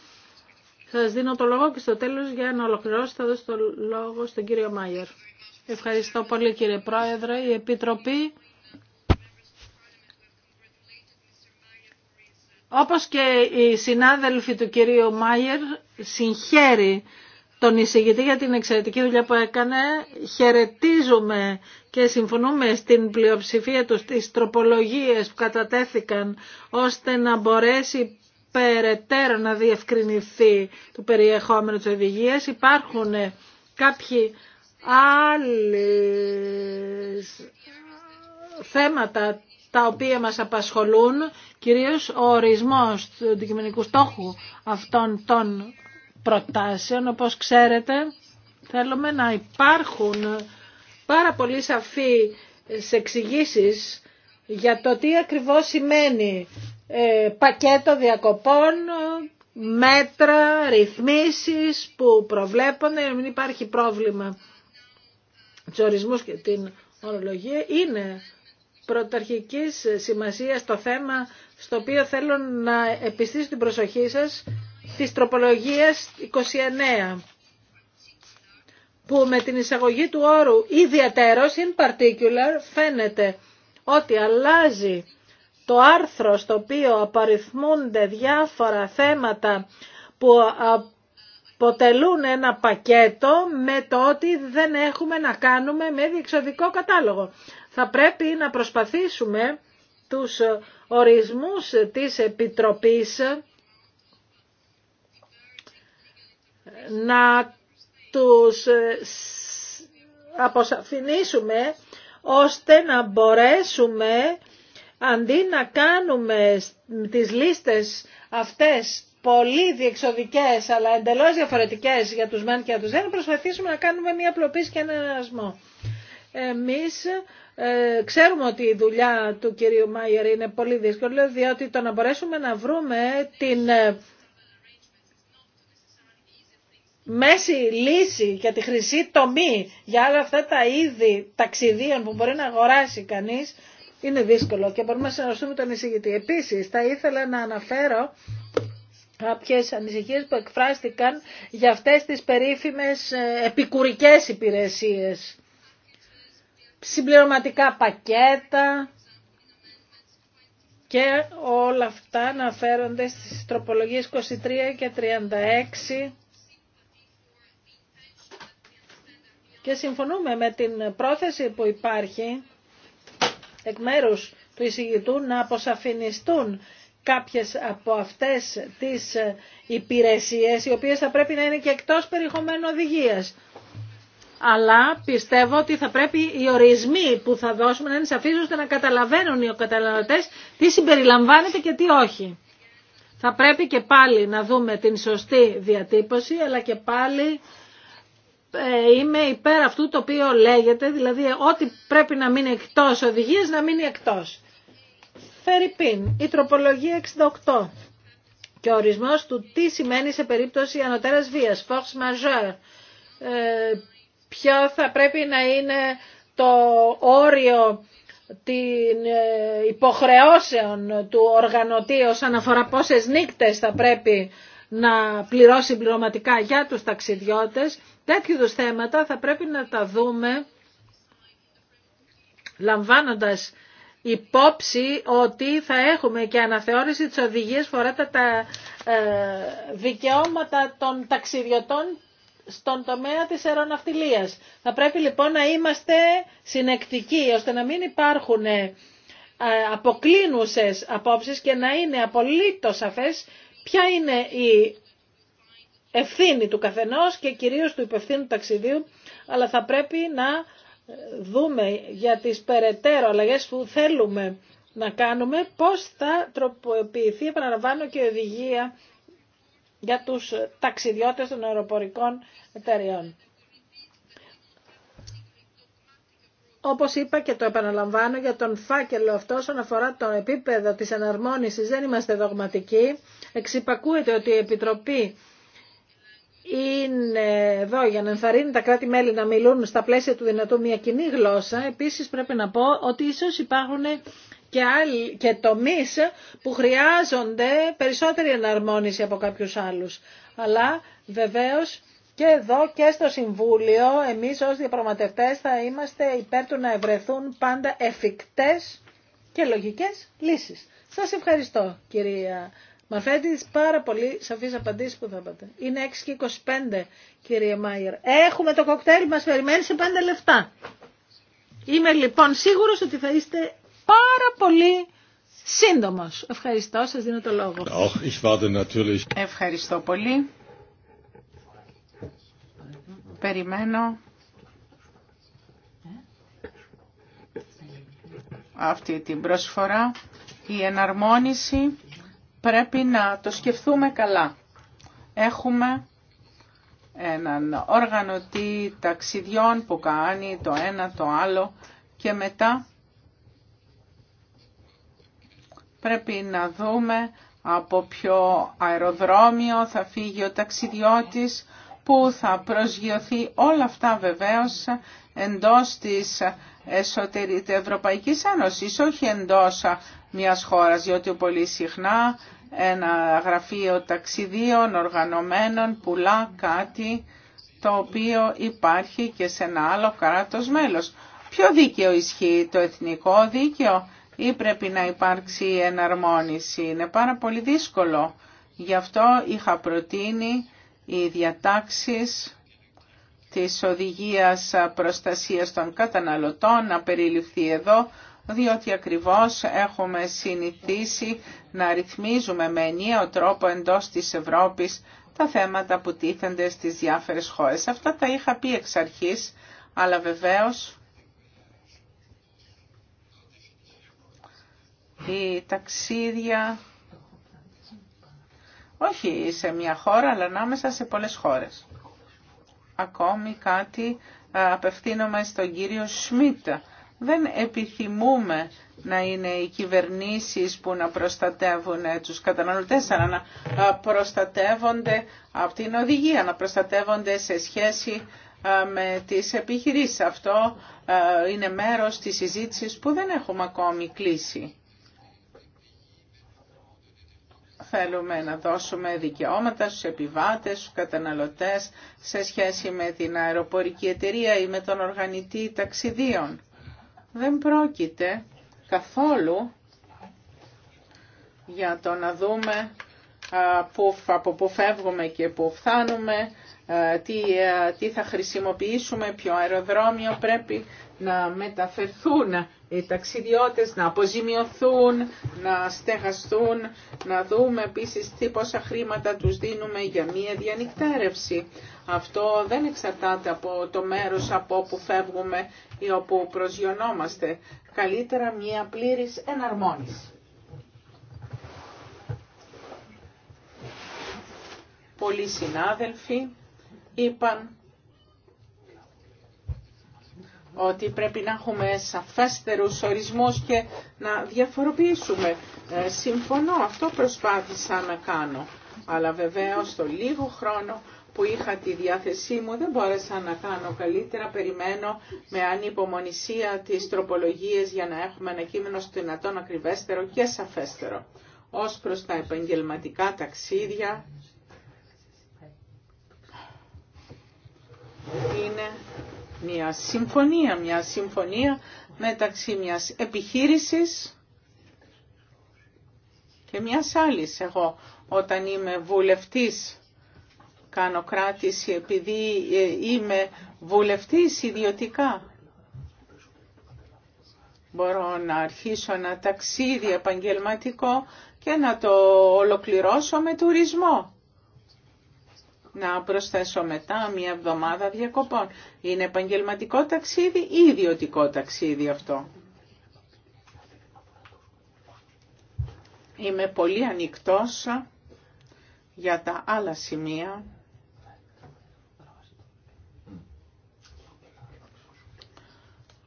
Σας δίνω το λόγο και στο τέλος για να ολοκληρώσω θα δώσω το λόγο στον κύριο Μάιερ. Ευχαριστώ πολύ κύριε Πρόεδρε. Η Επιτροπή Όπως και οι συνάδελφοι του κυρίου Μάιερ συγχαίρει τον εισηγητή για την εξαιρετική δουλειά που έκανε. Χαιρετίζουμε και συμφωνούμε στην πλειοψηφία του στις τροπολογίες που κατατέθηκαν ώστε να μπορέσει περαιτέρω να διευκρινηθεί το περιεχόμενο της οδηγία. Υπάρχουν κάποιοι άλλοι θέματα τα οποία μας απασχολούν, κυρίως ο ορισμός του αντικειμενικού στόχου αυτών των προτάσεων. Όπως ξέρετε, θέλουμε να υπάρχουν πάρα πολύ σαφή εξηγήσει για το τι ακριβώς σημαίνει ε, πακέτο διακοπών, μέτρα, ρυθμίσεις που προβλέπονται, μην υπάρχει πρόβλημα του ορισμού και την ορολογία. Είναι πρωταρχικής σημασίας το θέμα στο οποίο θέλω να επιστήσω την προσοχή σας της τροπολογίας 29 που με την εισαγωγή του όρου ιδιαίτερος in particular φαίνεται ότι αλλάζει το άρθρο στο οποίο απαριθμούνται διάφορα θέματα που αποτελούν ένα πακέτο με το ότι δεν έχουμε να κάνουμε με διεξοδικό κατάλογο θα πρέπει να προσπαθήσουμε τους ορισμούς της Επιτροπής να τους αποσαφηνίσουμε ώστε να μπορέσουμε αντί να κάνουμε τις λίστες αυτές πολύ διεξοδικές αλλά εντελώς διαφορετικές για τους μεν και για τους δεν, προσπαθήσουμε να κάνουμε μια απλοποίηση και ένα ενασμό εμείς ε, ξέρουμε ότι η δουλειά του κυρίου Μάιερ είναι πολύ δύσκολη, διότι το να μπορέσουμε να βρούμε την ε, μέση λύση και τη χρυσή τομή για όλα αυτά τα είδη ταξιδίων που μπορεί να αγοράσει κανείς είναι δύσκολο και μπορούμε να συνεργαστούμε τον εισηγητή. Επίσης θα ήθελα να αναφέρω κάποιες ανησυχίες που εκφράστηκαν για αυτές τις περίφημες ε, επικουρικές υπηρεσίες συμπληρωματικά πακέτα και όλα αυτά φέρονται στις τροπολογίες 23 και 36 και συμφωνούμε με την πρόθεση που υπάρχει εκ μέρους του εισηγητού να αποσαφινιστούν κάποιες από αυτές τις υπηρεσίες οι οποίες θα πρέπει να είναι και εκτός περιεχομένου οδηγίας αλλά πιστεύω ότι θα πρέπει οι ορισμοί που θα δώσουμε να είναι σαφείς ώστε να καταλαβαίνουν οι καταναλωτέ, τι συμπεριλαμβάνεται και τι όχι. Θα πρέπει και πάλι να δούμε την σωστή διατύπωση, αλλά και πάλι ε, είμαι υπέρ αυτού το οποίο λέγεται, δηλαδή ό,τι πρέπει να μείνει εκτός οδηγίες να μείνει εκτός. Φερρυπίν, η τροπολογία 68 και ο ορισμός του τι σημαίνει σε περίπτωση ανωτέρας βίας, force majeure, ε, ποιο θα πρέπει να είναι το όριο την ε, υποχρεώσεων του οργανωτή όσον αφορά πόσες νύκτες θα πρέπει να πληρώσει πληρωματικά για τους ταξιδιώτες. Τέτοιου θέματα θα πρέπει να τα δούμε λαμβάνοντας υπόψη ότι θα έχουμε και αναθεώρηση της οδηγίας φορά τα, ε, δικαιώματα των ταξιδιωτών στον τομέα της αεροναυτιλίας. Θα πρέπει λοιπόν να είμαστε συνεκτικοί ώστε να μην υπάρχουν ε, αποκλίνουσες απόψεις και να είναι απολύτως σαφές ποια είναι η ευθύνη του καθενός και κυρίως του υπευθύνου ταξιδίου, αλλά θα πρέπει να δούμε για τις περαιτέρω αλλαγές που θέλουμε να κάνουμε πώς θα τροποποιηθεί, επαναλαμβάνω, και η οδηγία για τους ταξιδιώτες των αεροπορικών εταιρεών. Όπως είπα και το επαναλαμβάνω για τον φάκελο αυτό όσον αφορά το επίπεδο της εναρμόνισης δεν είμαστε δογματικοί. Εξυπακούεται ότι η Επιτροπή είναι εδώ για να ενθαρρύνει τα κράτη-μέλη να μιλούν στα πλαίσια του δυνατού μια κοινή γλώσσα. Επίσης πρέπει να πω ότι ίσως υπάρχουν και, άλλοι, και τομείς που χρειάζονται περισσότερη εναρμόνιση από κάποιους άλλους. Αλλά βεβαίως και εδώ και στο Συμβούλιο εμείς ως διαπραγματευτές θα είμαστε υπέρ του να ευρεθούν πάντα εφικτές και λογικές λύσεις. Σας ευχαριστώ κυρία Μαρφέτη, πάρα πολύ σαφείς απαντήσεις που θα πάτε. Είναι 6 και 25 κύριε Μάιερ. Έχουμε το κοκτέιλ μας περιμένει σε 5 λεφτά. Είμαι λοιπόν σίγουρος ότι θα είστε πάρα πολύ σύντομος. Ευχαριστώ, σας δίνω το λόγο. Ευχαριστώ πολύ. Περιμένω αυτή την προσφορά. Η εναρμόνιση πρέπει να το σκεφτούμε καλά. Έχουμε έναν οργανωτή ταξιδιών που κάνει το ένα το άλλο και μετά πρέπει να δούμε από ποιο αεροδρόμιο θα φύγει ο ταξιδιώτης, που θα προσγειωθεί όλα αυτά βεβαίως εντός της εσωτερικής Ευρωπαϊκής Ένωσης, όχι εντός μιας χώρας, διότι πολύ συχνά ένα γραφείο ταξιδίων οργανωμένων πουλά κάτι το οποίο υπάρχει και σε ένα άλλο κράτος μέλος. Ποιο δίκαιο ισχύει, το εθνικό δίκαιο ή πρέπει να υπάρξει εναρμόνιση. Είναι πάρα πολύ δύσκολο. Γι' αυτό είχα προτείνει οι διατάξεις της οδηγίας προστασίας των καταναλωτών να περιληφθεί εδώ, διότι ακριβώς έχουμε συνηθίσει να ρυθμίζουμε με ενιαίο τρόπο εντός της Ευρώπης τα θέματα που τίθενται στις διάφορες χώρες. Αυτά τα είχα πει εξ αρχής, αλλά βεβαίως ή ταξίδια. Όχι σε μια χώρα, αλλά ανάμεσα σε πολλές χώρες. Ακόμη κάτι απευθύνομαι στον κύριο Σμιτ. Δεν επιθυμούμε να είναι οι κυβερνήσεις που να προστατεύουν ε, τους καταναλωτές, αλλά να προστατεύονται από την οδηγία, να προστατεύονται σε σχέση με τις επιχειρήσεις. Αυτό είναι μέρος της συζήτησης που δεν έχουμε ακόμη κλείσει. θέλουμε να δώσουμε δικαιώματα στους επιβάτες, στους καταναλωτές σε σχέση με την αεροπορική εταιρεία ή με τον οργανητή ταξιδίων. Δεν πρόκειται καθόλου για το να δούμε από πού φεύγουμε και πού φθάνουμε, τι θα χρησιμοποιήσουμε, ποιο αεροδρόμιο πρέπει να μεταφερθούν οι ταξιδιώτες να αποζημιωθούν, να στεγαστούν, να δούμε επίσης τι πόσα χρήματα τους δίνουμε για μία διανυκτέρευση. Αυτό δεν εξαρτάται από το μέρος από όπου φεύγουμε ή όπου προσγειωνόμαστε. Καλύτερα μία πλήρης εναρμόνιση. Πολλοί συνάδελφοι είπαν ότι πρέπει να έχουμε σαφέστερους ορισμούς και να διαφοροποιήσουμε. Ε, συμφωνώ, αυτό προσπάθησα να κάνω. Αλλά βεβαίως το λίγο χρόνο που είχα τη διάθεσή μου δεν μπόρεσα να κάνω καλύτερα. Περιμένω με ανυπομονησία τις τροπολογίες για να έχουμε ένα κείμενο στο δυνατόν ακριβέστερο και σαφέστερο. Ως προς τα επαγγελματικά ταξίδια είναι μια συμφωνία, μια συμφωνία μεταξύ μιας επιχείρησης και μιας άλλης. Εγώ όταν είμαι βουλευτής κάνω κράτηση επειδή ε, είμαι βουλευτής ιδιωτικά. Μπορώ να αρχίσω ένα ταξίδι επαγγελματικό και να το ολοκληρώσω με τουρισμό να προσθέσω μετά μία εβδομάδα διακοπών. Είναι επαγγελματικό ταξίδι ή ιδιωτικό ταξίδι αυτό. Είμαι πολύ ανοιχτός για τα άλλα σημεία.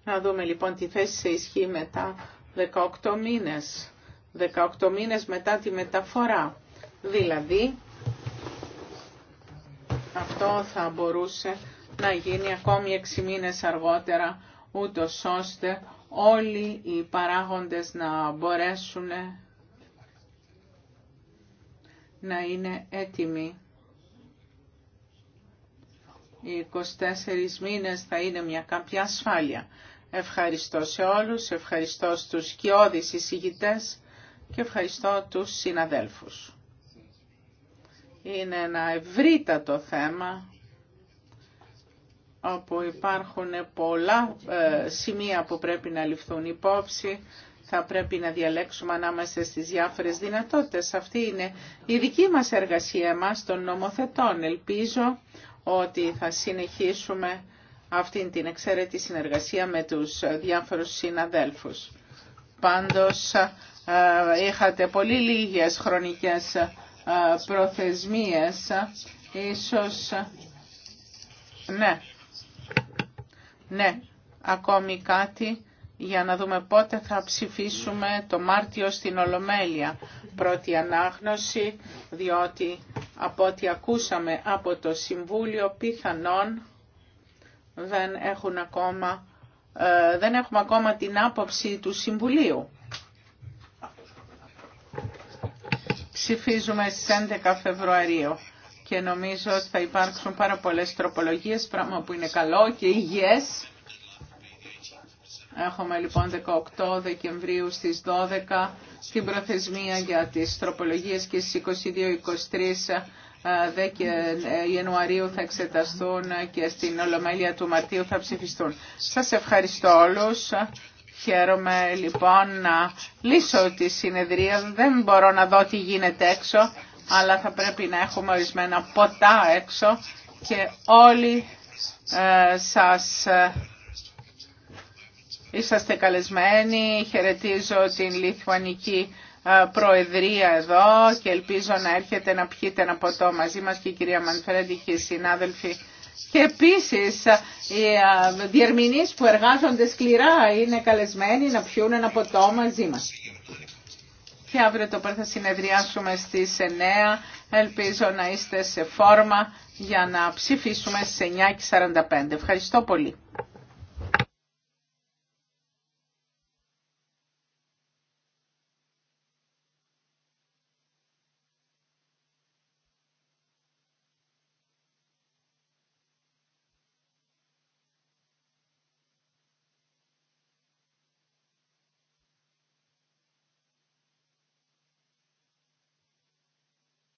Να δούμε λοιπόν τι θέση σε ισχύ μετά 18 μήνες. 18 μήνες μετά τη μεταφορά. Δηλαδή, αυτό θα μπορούσε να γίνει ακόμη έξι μήνες αργότερα, ούτω ώστε όλοι οι παράγοντες να μπορέσουν να είναι έτοιμοι. Οι 24 μήνες θα είναι μια κάποια ασφάλεια. Ευχαριστώ σε όλους, ευχαριστώ στους κοιόδης εισηγητές και ευχαριστώ τους συναδέλφους είναι ένα ευρύτατο θέμα όπου υπάρχουν πολλά ε, σημεία που πρέπει να ληφθούν υπόψη. Θα πρέπει να διαλέξουμε ανάμεσα στις διάφορες δυνατότητες. Αυτή είναι η δική μας εργασία μας των νομοθετών. Ελπίζω ότι θα συνεχίσουμε αυτή την εξαίρετη συνεργασία με τους διάφορους συναδέλφους. Πάντως, ε, είχατε πολύ λίγες χρονικές ε, προθεσμίες. Ίσως, ναι, ναι, ακόμη κάτι για να δούμε πότε θα ψηφίσουμε το Μάρτιο στην Ολομέλεια. Πρώτη ανάγνωση, διότι από ό,τι ακούσαμε από το Συμβούλιο πιθανόν δεν, έχουν ακόμα, ε, δεν έχουμε ακόμα την άποψη του Συμβουλίου. ψηφίζουμε στις 11 Φεβρουαρίου και νομίζω ότι θα υπάρξουν πάρα πολλές τροπολογίες, πράγμα που είναι καλό και υγιές. Έχουμε λοιπόν 18 Δεκεμβρίου στις 12 την προθεσμία για τις τροπολογίες και στις 22-23 ε, ε, Ιανουαρίου θα εξεταστούν και στην Ολομέλεια του Μαρτίου θα ψηφιστούν. Σας ευχαριστώ όλους. Χαίρομαι λοιπόν να λύσω τη συνεδρία. Δεν μπορώ να δω τι γίνεται έξω, αλλά θα πρέπει να έχουμε ορισμένα ποτά έξω και όλοι ε, σας ε, είσαστε καλεσμένοι. Χαιρετίζω την Λιθουανική ε, Προεδρία εδώ και ελπίζω να έρχεται να πιείτε ένα ποτό μαζί μας και η κυρία Μανφρέντη και οι συνάδελφοι και επίση, οι διερμηνείς που εργάζονται σκληρά είναι καλεσμένοι να πιούν ένα ποτό μαζί μας. Και αύριο το πρωί θα συνεδριάσουμε στι 9. Ελπίζω να είστε σε φόρμα για να ψηφίσουμε στι 9.45. Ευχαριστώ πολύ.